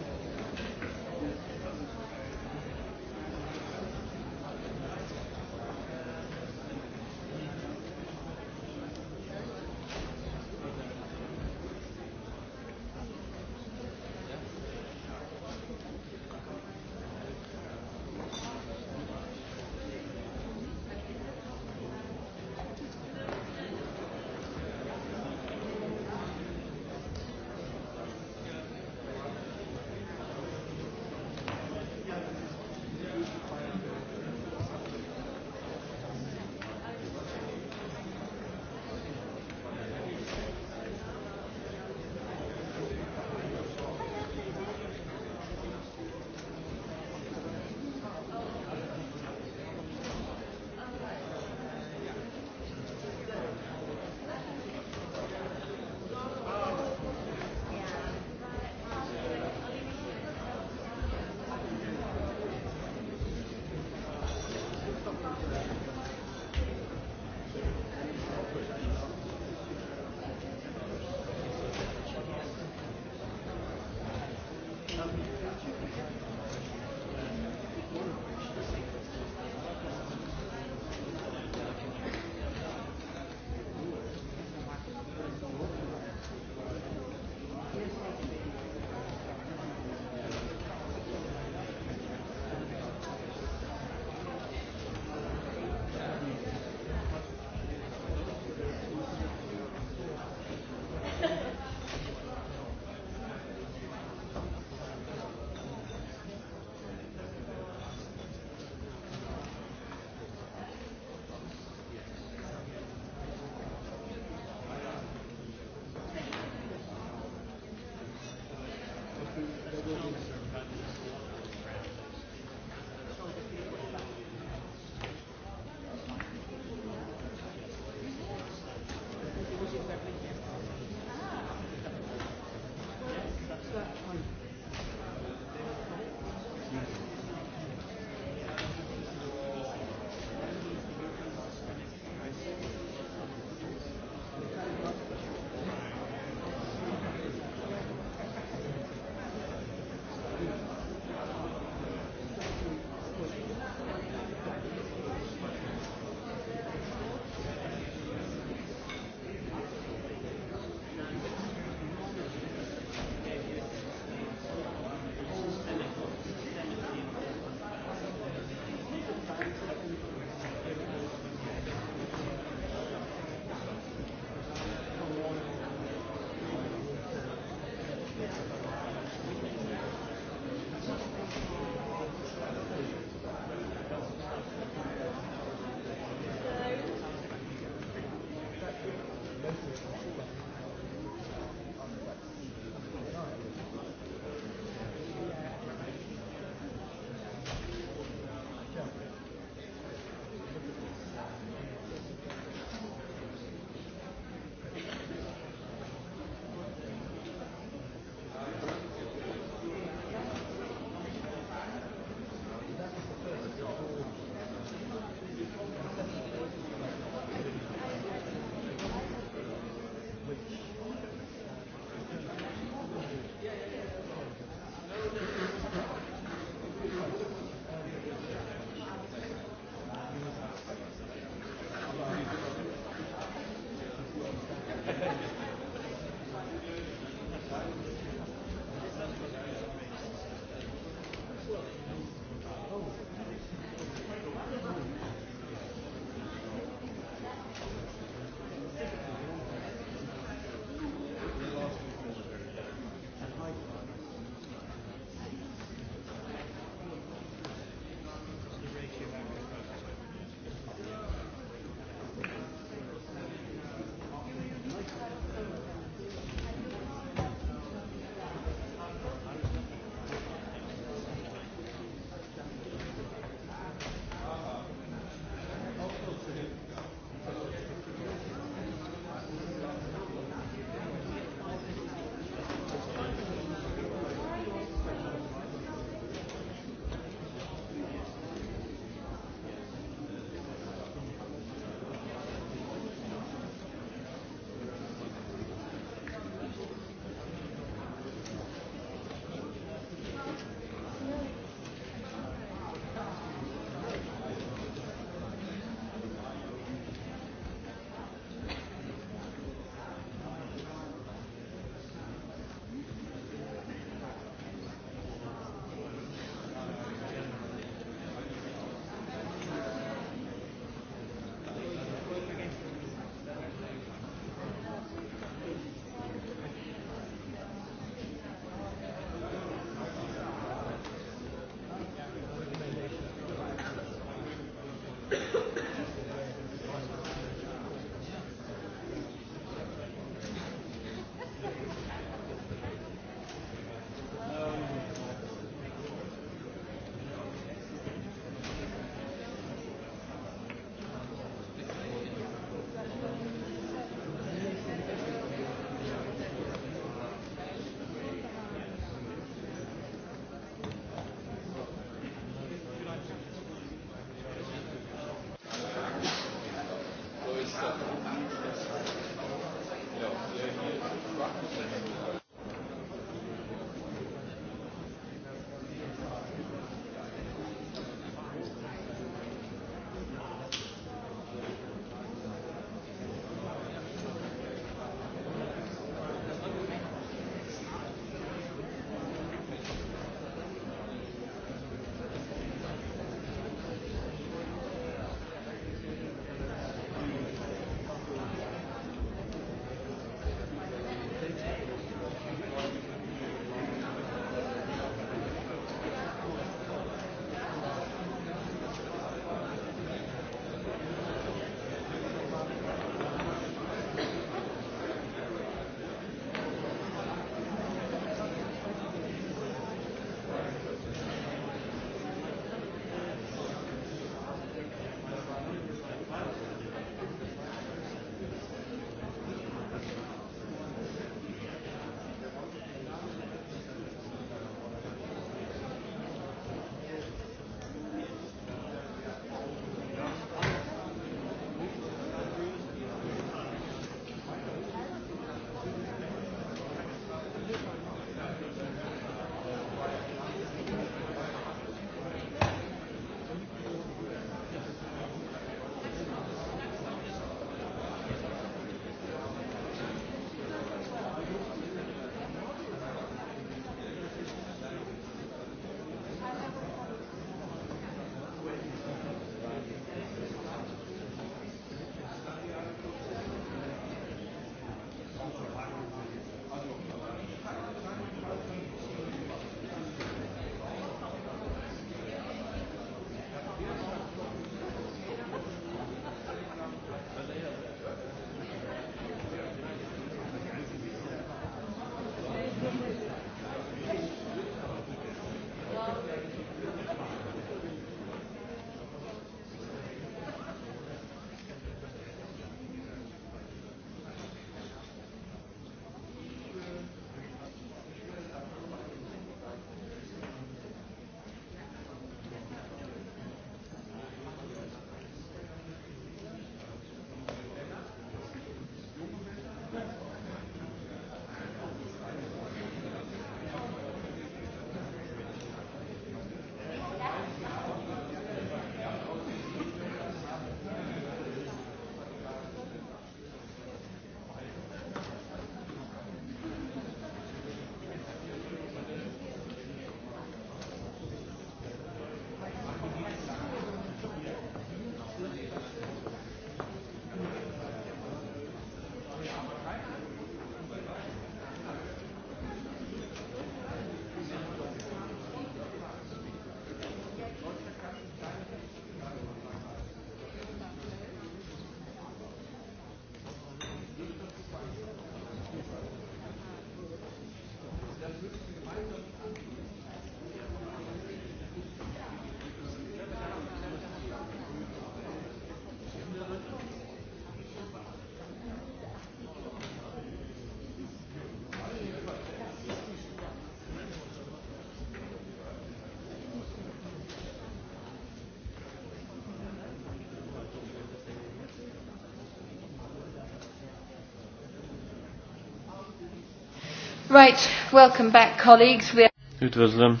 Right, welcome back colleagues. We... Üdvözlöm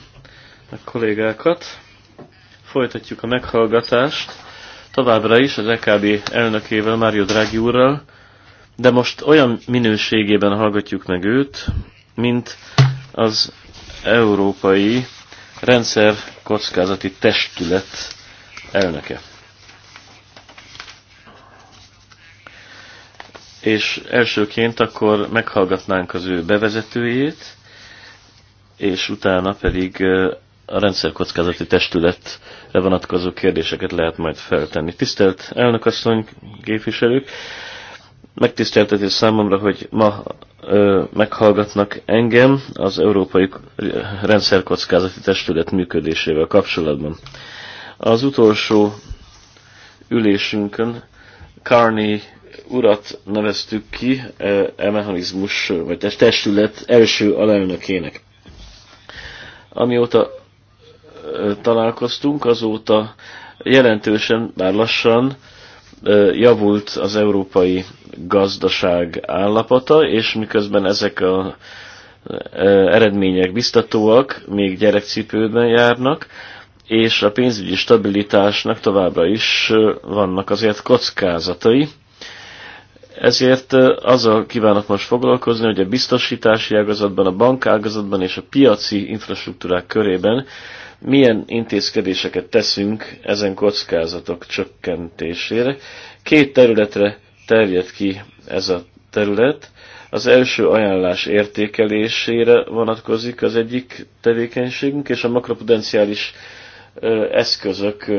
a kollégákat. Folytatjuk a meghallgatást. Továbbra is az EKB elnökével, Mário Draghi úrral, de most olyan minőségében hallgatjuk meg őt, mint az Európai Rendszer Kockázati Testület elnöke. és elsőként akkor meghallgatnánk az ő bevezetőjét, és utána pedig a rendszerkockázati testületre vonatkozó kérdéseket lehet majd feltenni. Tisztelt elnökasszony, képviselők! Megtiszteltetés számomra, hogy ma ö, meghallgatnak engem az Európai Rendszerkockázati Testület működésével kapcsolatban. Az utolsó ülésünkön Carney urat neveztük ki e, e mechanizmus, vagy testület első alelnökének. Amióta e, találkoztunk, azóta jelentősen, bár lassan e, javult az európai gazdaság állapota, és miközben ezek a eredmények biztatóak, még gyerekcipőben járnak, és a pénzügyi stabilitásnak továbbra is vannak azért kockázatai. Ezért azzal kívánok most foglalkozni, hogy a biztosítási ágazatban, a bankágazatban és a piaci infrastruktúrák körében milyen intézkedéseket teszünk ezen kockázatok csökkentésére. Két területre terjed ki ez a terület. Az első ajánlás értékelésére vonatkozik az egyik tevékenységünk, és a makropudenciális eszközök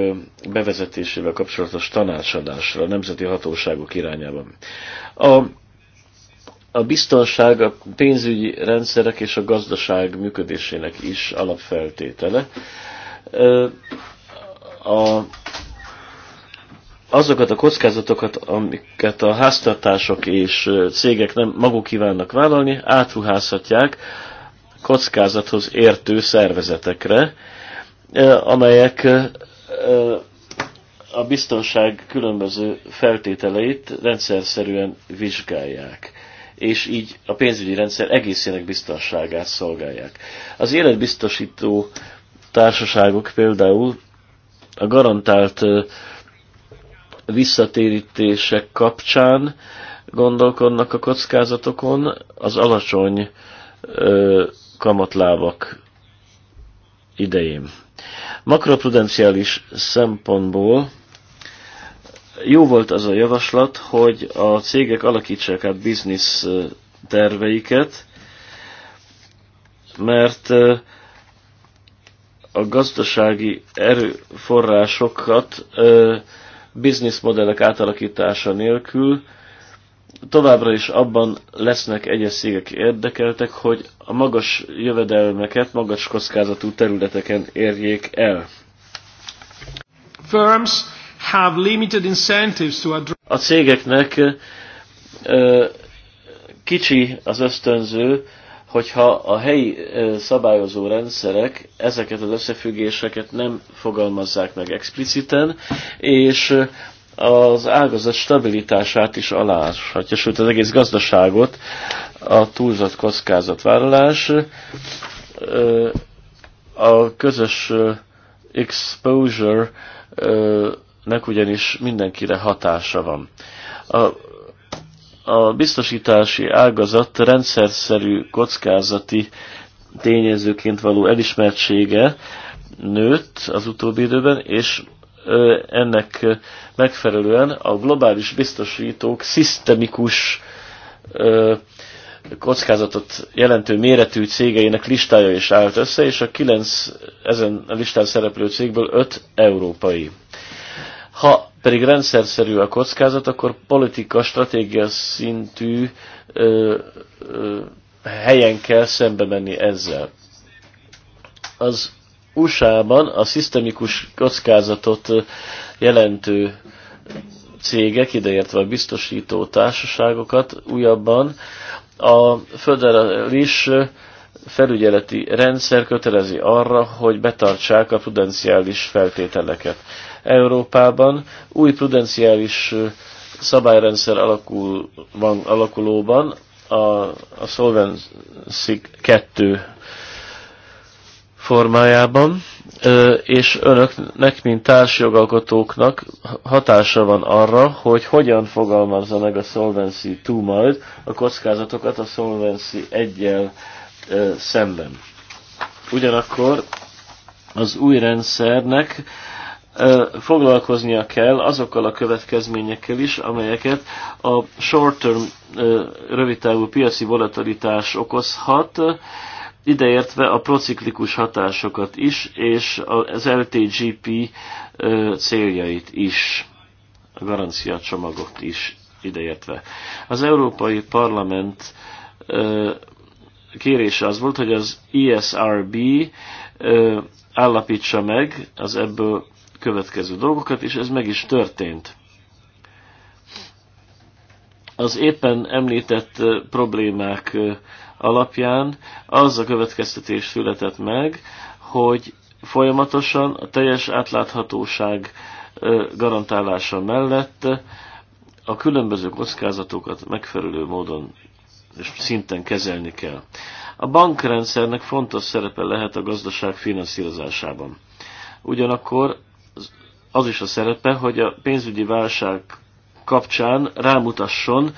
bevezetésével kapcsolatos tanácsadásra a nemzeti hatóságok irányában. A, a biztonság a pénzügyi rendszerek és a gazdaság működésének is alapfeltétele. A, azokat a kockázatokat, amiket a háztartások és cégek nem maguk kívánnak vállalni, átruházhatják kockázathoz értő szervezetekre, E, amelyek e, e, a biztonság különböző feltételeit szerűen vizsgálják, és így a pénzügyi rendszer egészének biztonságát szolgálják. Az életbiztosító társaságok például a garantált visszatérítések kapcsán gondolkodnak a kockázatokon, az alacsony kamatlábak idején. Makroprudenciális szempontból jó volt az a javaslat, hogy a cégek alakítsák át biznisz terveiket, mert a gazdasági erőforrásokat bizniszmodellek átalakítása nélkül továbbra is abban lesznek egyes szégek érdekeltek, hogy a magas jövedelmeket magas kockázatú területeken érjék el. Firms have limited incentives to address... A cégeknek ö, kicsi az ösztönző, hogyha a helyi szabályozó rendszerek ezeket az összefüggéseket nem fogalmazzák meg expliciten, és az ágazat stabilitását is aláshatja, sőt az egész gazdaságot a túlzott kockázatvállalás, a közös exposure-nek ugyanis mindenkire hatása van. A, a biztosítási ágazat rendszerszerű kockázati tényezőként való elismertsége nőtt az utóbbi időben, és ennek megfelelően a globális biztosítók szisztemikus kockázatot jelentő méretű cégeinek listája is állt össze, és a kilenc ezen a listán szereplő cégből öt európai. Ha pedig rendszerszerű a kockázat, akkor politika, stratégia szintű ö, ö, helyen kell szembe menni ezzel. Az USA-ban a szisztemikus kockázatot jelentő cégek, ideértve a biztosító társaságokat újabban a föderális felügyeleti rendszer kötelezi arra, hogy betartsák a prudenciális feltételeket. Európában új prudenciális szabályrendszer alakul, van, alakulóban a, a Solvency 2 formájában, és önöknek, mint társjogalkotóknak hatása van arra, hogy hogyan fogalmazza meg a Solvency 2 majd a kockázatokat a Solvency 1 szemben. Ugyanakkor az új rendszernek foglalkoznia kell azokkal a következményekkel is, amelyeket a short-term, rövidtávú piaci volatilitás okozhat, ideértve a prociklikus hatásokat is, és az LTGP céljait is, a garanciacsomagot is ideértve. Az Európai Parlament kérése az volt, hogy az ESRB állapítsa meg az ebből következő dolgokat, és ez meg is történt. Az éppen említett problémák alapján az a következtetés született meg, hogy folyamatosan a teljes átláthatóság garantálása mellett a különböző kockázatokat megfelelő módon és szinten kezelni kell. A bankrendszernek fontos szerepe lehet a gazdaság finanszírozásában. Ugyanakkor az is a szerepe, hogy a pénzügyi válság kapcsán rámutasson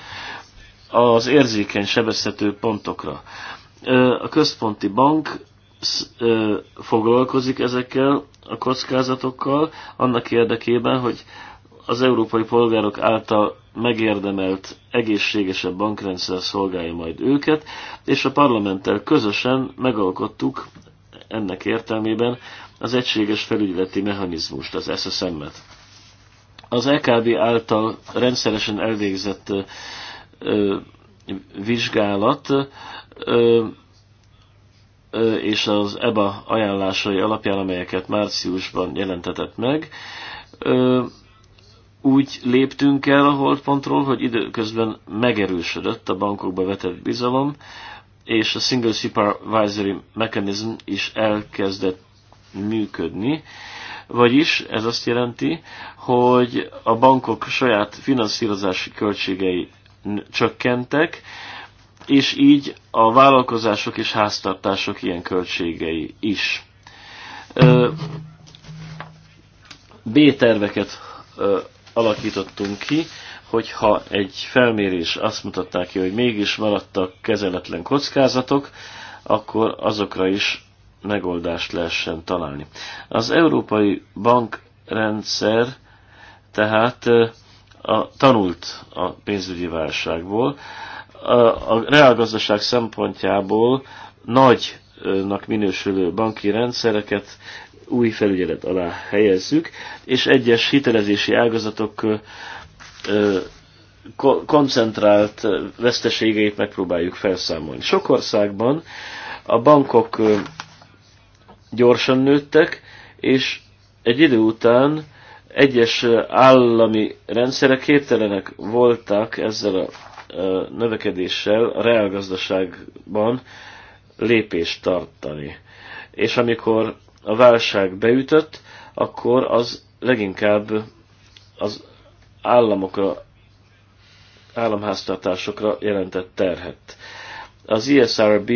az érzékeny sebezhető pontokra. A központi bank foglalkozik ezekkel a kockázatokkal annak érdekében, hogy az európai polgárok által megérdemelt egészségesebb bankrendszer szolgálja majd őket, és a parlamenttel közösen megalkottuk ennek értelmében az egységes felügyeleti mechanizmust, az SSM-et. Az LKB e által rendszeresen elvégzett ö, vizsgálat ö, ö, és az EBA ajánlásai alapján, amelyeket márciusban jelentetett meg, ö, úgy léptünk el a holdpontról, hogy időközben megerősödött a bankokba vetett bizalom, és a Single Supervisory Mechanism is elkezdett működni. Vagyis ez azt jelenti, hogy a bankok saját finanszírozási költségei csökkentek, és így a vállalkozások és háztartások ilyen költségei is. B-terveket alakítottunk ki, hogyha egy felmérés azt mutatná ki, hogy mégis maradtak kezeletlen kockázatok, akkor azokra is megoldást lehessen találni. Az Európai Bankrendszer tehát a, tanult a pénzügyi válságból. A, a reálgazdaság szempontjából nagynak minősülő banki rendszereket új felügyelet alá helyezzük, és egyes hitelezési ágazatok ö, koncentrált veszteségeit megpróbáljuk felszámolni. Sok országban a bankok gyorsan nőttek, és egy idő után egyes állami rendszerek képtelenek voltak ezzel a növekedéssel a reálgazdaságban lépést tartani. És amikor a válság beütött, akkor az leginkább az államokra, államháztartásokra jelentett terhet. Az ISRB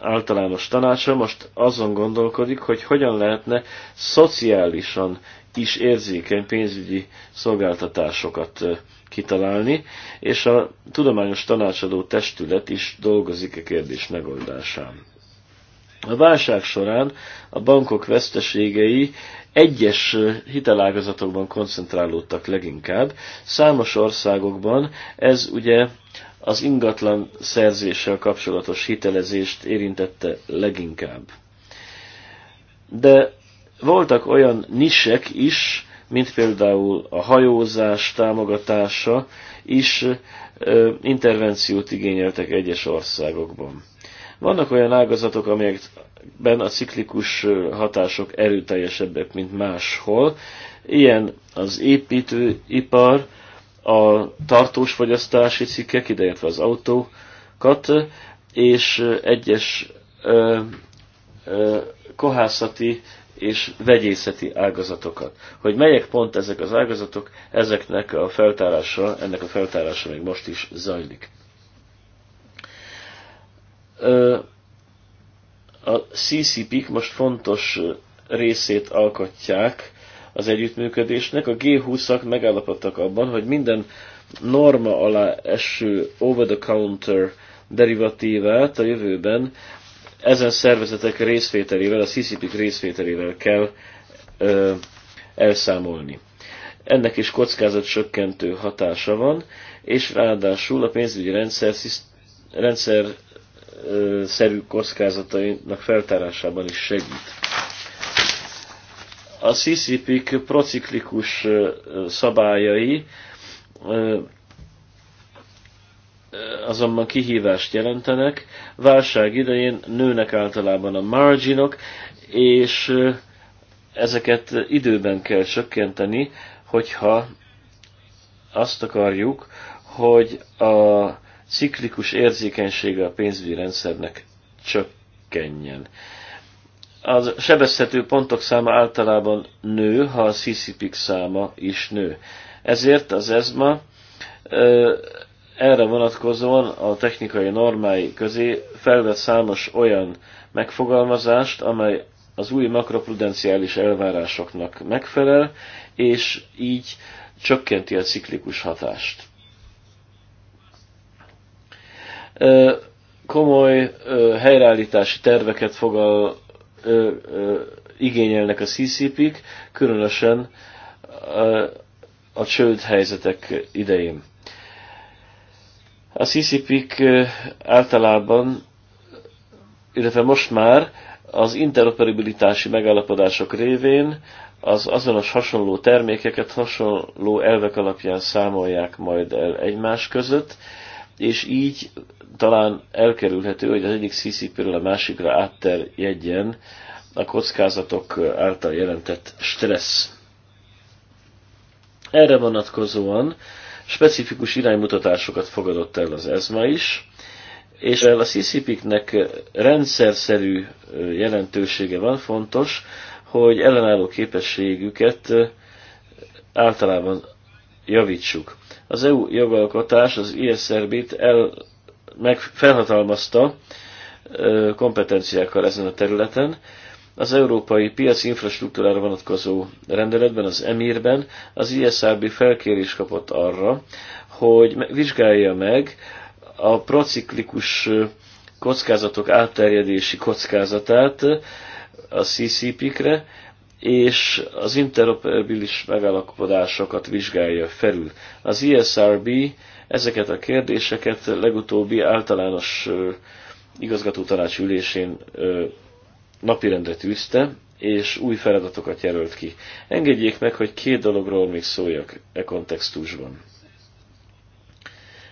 általános tanácsa most azon gondolkodik, hogy hogyan lehetne szociálisan is érzékeny pénzügyi szolgáltatásokat kitalálni, és a Tudományos Tanácsadó Testület is dolgozik a e kérdés megoldásán. A válság során a bankok veszteségei egyes hitelágazatokban koncentrálódtak leginkább. Számos országokban ez ugye az ingatlan szerzéssel kapcsolatos hitelezést érintette leginkább. De voltak olyan nisek is, mint például a hajózás támogatása is intervenciót igényeltek egyes országokban. Vannak olyan ágazatok, amelyekben a ciklikus hatások erőteljesebbek, mint máshol. Ilyen az építőipar, a tartós fogyasztási cikkek, ideértve az autókat, és egyes ö, ö, kohászati és vegyészeti ágazatokat. Hogy melyek pont ezek az ágazatok, ezeknek a feltárása, ennek a feltárása még most is zajlik. A CCP-k most fontos részét alkotják az együttműködésnek. A G20-ak megállapodtak abban, hogy minden norma alá eső over-the-counter derivatívát a jövőben ezen szervezetek részvételével, a ccp részvételével kell ö, elszámolni. Ennek is kockázatcsökkentő hatása van, és ráadásul a pénzügyi rendszer, rendszer szerű kockázatainak feltárásában is segít. A ccp prociklikus szabályai azonban kihívást jelentenek, válság idején nőnek általában a marginok, és ezeket időben kell csökkenteni, hogyha azt akarjuk, hogy a ciklikus érzékenysége a pénzügyi rendszernek csökkenjen. A sebezhető pontok száma általában nő, ha a ccp száma is nő. Ezért az ESMA erre vonatkozóan a technikai normái közé felvett számos olyan megfogalmazást, amely az új makroprudenciális elvárásoknak megfelel, és így csökkenti a ciklikus hatást. komoly helyreállítási terveket fogal, igényelnek a CCP-k, különösen a csőd helyzetek idején. A CCP-k általában, illetve most már az interoperabilitási megállapodások révén az azonos hasonló termékeket hasonló elvek alapján számolják majd el egymás között, és így talán elkerülhető, hogy az egyik CCP-ről a másikra átterjedjen a kockázatok által jelentett stressz. Erre vonatkozóan specifikus iránymutatásokat fogadott el az ESMA is, és a CCP-knek rendszerszerű jelentősége van fontos, hogy ellenálló képességüket általában javítsuk. Az EU jogalkotás az ISRB-t el, felhatalmazta kompetenciákkal ezen a területen. Az európai piaci infrastruktúrára vonatkozó rendeletben, az EMIR-ben az ISRB felkérés kapott arra, hogy vizsgálja meg a prociklikus kockázatok átterjedési kockázatát a CCP-kre, és az interoperabilis megállapodásokat vizsgálja felül. Az ESRB ezeket a kérdéseket legutóbbi általános igazgatótanács ülésén napirendre tűzte, és új feladatokat jelölt ki. Engedjék meg, hogy két dologról még szóljak e kontextusban.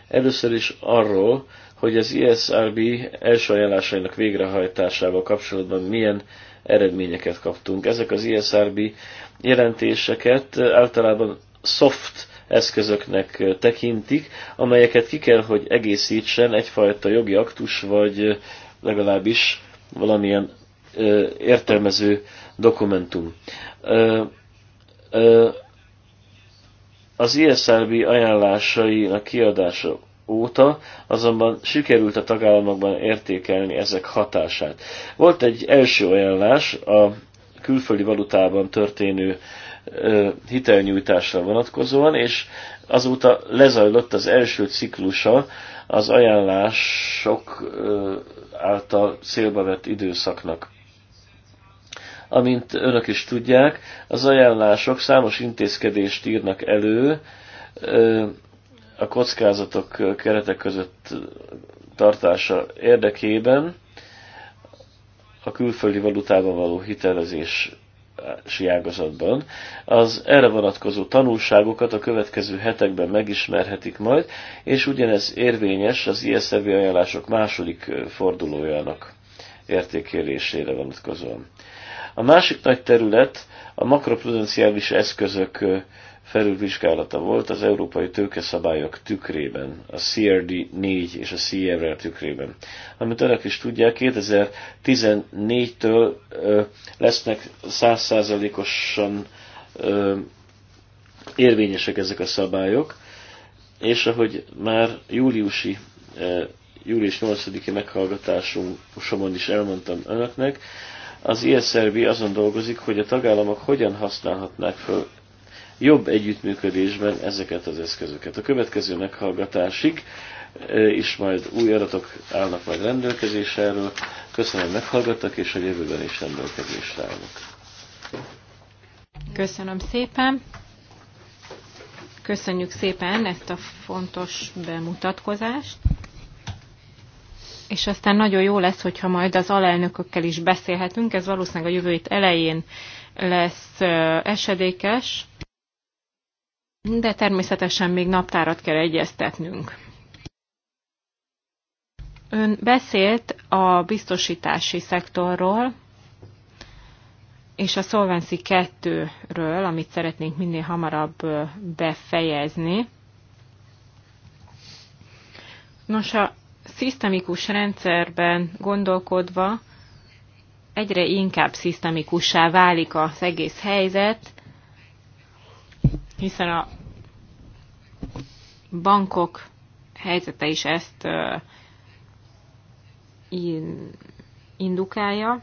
Először is arról, hogy az ISRB első ajánlásainak végrehajtásával kapcsolatban milyen eredményeket kaptunk. Ezek az ISRB jelentéseket általában soft eszközöknek tekintik, amelyeket ki kell, hogy egészítsen egyfajta jogi aktus, vagy legalábbis valamilyen értelmező dokumentum. az ISRB ajánlásainak kiadása óta, azonban sikerült a tagállamokban értékelni ezek hatását. Volt egy első ajánlás a külföldi valutában történő ö, hitelnyújtásra vonatkozóan, és azóta lezajlott az első ciklusa az ajánlások ö, által célba vett időszaknak. Amint önök is tudják, az ajánlások számos intézkedést írnak elő, ö, a kockázatok keretek között tartása érdekében a külföldi valutában való hitelezés ágazatban. Az erre vonatkozó tanulságokat a következő hetekben megismerhetik majd, és ugyanez érvényes az ISZV ajánlások második fordulójának értékelésére vonatkozóan. A másik nagy terület a makroprudenciális eszközök felülvizsgálata volt az európai tőkeszabályok tükrében, a CRD 4 és a CRR tükrében. Amit önök is tudják, 2014-től lesznek százszázalékosan érvényesek ezek a szabályok, és ahogy már júliusi, július 8-i meghallgatásomon is elmondtam önöknek, az ISRB azon dolgozik, hogy a tagállamok hogyan használhatnák fel jobb együttműködésben ezeket az eszközöket. A következő meghallgatásig e, is majd új adatok állnak majd rendelkezésre Köszönöm, Köszönöm, meghallgattak, és a jövőben is rendelkezésre állnak. Köszönöm szépen. Köszönjük szépen ezt a fontos bemutatkozást. És aztán nagyon jó lesz, hogyha majd az alelnökökkel is beszélhetünk. Ez valószínűleg a jövő elején lesz e, esedékes de természetesen még naptárat kell egyeztetnünk. Ön beszélt a biztosítási szektorról, és a Solvency 2-ről, amit szeretnénk minél hamarabb befejezni. Nos, a szisztemikus rendszerben gondolkodva egyre inkább szisztemikussá válik az egész helyzet, hiszen a bankok helyzete is ezt indukálja.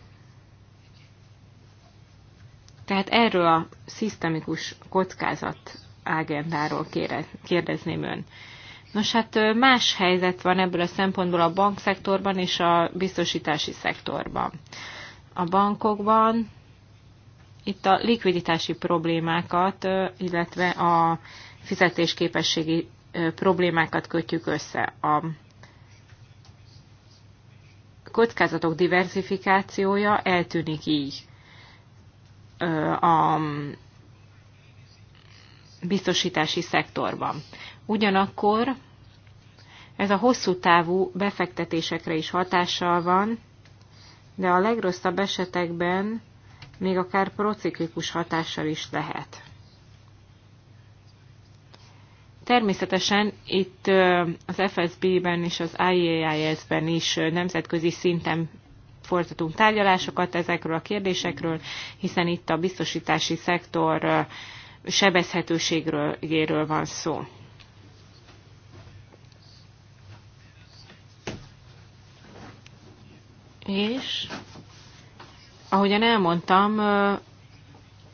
Tehát erről a szisztemikus kockázat ágendáról kérdezném ön. Nos, hát más helyzet van ebből a szempontból a bankszektorban és a biztosítási szektorban. A bankokban itt a likviditási problémákat, illetve a fizetésképességi problémákat kötjük össze. A kockázatok diversifikációja eltűnik így. A biztosítási szektorban. Ugyanakkor ez a hosszú távú befektetésekre is hatással van, de a legrosszabb esetekben még akár prociklikus hatással is lehet. Természetesen itt az FSB-ben és az IAIS-ben is nemzetközi szinten folytatunk tárgyalásokat ezekről a kérdésekről, hiszen itt a biztosítási szektor sebezhetőségéről van szó. És ahogyan elmondtam,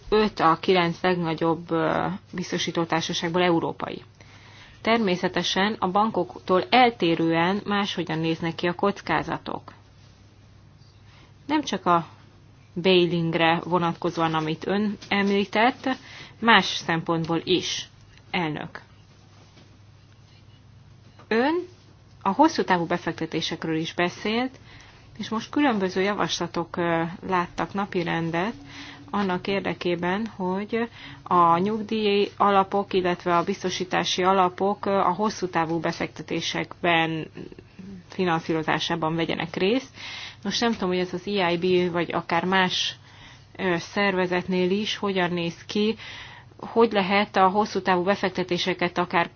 5 a 9 legnagyobb biztosítótársaságból európai. Természetesen a bankoktól eltérően máshogyan néznek ki a kockázatok. Nem csak a bailingre vonatkozóan, amit ön említett, más szempontból is, elnök. Ön a hosszú távú befektetésekről is beszélt, és most különböző javaslatok láttak napirendet annak érdekében, hogy a nyugdíj alapok, illetve a biztosítási alapok a hosszú távú befektetésekben finanszírozásában vegyenek részt. Most nem tudom, hogy ez az EIB, vagy akár más szervezetnél is hogyan néz ki, hogy lehet a hosszú távú befektetéseket akár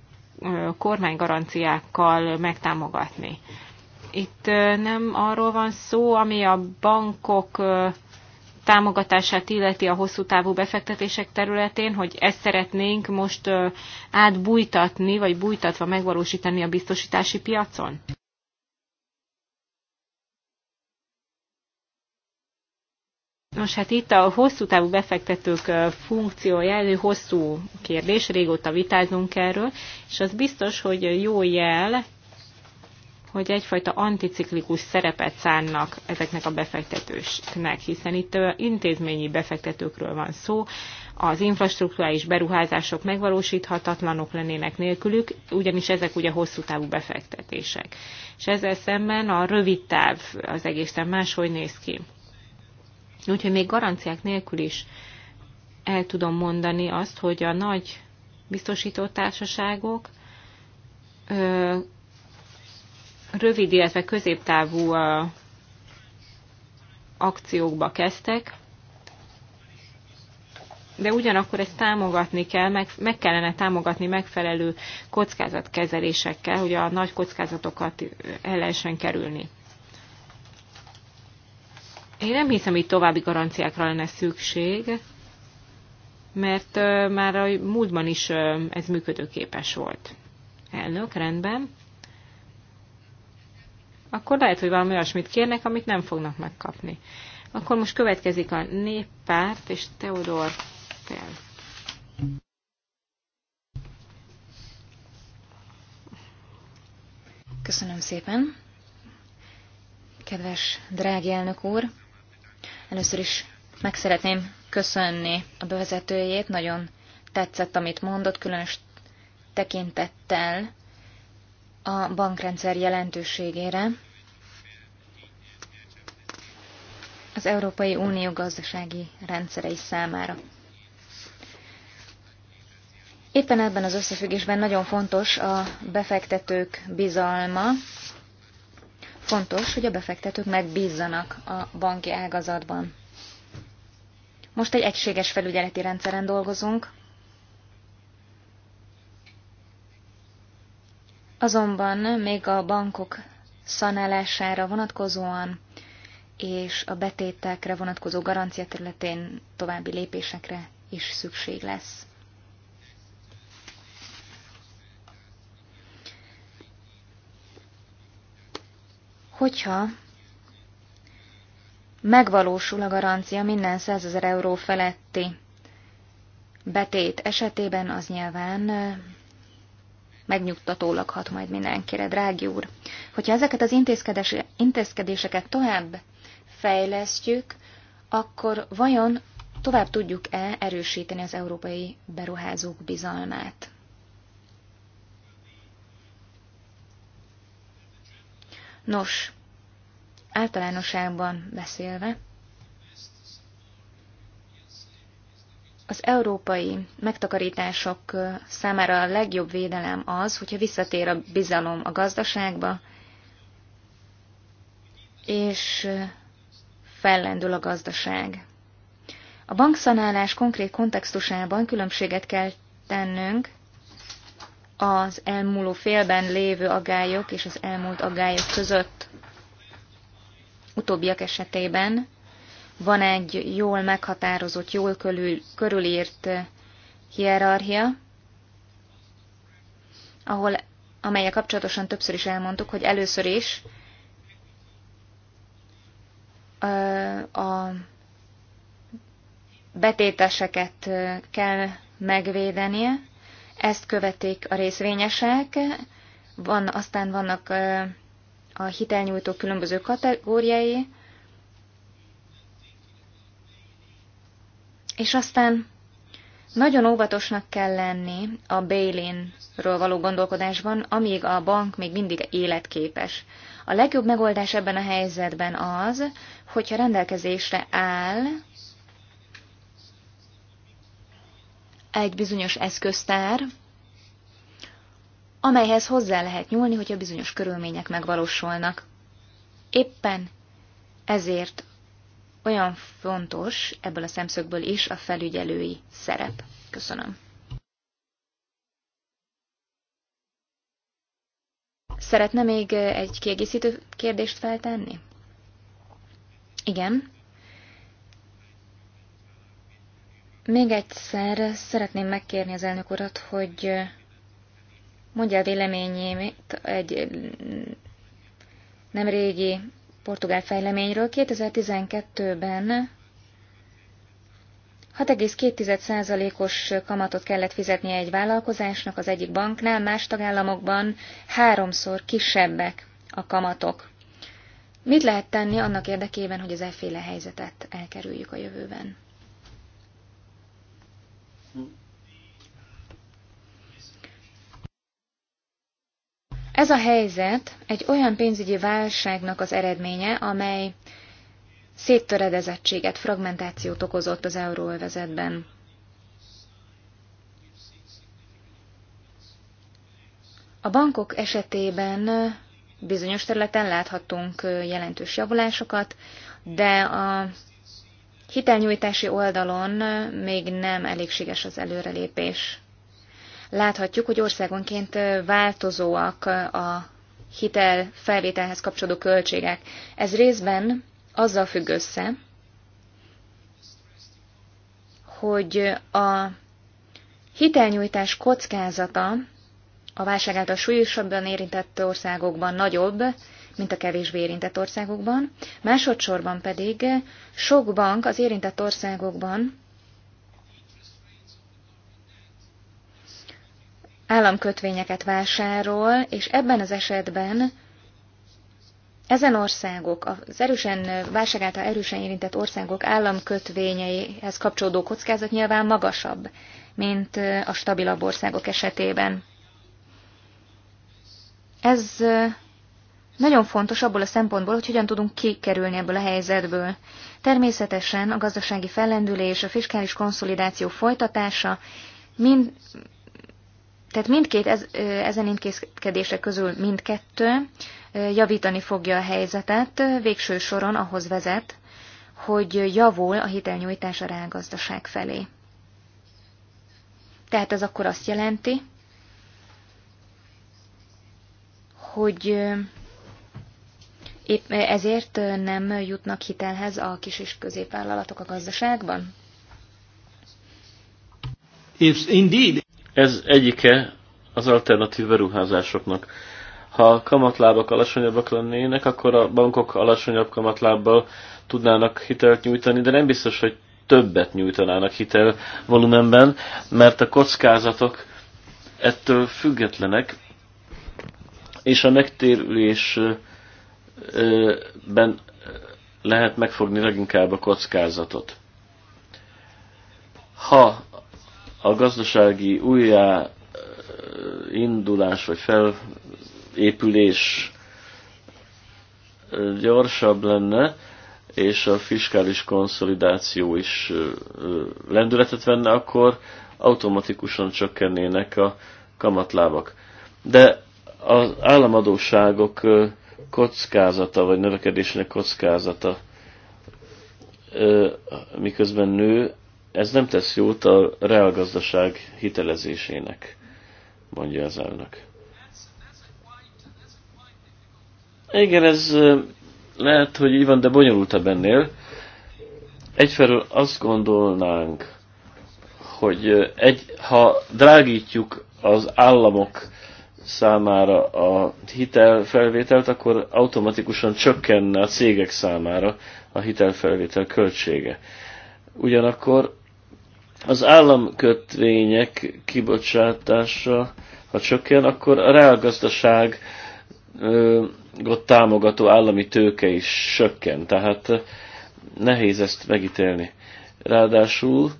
kormánygaranciákkal megtámogatni. Itt nem arról van szó, ami a bankok támogatását illeti a hosszú távú befektetések területén, hogy ezt szeretnénk most átbújtatni, vagy bújtatva megvalósítani a biztosítási piacon? Nos, hát itt a hosszú távú befektetők funkciója egy hosszú kérdés, régóta vitázunk erről, és az biztos, hogy jó jel, hogy egyfajta anticiklikus szerepet szánnak ezeknek a befektetőknek, hiszen itt intézményi befektetőkről van szó, az infrastruktúrális beruházások megvalósíthatatlanok lennének nélkülük, ugyanis ezek ugye hosszú távú befektetések. És ezzel szemben a rövid táv az egészen máshogy néz ki. Úgyhogy még garanciák nélkül is el tudom mondani azt, hogy a nagy biztosítótársaságok rövid, illetve középtávú akciókba kezdtek, de ugyanakkor ezt támogatni kell, meg, meg kellene támogatni megfelelő kockázatkezelésekkel, hogy a nagy kockázatokat el lehessen kerülni. Én nem hiszem, hogy további garanciákra lenne szükség, mert már a múltban is ez működőképes volt. Elnök, rendben akkor lehet, hogy valami olyasmit kérnek, amit nem fognak megkapni. Akkor most következik a néppárt és Teodor Fel. Köszönöm szépen. Kedves drági elnök úr, először is meg szeretném köszönni a bevezetőjét, nagyon tetszett, amit mondott, különös tekintettel a bankrendszer jelentőségére, az Európai Unió gazdasági rendszerei számára. Éppen ebben az összefüggésben nagyon fontos a befektetők bizalma. Fontos, hogy a befektetők megbízzanak a banki ágazatban. Most egy egységes felügyeleti rendszeren dolgozunk, Azonban még a bankok szanálására vonatkozóan és a betétekre vonatkozó garancia területén további lépésekre is szükség lesz. Hogyha megvalósul a garancia minden 100 ezer euró feletti betét esetében, az nyilván megnyugtatólag hat majd mindenkire, drági úr. Hogyha ezeket az intézkedéseket tovább fejlesztjük, akkor vajon tovább tudjuk-e erősíteni az európai beruházók bizalmát? Nos, általánosságban beszélve, Az európai megtakarítások számára a legjobb védelem az, hogyha visszatér a bizalom a gazdaságba, és fellendül a gazdaság. A bankszanálás konkrét kontextusában különbséget kell tennünk az elmúló félben lévő agályok és az elmúlt agályok között. Utóbbiak esetében van egy jól meghatározott, jól körül, körülírt hierarchia, ahol, amelyek kapcsolatosan többször is elmondtuk, hogy először is a betéteseket kell megvédenie, ezt követik a részvényesek, van, aztán vannak a hitelnyújtó különböző kategóriái, És aztán nagyon óvatosnak kell lenni a bail való gondolkodásban, amíg a bank még mindig életképes. A legjobb megoldás ebben a helyzetben az, hogyha rendelkezésre áll egy bizonyos eszköztár, amelyhez hozzá lehet nyúlni, hogyha bizonyos körülmények megvalósulnak. Éppen ezért olyan fontos ebből a szemszögből is a felügyelői szerep. Köszönöm. Szeretne még egy kiegészítő kérdést feltenni? Igen. Még egyszer szeretném megkérni az elnök urat, hogy mondja a véleményét egy nem régi portugál fejleményről. 2012-ben 6,2%-os kamatot kellett fizetnie egy vállalkozásnak az egyik banknál, más tagállamokban háromszor kisebbek a kamatok. Mit lehet tenni annak érdekében, hogy az efféle helyzetet elkerüljük a jövőben? Ez a helyzet egy olyan pénzügyi válságnak az eredménye, amely széttöredezettséget, fragmentációt okozott az euróövezetben. A bankok esetében bizonyos területen láthatunk jelentős javulásokat, de a hitelnyújtási oldalon még nem elégséges az előrelépés láthatjuk, hogy országonként változóak a hitel felvételhez kapcsolódó költségek. Ez részben azzal függ össze, hogy a hitelnyújtás kockázata a válság által súlyosabban érintett országokban nagyobb, mint a kevésbé érintett országokban, másodszorban pedig sok bank az érintett országokban államkötvényeket vásárol, és ebben az esetben ezen országok, az erősen, válság által erősen érintett országok államkötvényeihez kapcsolódó kockázat nyilván magasabb, mint a stabilabb országok esetében. Ez nagyon fontos abból a szempontból, hogy hogyan tudunk kikerülni ebből a helyzetből. Természetesen a gazdasági fellendülés, a fiskális konszolidáció folytatása mind tehát mindkét ez, ezen intézkedések közül mindkettő javítani fogja a helyzetet, végső soron ahhoz vezet, hogy javul a hitelnyújtás a reálgazdaság felé. Tehát ez akkor azt jelenti, hogy épp ezért nem jutnak hitelhez a kis és középvállalatok a gazdaságban? indeed ez egyike az alternatív beruházásoknak. Ha a kamatlábak alacsonyabbak lennének, akkor a bankok alacsonyabb kamatlábbal tudnának hitelt nyújtani, de nem biztos, hogy többet nyújtanának hitel volumenben, mert a kockázatok ettől függetlenek, és a megtérülésben lehet megfogni leginkább a kockázatot. Ha a gazdasági újjá indulás vagy felépülés gyorsabb lenne, és a fiskális konszolidáció is lendületet venne, akkor automatikusan csökkennének a kamatlábak. De az államadóságok kockázata, vagy növekedésének kockázata miközben nő, ez nem tesz jót a reálgazdaság hitelezésének, mondja az elnök. Igen, ez lehet, hogy így van, de bonyolultabb ennél. Egyfelől azt gondolnánk, hogy egy, ha drágítjuk az államok számára a hitelfelvételt, akkor automatikusan csökkenne a cégek számára a hitelfelvétel költsége. Ugyanakkor az államkötvények kibocsátása, ha csökken, akkor a reálgazdaság támogató állami tőke is sökken, tehát nehéz ezt megítélni. Ráadásul,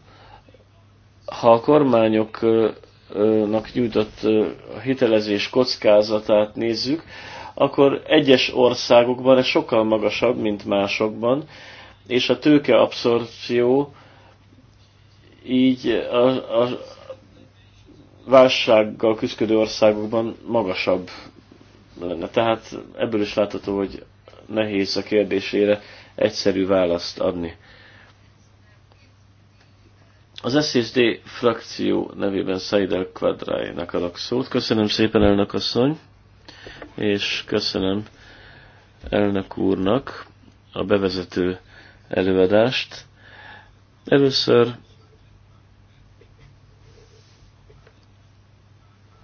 ha a kormányoknak nyújtott hitelezés kockázatát nézzük, akkor egyes országokban ez sokkal magasabb, mint másokban, és a tőke abszorpció így a, a válsággal küzdő országokban magasabb lenne. Tehát ebből is látható, hogy nehéz a kérdésére egyszerű választ adni. Az SSD frakció nevében Saidel Quadráinak adok szót. Köszönöm szépen, elnök asszony, és köszönöm elnök úrnak a bevezető előadást. Először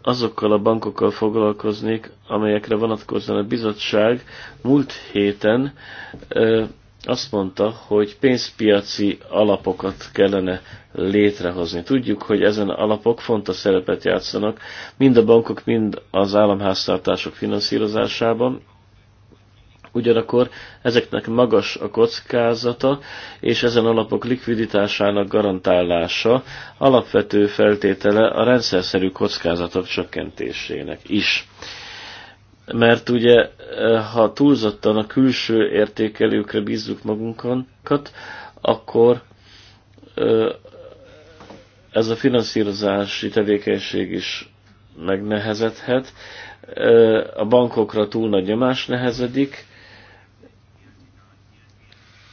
azokkal a bankokkal foglalkoznék, amelyekre vonatkozóan a bizottság múlt héten ö, azt mondta, hogy pénzpiaci alapokat kellene létrehozni. Tudjuk, hogy ezen alapok fontos szerepet játszanak mind a bankok, mind az államháztartások finanszírozásában, ugyanakkor ezeknek magas a kockázata, és ezen alapok likviditásának garantálása alapvető feltétele a rendszerszerű kockázatok csökkentésének is. Mert ugye, ha túlzottan a külső értékelőkre bízzuk magunkat, akkor ez a finanszírozási tevékenység is megnehezedhet, a bankokra túl nagy nyomás nehezedik,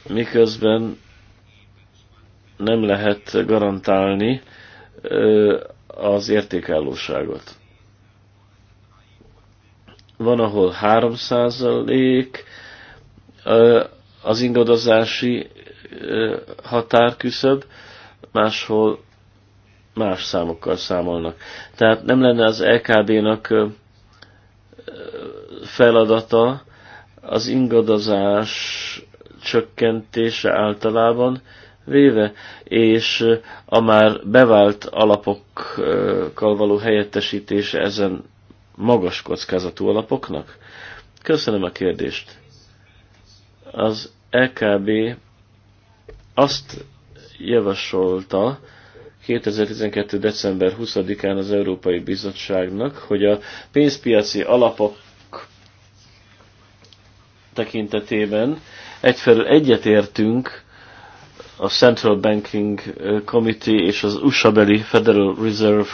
miközben nem lehet garantálni az értékállóságot. Van, ahol 3 az ingadozási határküszöb, máshol más számokkal számolnak. Tehát nem lenne az LKB-nak feladata az ingadozás csökkentése általában véve, és a már bevált alapokkal való helyettesítése ezen magas kockázatú alapoknak? Köszönöm a kérdést. Az LKB e azt javasolta 2012. december 20-án az Európai Bizottságnak, hogy a pénzpiaci alapok tekintetében egyfelől egyetértünk a Central Banking Committee és az USA-beli Federal Reserve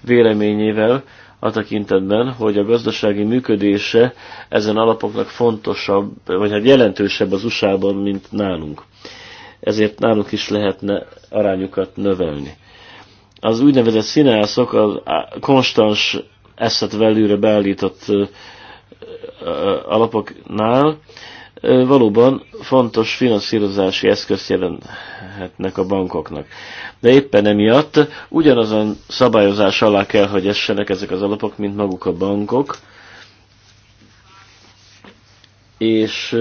véleményével a tekintetben, hogy a gazdasági működése ezen alapoknak fontosabb, vagy hát jelentősebb az USA-ban, mint nálunk. Ezért nálunk is lehetne arányukat növelni. Az úgynevezett színászok a konstans asset value beállított alapoknál valóban fontos finanszírozási eszközt jelenthetnek a bankoknak. De éppen emiatt ugyanazon szabályozás alá kell, hogy essenek ezek az alapok, mint maguk a bankok, és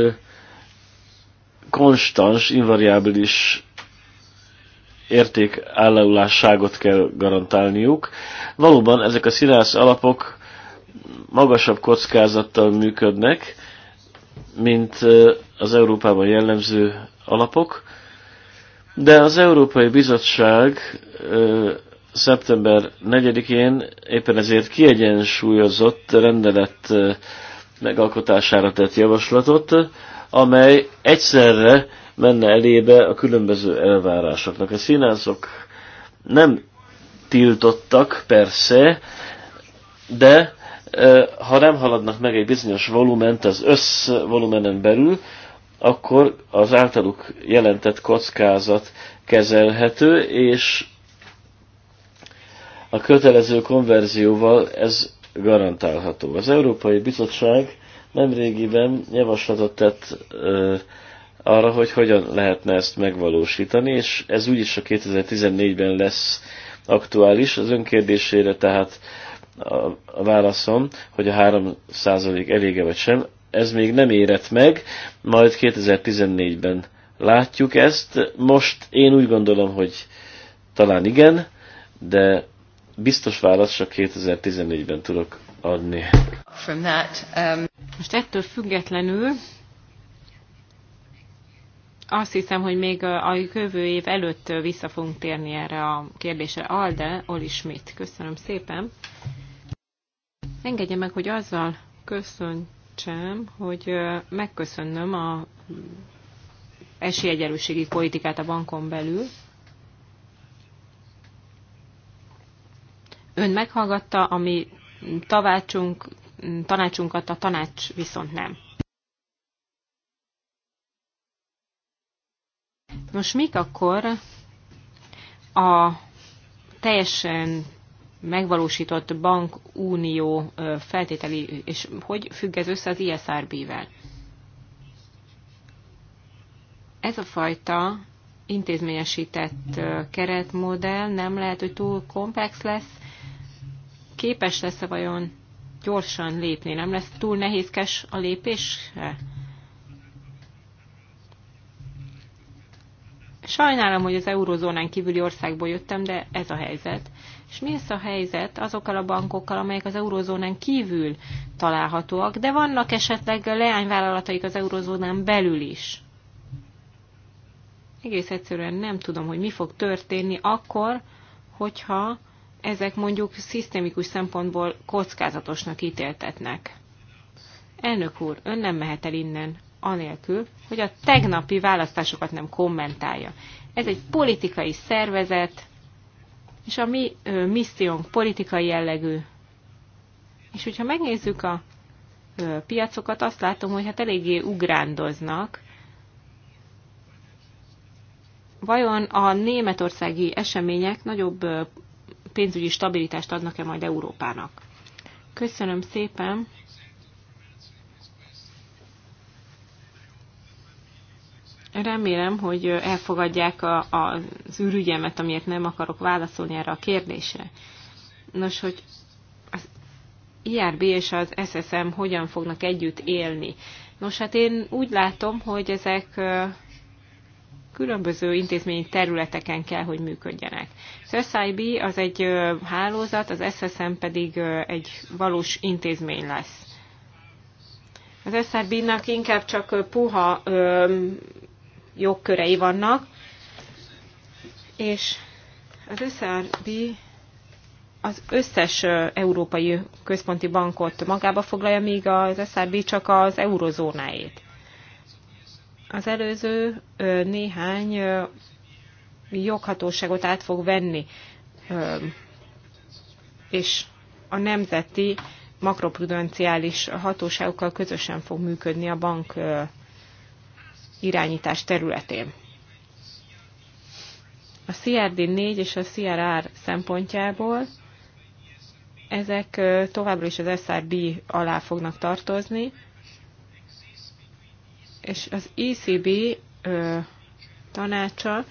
konstans, invariábilis értékállalásságot kell garantálniuk. Valóban ezek a szilász alapok magasabb kockázattal működnek, mint az Európában jellemző alapok, de az Európai Bizottság szeptember 4-én éppen ezért kiegyensúlyozott rendelet megalkotására tett javaslatot, amely egyszerre menne elébe a különböző elvárásoknak. A színászok nem tiltottak, persze, de ha nem haladnak meg egy bizonyos volument az összvolumenen belül, akkor az általuk jelentett kockázat kezelhető, és a kötelező konverzióval ez garantálható. Az Európai Bizottság nemrégiben javaslatot tett ö, arra, hogy hogyan lehetne ezt megvalósítani, és ez úgyis a 2014-ben lesz aktuális. Az önkérdésére tehát a válaszom, hogy a 3% elége vagy sem, ez még nem érett meg, majd 2014-ben látjuk ezt. Most én úgy gondolom, hogy talán igen, de biztos választ csak 2014-ben tudok adni. From that, um... Most ettől függetlenül azt hiszem, hogy még a jövő év előtt vissza fogunk térni erre a kérdésre. Alde, Oli Schmidt, köszönöm szépen. Engedje meg, hogy azzal köszöntsem, hogy megköszönöm a esélyegyenlőségi politikát a bankon belül. Ön meghallgatta, ami tavácsunk, tanácsunkat a tanács viszont nem. Nos, mik akkor a teljesen megvalósított bankunió feltételi, és hogy függ ez össze az ISRB-vel? Ez a fajta intézményesített keretmodell nem lehet, hogy túl komplex lesz. Képes lesz-e vajon gyorsan lépni? Nem lesz túl nehézkes a lépés? Sajnálom, hogy az eurozónán kívüli országból jöttem, de ez a helyzet. És mi lesz a helyzet azokkal a bankokkal, amelyek az eurozónán kívül találhatóak, de vannak esetleg a leányvállalataik az eurozónán belül is? Egész egyszerűen nem tudom, hogy mi fog történni akkor, hogyha ezek mondjuk szisztémikus szempontból kockázatosnak ítéltetnek. Elnök úr, ön nem mehet el innen, anélkül, hogy a tegnapi választásokat nem kommentálja. Ez egy politikai szervezet, és a mi ö, missziónk politikai jellegű. És hogyha megnézzük a ö, piacokat, azt látom, hogy hát eléggé ugrándoznak. Vajon a németországi események nagyobb ö, pénzügyi stabilitást adnak-e majd Európának? Köszönöm szépen! Remélem, hogy elfogadják a, a, az űrügyemet, amiért nem akarok válaszolni erre a kérdésre. Nos, hogy az IRB és az SSM hogyan fognak együtt élni? Nos, hát én úgy látom, hogy ezek különböző intézményi területeken kell, hogy működjenek. Az SIB az egy hálózat, az SSM pedig egy valós intézmény lesz. Az SRB-nak inkább csak puha jogkörei vannak, és az SRB az összes európai központi bankot magába foglalja, míg az SRB csak az eurozónáét. Az előző néhány joghatóságot át fog venni, és a nemzeti makroprudenciális hatóságokkal közösen fog működni a bank irányítás területén. A CRD4 és a CRR szempontjából ezek továbbra is az SRB alá fognak tartozni, és az ECB ö, tanácsa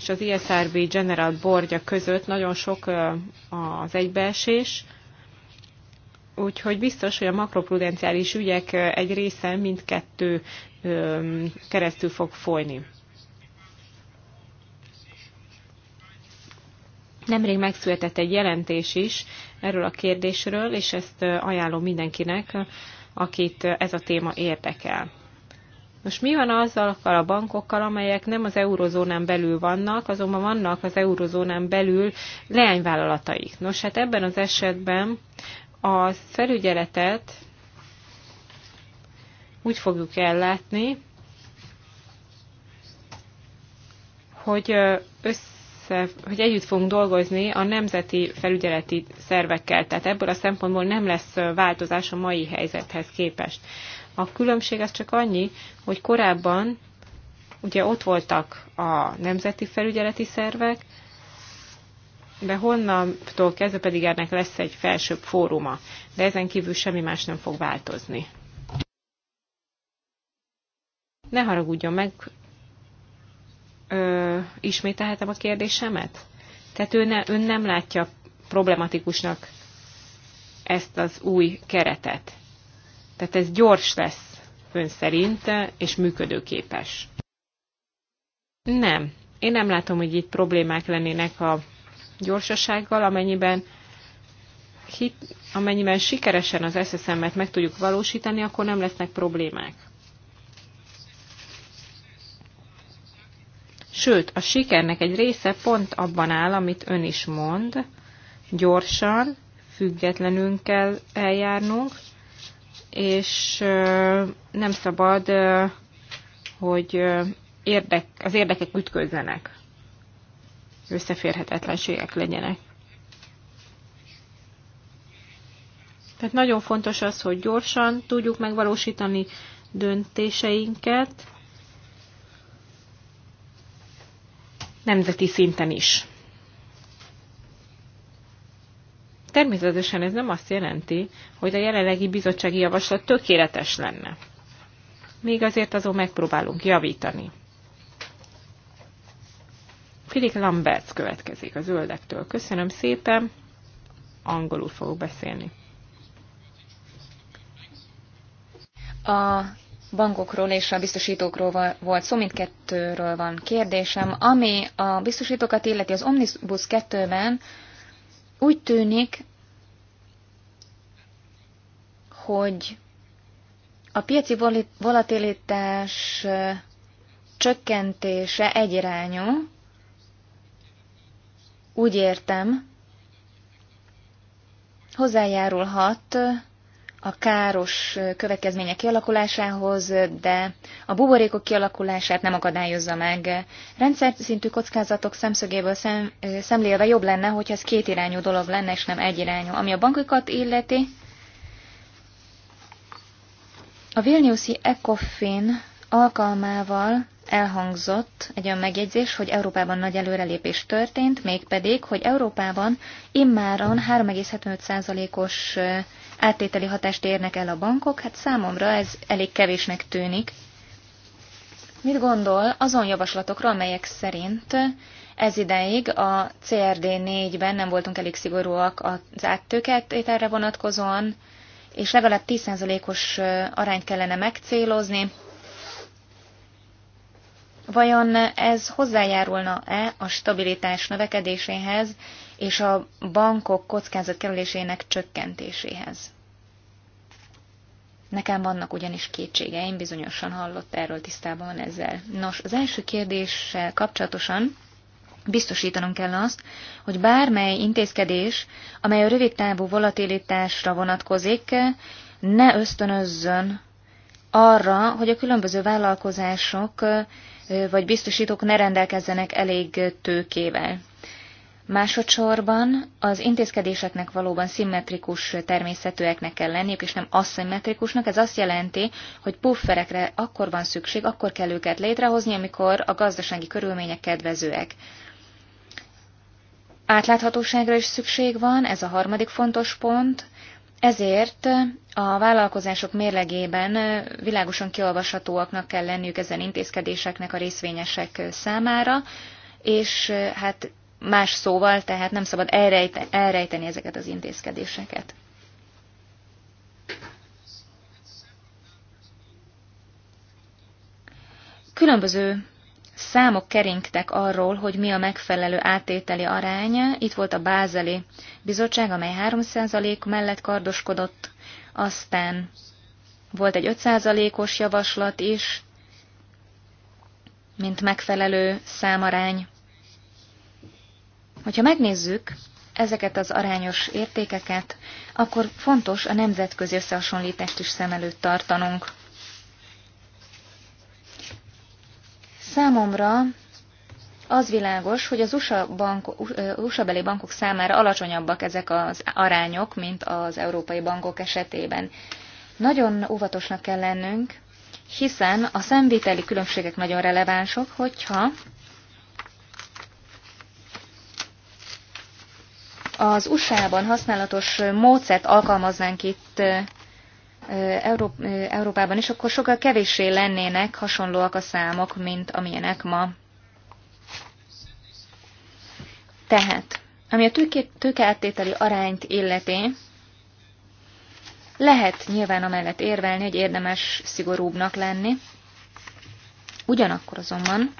és az ISRB General Boardja között nagyon sok ö, az egybeesés, Úgyhogy biztos, hogy a makroprudenciális ügyek egy része mindkettő keresztül fog folyni. Nemrég megszületett egy jelentés is erről a kérdésről, és ezt ajánlom mindenkinek, akit ez a téma érdekel. Most mi van azzal a bankokkal, amelyek nem az eurozónán belül vannak, azonban vannak az eurozónán belül leányvállalataik? Nos, hát ebben az esetben a felügyeletet úgy fogjuk ellátni, hogy, össze, hogy együtt fogunk dolgozni a nemzeti felügyeleti szervekkel, tehát ebből a szempontból nem lesz változás a mai helyzethez képest. A különbség az csak annyi, hogy korábban ugye ott voltak a nemzeti felügyeleti szervek, de honnantól kezdve pedig ennek lesz egy felsőbb fóruma. De ezen kívül semmi más nem fog változni. Ne haragudjon meg, ö, ismételhetem a kérdésemet? Tehát ő ne, ön nem látja problematikusnak ezt az új keretet. Tehát ez gyors lesz ön szerint, és működőképes. Nem. Én nem látom, hogy itt problémák lennének a gyorsasággal, amennyiben hit, amennyiben sikeresen az SSM-et meg tudjuk valósítani, akkor nem lesznek problémák. Sőt, a sikernek egy része pont abban áll, amit ön is mond, gyorsan, függetlenül kell eljárnunk, és nem szabad, hogy érdek, az érdekek ütközzenek összeférhetetlenségek legyenek. Tehát nagyon fontos az, hogy gyorsan tudjuk megvalósítani döntéseinket, nemzeti szinten is. Természetesen ez nem azt jelenti, hogy a jelenlegi bizottsági javaslat tökéletes lenne. Még azért azon megpróbálunk javítani. Philip Lamberts következik a zöldektől. Köszönöm szépen, angolul fogok beszélni. A bankokról és a biztosítókról volt szó, mindkettőről van kérdésem. Ami a biztosítókat illeti, az Omnibus 2-ben úgy tűnik, hogy a piaci volatilitás csökkentése egyirányú, úgy értem, hozzájárulhat a káros következmények kialakulásához, de a buborékok kialakulását nem akadályozza meg. Rendszer szintű kockázatok szemszögéből szem, szemlélve jobb lenne, hogy ez két irányú dolog lenne, és nem egy irányú, Ami a bankokat illeti, a Vilniuszi ECOFIN alkalmával elhangzott egy olyan megjegyzés, hogy Európában nagy előrelépés történt, mégpedig, hogy Európában immáron 3,75%-os áttételi hatást érnek el a bankok, hát számomra ez elég kevésnek tűnik. Mit gondol azon javaslatokra, amelyek szerint ez ideig a CRD 4-ben nem voltunk elég szigorúak az áttőkeltételre vonatkozóan, és legalább 10%-os arányt kellene megcélozni, Vajon ez hozzájárulna-e a stabilitás növekedéséhez és a bankok kockázatkerülésének csökkentéséhez? Nekem vannak ugyanis kétségeim, bizonyosan hallott erről tisztában van ezzel. Nos, az első kérdéssel kapcsolatosan biztosítanunk kell azt, hogy bármely intézkedés, amely a rövid távú volatilitásra vonatkozik, ne ösztönözzön arra, hogy a különböző vállalkozások vagy biztosítók ne rendelkezzenek elég tőkével. Másodszorban az intézkedéseknek valóban szimmetrikus természetűeknek kell lenniük, és nem aszimmetrikusnak. Ez azt jelenti, hogy pufferekre akkor van szükség, akkor kell őket létrehozni, amikor a gazdasági körülmények kedvezőek. Átláthatóságra is szükség van, ez a harmadik fontos pont. Ezért a vállalkozások mérlegében világosan kiolvashatóaknak kell lenniük ezen intézkedéseknek a részvényesek számára, és hát más szóval, tehát nem szabad elrejteni, elrejteni ezeket az intézkedéseket. Különböző számok keringtek arról, hogy mi a megfelelő átételi aránya. Itt volt a Bázeli Bizottság, amely 3% mellett kardoskodott, aztán volt egy 5%-os javaslat is, mint megfelelő számarány. Hogyha megnézzük ezeket az arányos értékeket, akkor fontos a nemzetközi összehasonlítást is szem előtt tartanunk. Számomra az világos, hogy az USA, bank, USA beli bankok számára alacsonyabbak ezek az arányok, mint az európai bankok esetében. Nagyon óvatosnak kell lennünk, hiszen a szemvételi különbségek nagyon relevánsok, hogyha az USA-ban használatos módszert alkalmaznánk itt Európában is, akkor sokkal kevéssé lennének hasonlóak a számok, mint amilyenek ma. Tehát, ami a tőkeáttételi arányt illeti, lehet nyilván amellett érvelni, hogy érdemes szigorúbbnak lenni. Ugyanakkor azonban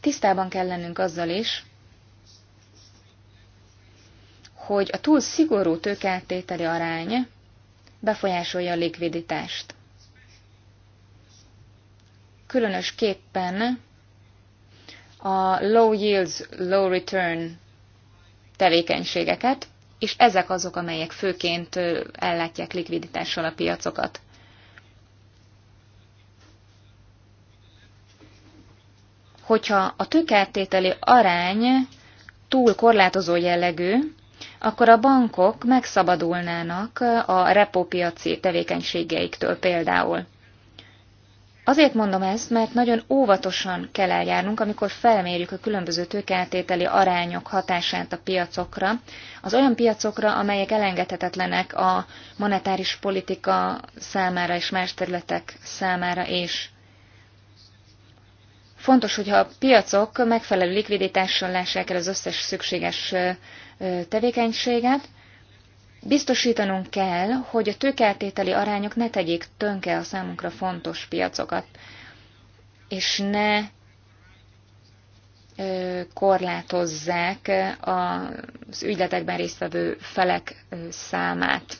tisztában kell lennünk azzal is, hogy a túl szigorú tőkeáttételi arány befolyásolja a likviditást. Különösképpen a low yields, low return tevékenységeket, és ezek azok, amelyek főként ellátják likviditással a piacokat. Hogyha a tőkeltételi arány túl korlátozó jellegű, akkor a bankok megszabadulnának a repópiaci tevékenységeiktől például. Azért mondom ezt, mert nagyon óvatosan kell eljárnunk, amikor felmérjük a különböző tőkeltételi arányok hatását a piacokra, az olyan piacokra, amelyek elengedhetetlenek a monetáris politika számára és más területek számára is. Fontos, hogyha a piacok megfelelő likviditással lássák el az összes szükséges tevékenységet. Biztosítanunk kell, hogy a tőkeltételi arányok ne tegyék tönke a számunkra fontos piacokat, és ne korlátozzák az ügyletekben résztvevő felek számát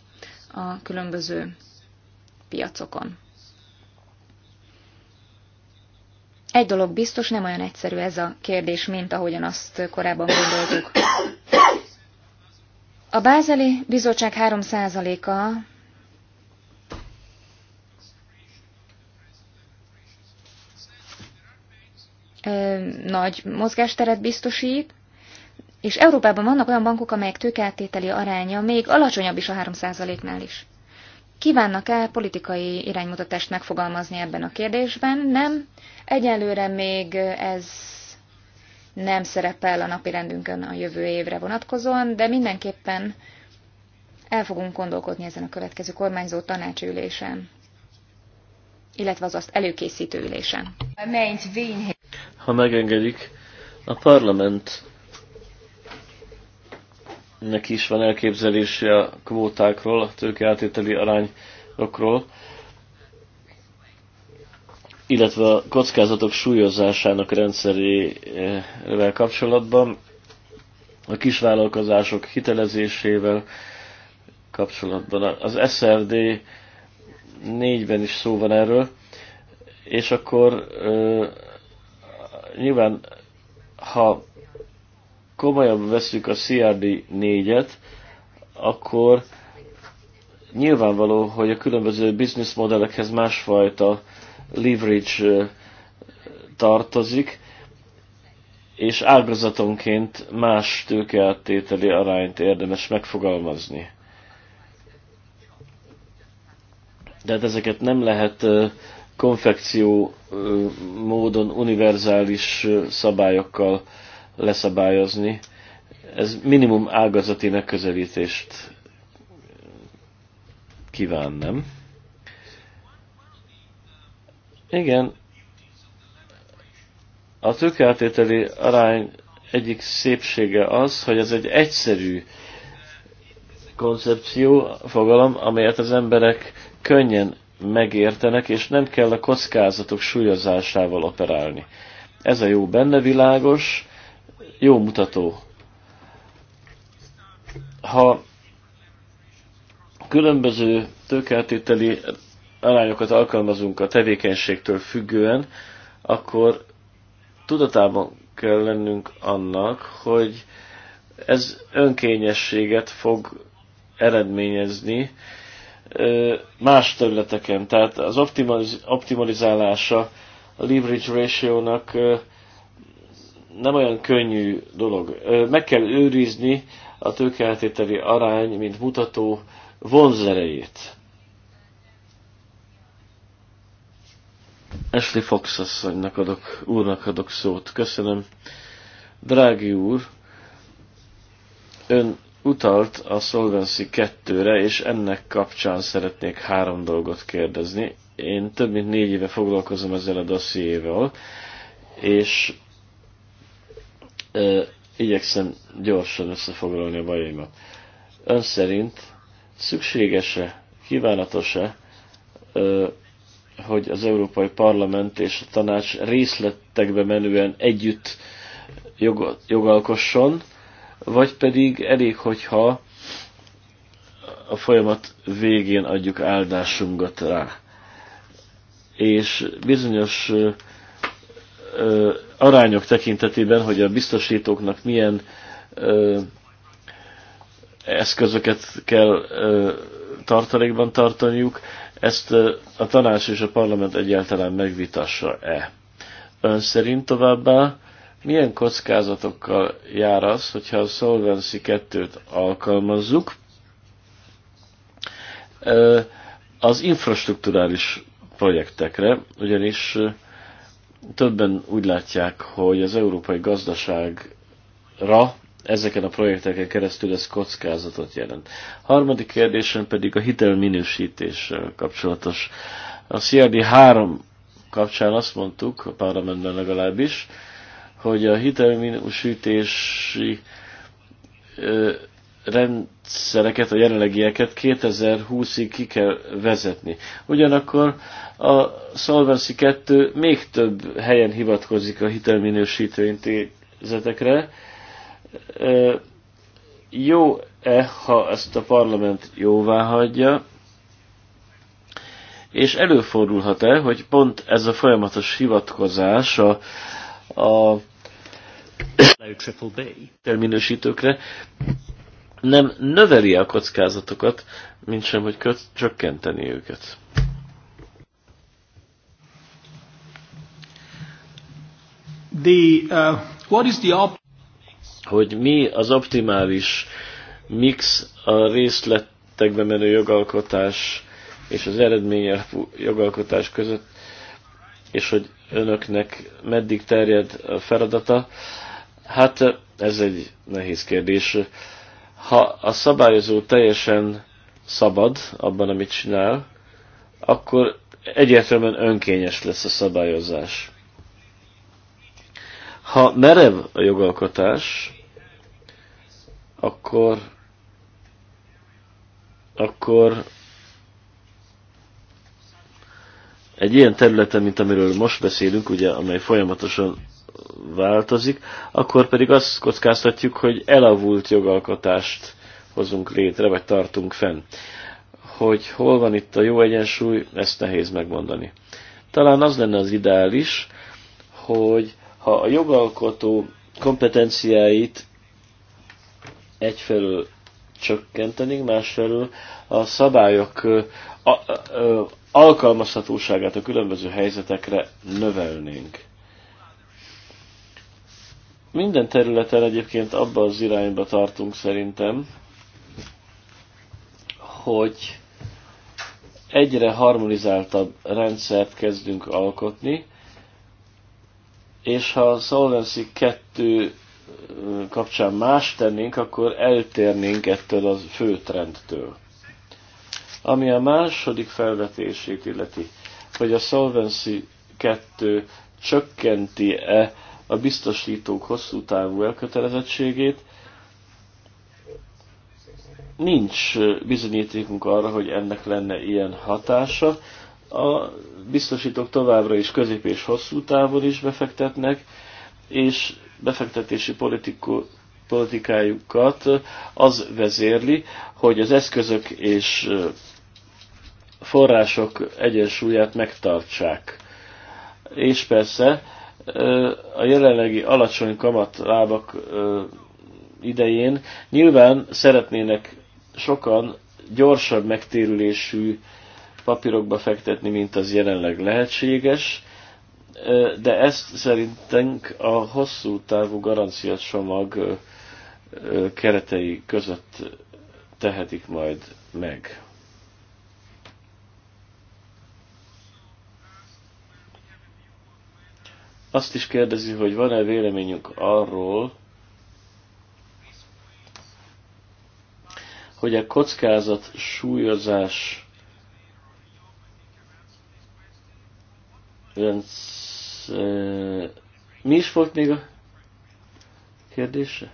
a különböző piacokon. Egy dolog biztos, nem olyan egyszerű ez a kérdés, mint ahogyan azt korábban gondoltuk. A Bázeli Bizottság 3%-a nagy mozgásteret biztosít, és Európában vannak olyan bankok, amelyek tőkeáttételi aránya még alacsonyabb is a 3%-nál is. Kívánnak-e politikai iránymutatást megfogalmazni ebben a kérdésben? Nem. Egyelőre még ez nem szerepel a napi rendünkön a jövő évre vonatkozóan, de mindenképpen el fogunk gondolkodni ezen a következő kormányzó tanácsülésen, illetve az azt előkészítő ülésen. Ha megengedik, a parlament neki is van elképzelése a kvótákról, a tőkeátételi arányokról, illetve a kockázatok súlyozásának rendszerével kapcsolatban, a kisvállalkozások hitelezésével kapcsolatban. Az SRD négyben is szó van erről, és akkor nyilván, ha komolyan veszük a CRD 4-et, akkor nyilvánvaló, hogy a különböző bizniszmodellekhez másfajta leverage tartozik, és ágazatonként más tőkeáttételi arányt érdemes megfogalmazni. hát ezeket nem lehet konfekció módon univerzális szabályokkal leszabályozni. Ez minimum ágazati megközelítést kíván, nem? Igen, a tőkeáttételi arány egyik szépsége az, hogy ez egy egyszerű koncepció, fogalom, amelyet az emberek könnyen megértenek, és nem kell a kockázatok súlyozásával operálni. Ez a jó benne világos, jó mutató. Ha különböző tőkeltételi arányokat alkalmazunk a tevékenységtől függően, akkor tudatában kell lennünk annak, hogy ez önkényességet fog eredményezni más területeken. Tehát az optimaliz optimalizálása a leverage ratio-nak nem olyan könnyű dolog. Meg kell őrizni a tőkeltételi arány, mint mutató vonzerejét. Ashley Fox asszonynak adok, úrnak adok szót. Köszönöm. Drági úr, ön utalt a Solvency 2-re, és ennek kapcsán szeretnék három dolgot kérdezni. Én több mint négy éve foglalkozom ezzel a dossziéval, és e, igyekszem gyorsan összefoglalni a bajaimat. Ön szerint szükséges-e, kívánatos-e hogy az Európai Parlament és a tanács részletekbe menően együtt jog, jogalkosson, vagy pedig elég, hogyha a folyamat végén adjuk áldásunkat rá. És bizonyos ö, ö, arányok tekintetében, hogy a biztosítóknak milyen ö, eszközöket kell ö, tartalékban tartaniuk, ezt a tanács és a parlament egyáltalán megvitassa-e. Ön szerint továbbá milyen kockázatokkal jár az, hogyha a Solvency 2-t alkalmazzuk, az infrastruktúrális projektekre, ugyanis többen úgy látják, hogy az európai gazdaságra ezeken a projekteken keresztül ez kockázatot jelent. Harmadik kérdésem pedig a hitelminősítéssel kapcsolatos. A CRD 3 kapcsán azt mondtuk, a parlamentben legalábbis, hogy a hitelminősítési rendszereket, a jelenlegieket 2020-ig ki kell vezetni. Ugyanakkor a Solvency 2 még több helyen hivatkozik a hitelminősítő intézetekre, jó-e, ha ezt a parlament jóvá hagyja, és előfordulhat-e, hogy pont ez a folyamatos hivatkozás a, a terminősítőkre nem növeli a kockázatokat, mint sem, hogy köt, csökkenteni őket. The, uh, what is the op- hogy mi az optimális mix a részletekbe menő jogalkotás és az eredménye jogalkotás között, és hogy önöknek meddig terjed a feladata. Hát ez egy nehéz kérdés. Ha a szabályozó teljesen szabad abban, amit csinál, akkor egyértelműen önkényes lesz a szabályozás. Ha merev a jogalkotás, akkor akkor egy ilyen területen, mint amiről most beszélünk, ugye, amely folyamatosan változik, akkor pedig azt kockáztatjuk, hogy elavult jogalkotást hozunk létre, vagy tartunk fenn. Hogy hol van itt a jó egyensúly, ezt nehéz megmondani. Talán az lenne az ideális, hogy ha a jogalkotó kompetenciáit egyfelől csökkentenénk, másfelől a szabályok a, a, a, alkalmazhatóságát a különböző helyzetekre növelnénk. Minden területen egyébként abba az irányba tartunk szerintem, hogy egyre harmonizáltabb rendszert kezdünk alkotni, és ha a Solvency 2 kapcsán más tennénk, akkor eltérnénk ettől a fő trendtől. Ami a második felvetését illeti, hogy a Solvency 2 csökkenti-e a biztosítók hosszú távú elkötelezettségét, nincs bizonyítékunk arra, hogy ennek lenne ilyen hatása a biztosítók továbbra is közép és hosszú távon is befektetnek, és befektetési politikó, politikájukat az vezérli, hogy az eszközök és források egyensúlyát megtartsák. És persze a jelenlegi alacsony kamatlábak idején nyilván szeretnének sokan gyorsabb megtérülésű papírokba fektetni, mint az jelenleg lehetséges, de ezt szerintünk a hosszú távú garancia csomag keretei között tehetik majd meg. Azt is kérdezi, hogy van-e véleményünk arról, hogy a kockázat súlyozás Mi is volt még a kérdése?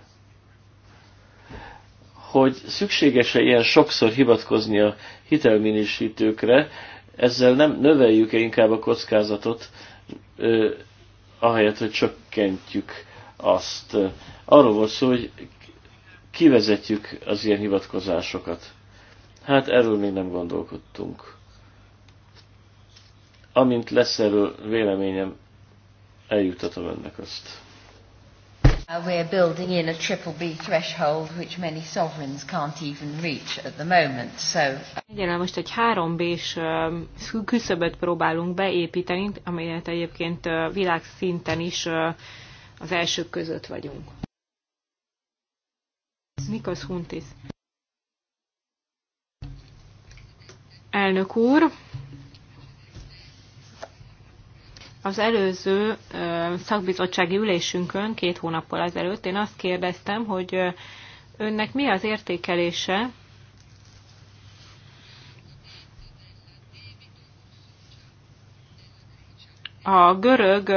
Hogy szükséges-e ilyen sokszor hivatkozni a hitelminisítőkre, ezzel nem növeljük-e inkább a kockázatot, ahelyett, hogy csökkentjük azt. Arról volt szó, hogy kivezetjük az ilyen hivatkozásokat. Hát erről még nem gondolkodtunk. Amint lesz erről véleményem, eljutatom önnek azt. Uh, we're building in a triple B threshold, which many sovereigns can't even reach at the moment. So. Uh, Egyelőre most egy 3B-s küszöböt próbálunk beépíteni, amelyet egyébként világszinten is az elsők között vagyunk. Mikos Huntis. Elnök úr, Az előző szakbizottsági ülésünkön két hónappal ezelőtt én azt kérdeztem, hogy önnek mi az értékelése a görög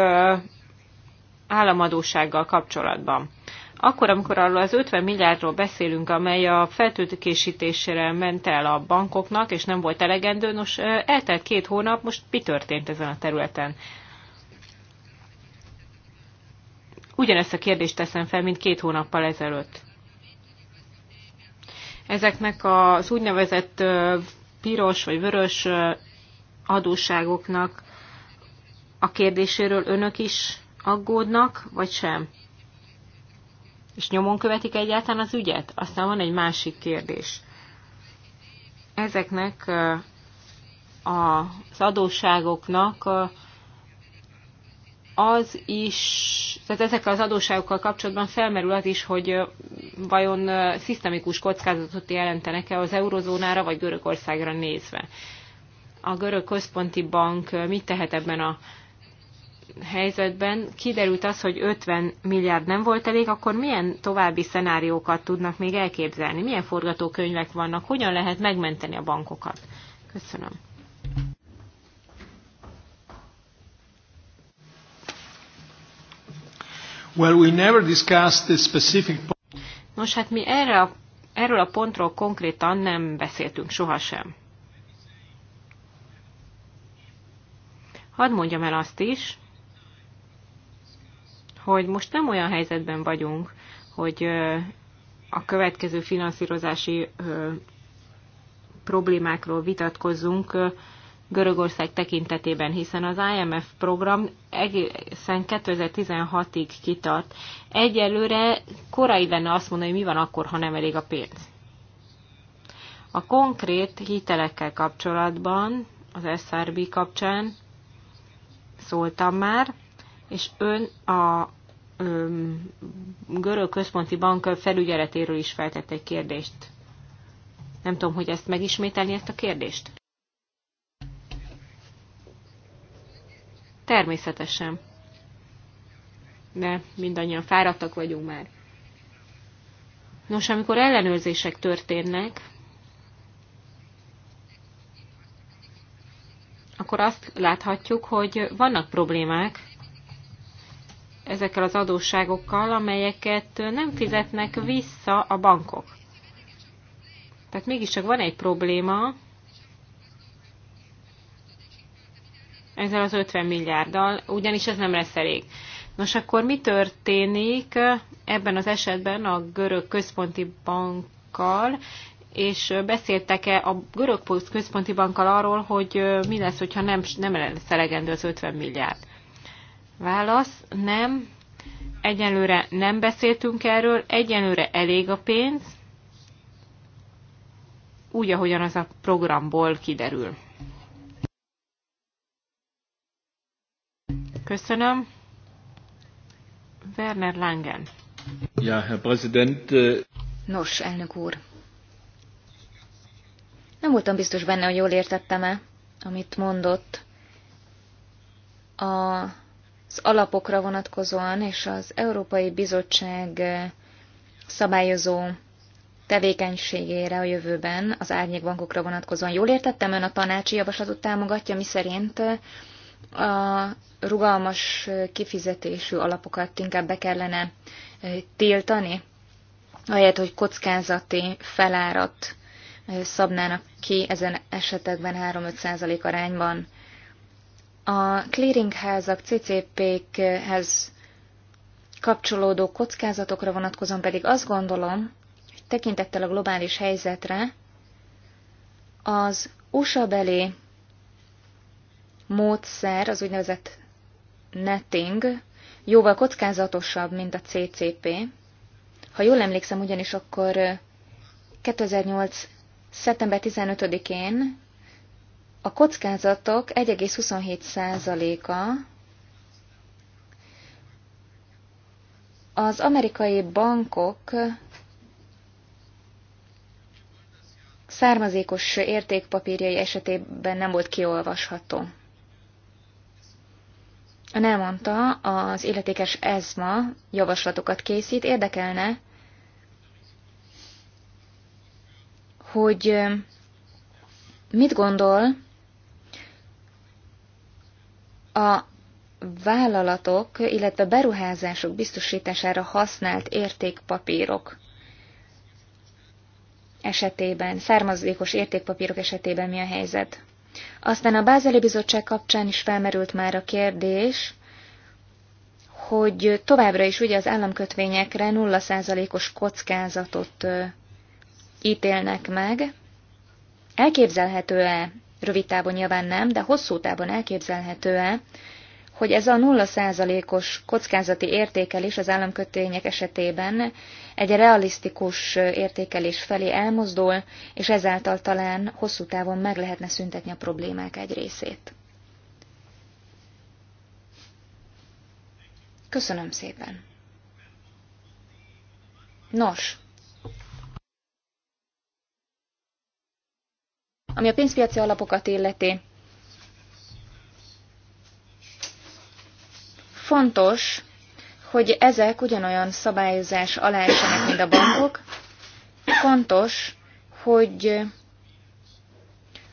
államadósággal kapcsolatban. Akkor, amikor arról az 50 milliárdról beszélünk, amely a feltőkésítésére ment el a bankoknak, és nem volt elegendő, nos, eltelt két hónap, most mi történt ezen a területen? Ugyanezt a kérdést teszem fel, mint két hónappal ezelőtt. Ezeknek az úgynevezett piros vagy vörös adósságoknak a kérdéséről önök is aggódnak, vagy sem? És nyomon követik egyáltalán az ügyet? Aztán van egy másik kérdés. Ezeknek az adósságoknak az is, tehát ezekkel az adósságokkal kapcsolatban felmerül az is, hogy vajon szisztemikus kockázatot jelentenek-e az eurozónára vagy Görögországra nézve. A Görög Központi Bank mit tehet ebben a helyzetben? Kiderült az, hogy 50 milliárd nem volt elég, akkor milyen további szenáriókat tudnak még elképzelni? Milyen forgatókönyvek vannak? Hogyan lehet megmenteni a bankokat? Köszönöm. Well, we never discussed this specific Nos, hát mi erre a, erről a pontról konkrétan nem beszéltünk sohasem. Hadd mondjam el azt is, hogy most nem olyan helyzetben vagyunk, hogy a következő finanszírozási problémákról vitatkozzunk Görögország tekintetében, hiszen az IMF program egészen 2016-ig kitart. Egyelőre korai lenne azt mondani, hogy mi van akkor, ha nem elég a pénz. A konkrét hitelekkel kapcsolatban, az SRB kapcsán szóltam már, és ön a ö, görög központi bank felügyeletéről is feltett egy kérdést. Nem tudom, hogy ezt megismételni, ezt a kérdést. Természetesen. De mindannyian fáradtak vagyunk már. Nos, amikor ellenőrzések történnek, akkor azt láthatjuk, hogy vannak problémák ezekkel az adósságokkal, amelyeket nem fizetnek vissza a bankok. Tehát mégiscsak van egy probléma, ezzel az 50 milliárddal, ugyanis ez nem lesz elég. Nos, akkor mi történik eh, ebben az esetben a görög központi bankkal, és eh, beszéltek-e a görög központi bankkal arról, hogy eh, mi lesz, hogyha nem, nem lesz elegendő az 50 milliárd? Válasz, nem. Egyelőre nem beszéltünk erről, egyelőre elég a pénz, úgy, ahogyan az a programból kiderül. Köszönöm. Werner Langen. Ja, Herr Präsident. Äh, Nos, elnök úr. Nem voltam biztos benne, hogy jól értettem-e, amit mondott. A, az alapokra vonatkozóan és az Európai Bizottság szabályozó tevékenységére a jövőben az árnyékbankokra vonatkozóan. Jól értettem, ön a tanácsi javaslatot támogatja, miszerint a rugalmas kifizetésű alapokat inkább be kellene tiltani, ahelyett, hogy kockázati felárat szabnának ki ezen esetekben 3-5 arányban. A clearingházak, CCP-khez kapcsolódó kockázatokra vonatkozom pedig azt gondolom, hogy tekintettel a globális helyzetre az USA belé módszer, az úgynevezett netting, jóval kockázatosabb, mint a CCP. Ha jól emlékszem, ugyanis akkor 2008. szeptember 15-én a kockázatok 1,27%-a az amerikai bankok származékos értékpapírjai esetében nem volt kiolvasható. Ön elmondta, az illetékes ESMA javaslatokat készít. Érdekelne, hogy mit gondol a vállalatok, illetve beruházások biztosítására használt értékpapírok esetében, származékos értékpapírok esetében mi a helyzet? Aztán a Bázeli Bizottság kapcsán is felmerült már a kérdés, hogy továbbra is ugye az államkötvényekre 0%-os kockázatot ítélnek meg. Elképzelhető-e, rövid távon nyilván nem, de hosszú távon elképzelhető-e, hogy ez a 0%-os kockázati értékelés az államkötvények esetében egy realisztikus értékelés felé elmozdul, és ezáltal talán hosszú távon meg lehetne szüntetni a problémák egy részét. Köszönöm szépen. Nos, ami a pénzpiaci alapokat illeti, Fontos, hogy ezek ugyanolyan szabályozás alá esenek, mint a bankok. Fontos, hogy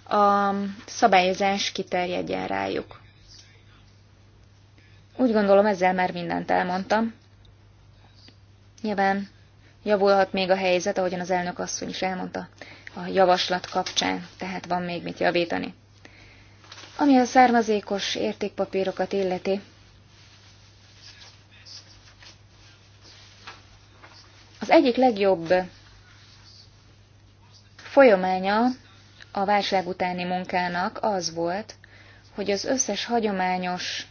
a szabályozás kiterjedjen rájuk. Úgy gondolom, ezzel már mindent elmondtam. Nyilván javulhat még a helyzet, ahogyan az elnök asszony is elmondta a javaslat kapcsán, tehát van még mit javítani. Ami a származékos értékpapírokat illeti, Az egyik legjobb folyamánya a válság utáni munkának az volt, hogy az összes hagyományos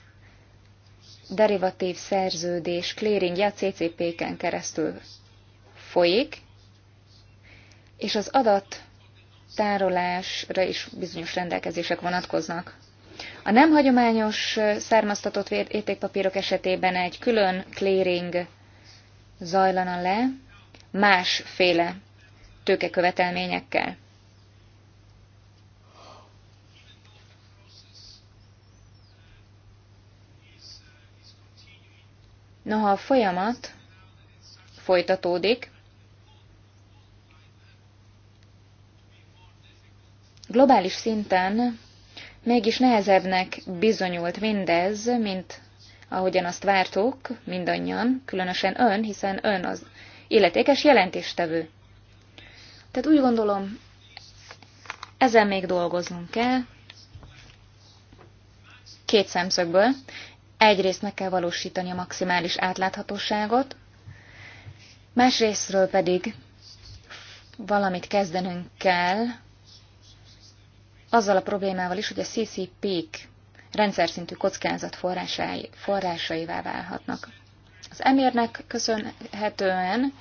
derivatív szerződés clearingje a CCP-ken keresztül folyik, és az adat tárolásra is bizonyos rendelkezések vonatkoznak. A nem hagyományos származtatott értékpapírok esetében egy külön clearing zajlana le másféle tőkekövetelményekkel. Noha a folyamat folytatódik, globális szinten mégis nehezebbnek bizonyult mindez, mint ahogyan azt vártuk mindannyian, különösen ön, hiszen ön az illetékes jelentéstevő. Tehát úgy gondolom, ezen még dolgoznunk kell, két szemszögből. Egyrészt meg kell valósítani a maximális átláthatóságot, másrésztről pedig valamit kezdenünk kell azzal a problémával is, hogy a CCP-k rendszer szintű kockázat forrásai, forrásaivá válhatnak. Az emérnek köszönhetően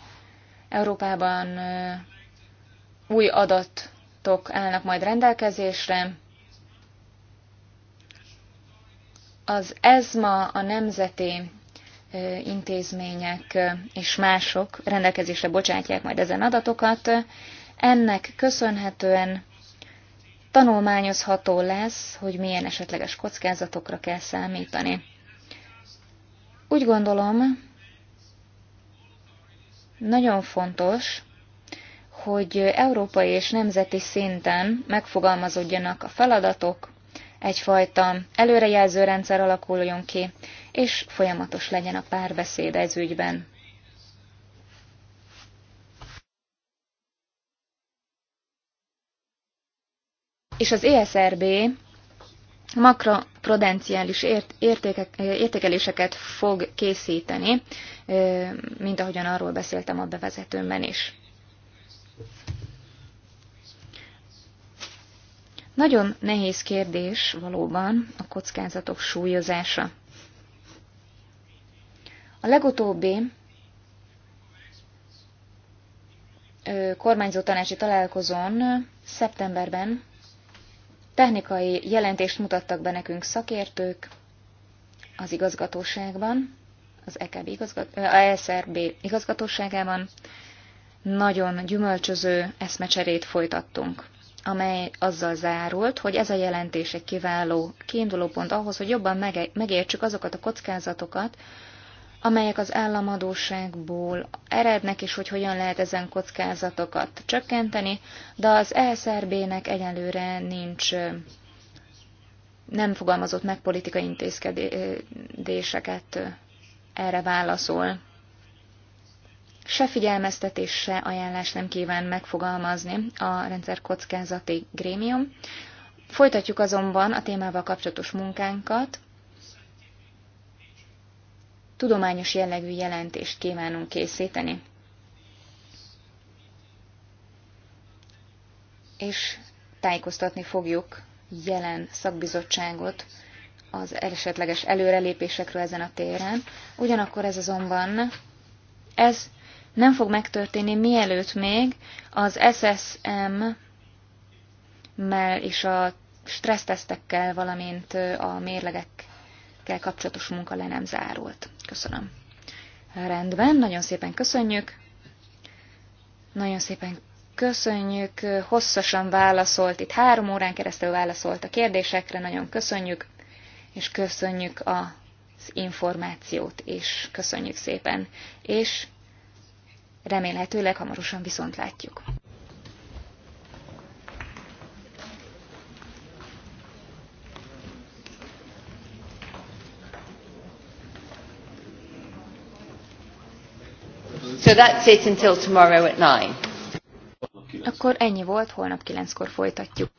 Európában új adatok állnak majd rendelkezésre. Az ESMA, a nemzeti intézmények és mások rendelkezésre bocsátják majd ezen adatokat. Ennek köszönhetően tanulmányozható lesz, hogy milyen esetleges kockázatokra kell számítani. Úgy gondolom, nagyon fontos, hogy európai és nemzeti szinten megfogalmazódjanak a feladatok, egyfajta előrejelző rendszer alakuljon ki, és folyamatos legyen a párbeszéd ez ügyben. és az ESRB makroprudenciális ért, értékek, értékeléseket fog készíteni, mint ahogyan arról beszéltem a bevezetőmben is. Nagyon nehéz kérdés valóban a kockázatok súlyozása. A legutóbbi kormányzó tanácsi találkozón szeptemberben Technikai jelentést mutattak be nekünk szakértők az igazgatóságban, az EKB igazgat, ESRB igazgatóságában. Nagyon gyümölcsöző eszmecserét folytattunk, amely azzal zárult, hogy ez a jelentés egy kiváló kiindulópont ahhoz, hogy jobban megértsük azokat a kockázatokat, amelyek az államadóságból erednek, és hogy hogyan lehet ezen kockázatokat csökkenteni, de az ESRB-nek egyelőre nincs nem fogalmazott meg politikai intézkedéseket erre válaszol. Se figyelmeztetés, se ajánlás nem kíván megfogalmazni a rendszer kockázati grémium. Folytatjuk azonban a témával kapcsolatos munkánkat, tudományos jellegű jelentést kívánunk készíteni. És tájékoztatni fogjuk jelen szakbizottságot az esetleges előrelépésekről ezen a téren. Ugyanakkor ez azonban ez nem fog megtörténni, mielőtt még az SSM-mel és a stressztesztekkel, valamint a mérlegekkel kapcsolatos munka le nem zárult. Köszönöm. Rendben, nagyon szépen köszönjük. Nagyon szépen köszönjük. Hosszasan válaszolt, itt három órán keresztül válaszolt a kérdésekre, nagyon köszönjük, és köszönjük az információt is. Köszönjük szépen, és remélhetőleg hamarosan viszont látjuk. So that's it until tomorrow at nine. Akkor ennyi volt, holnap kilenckor folytatjuk.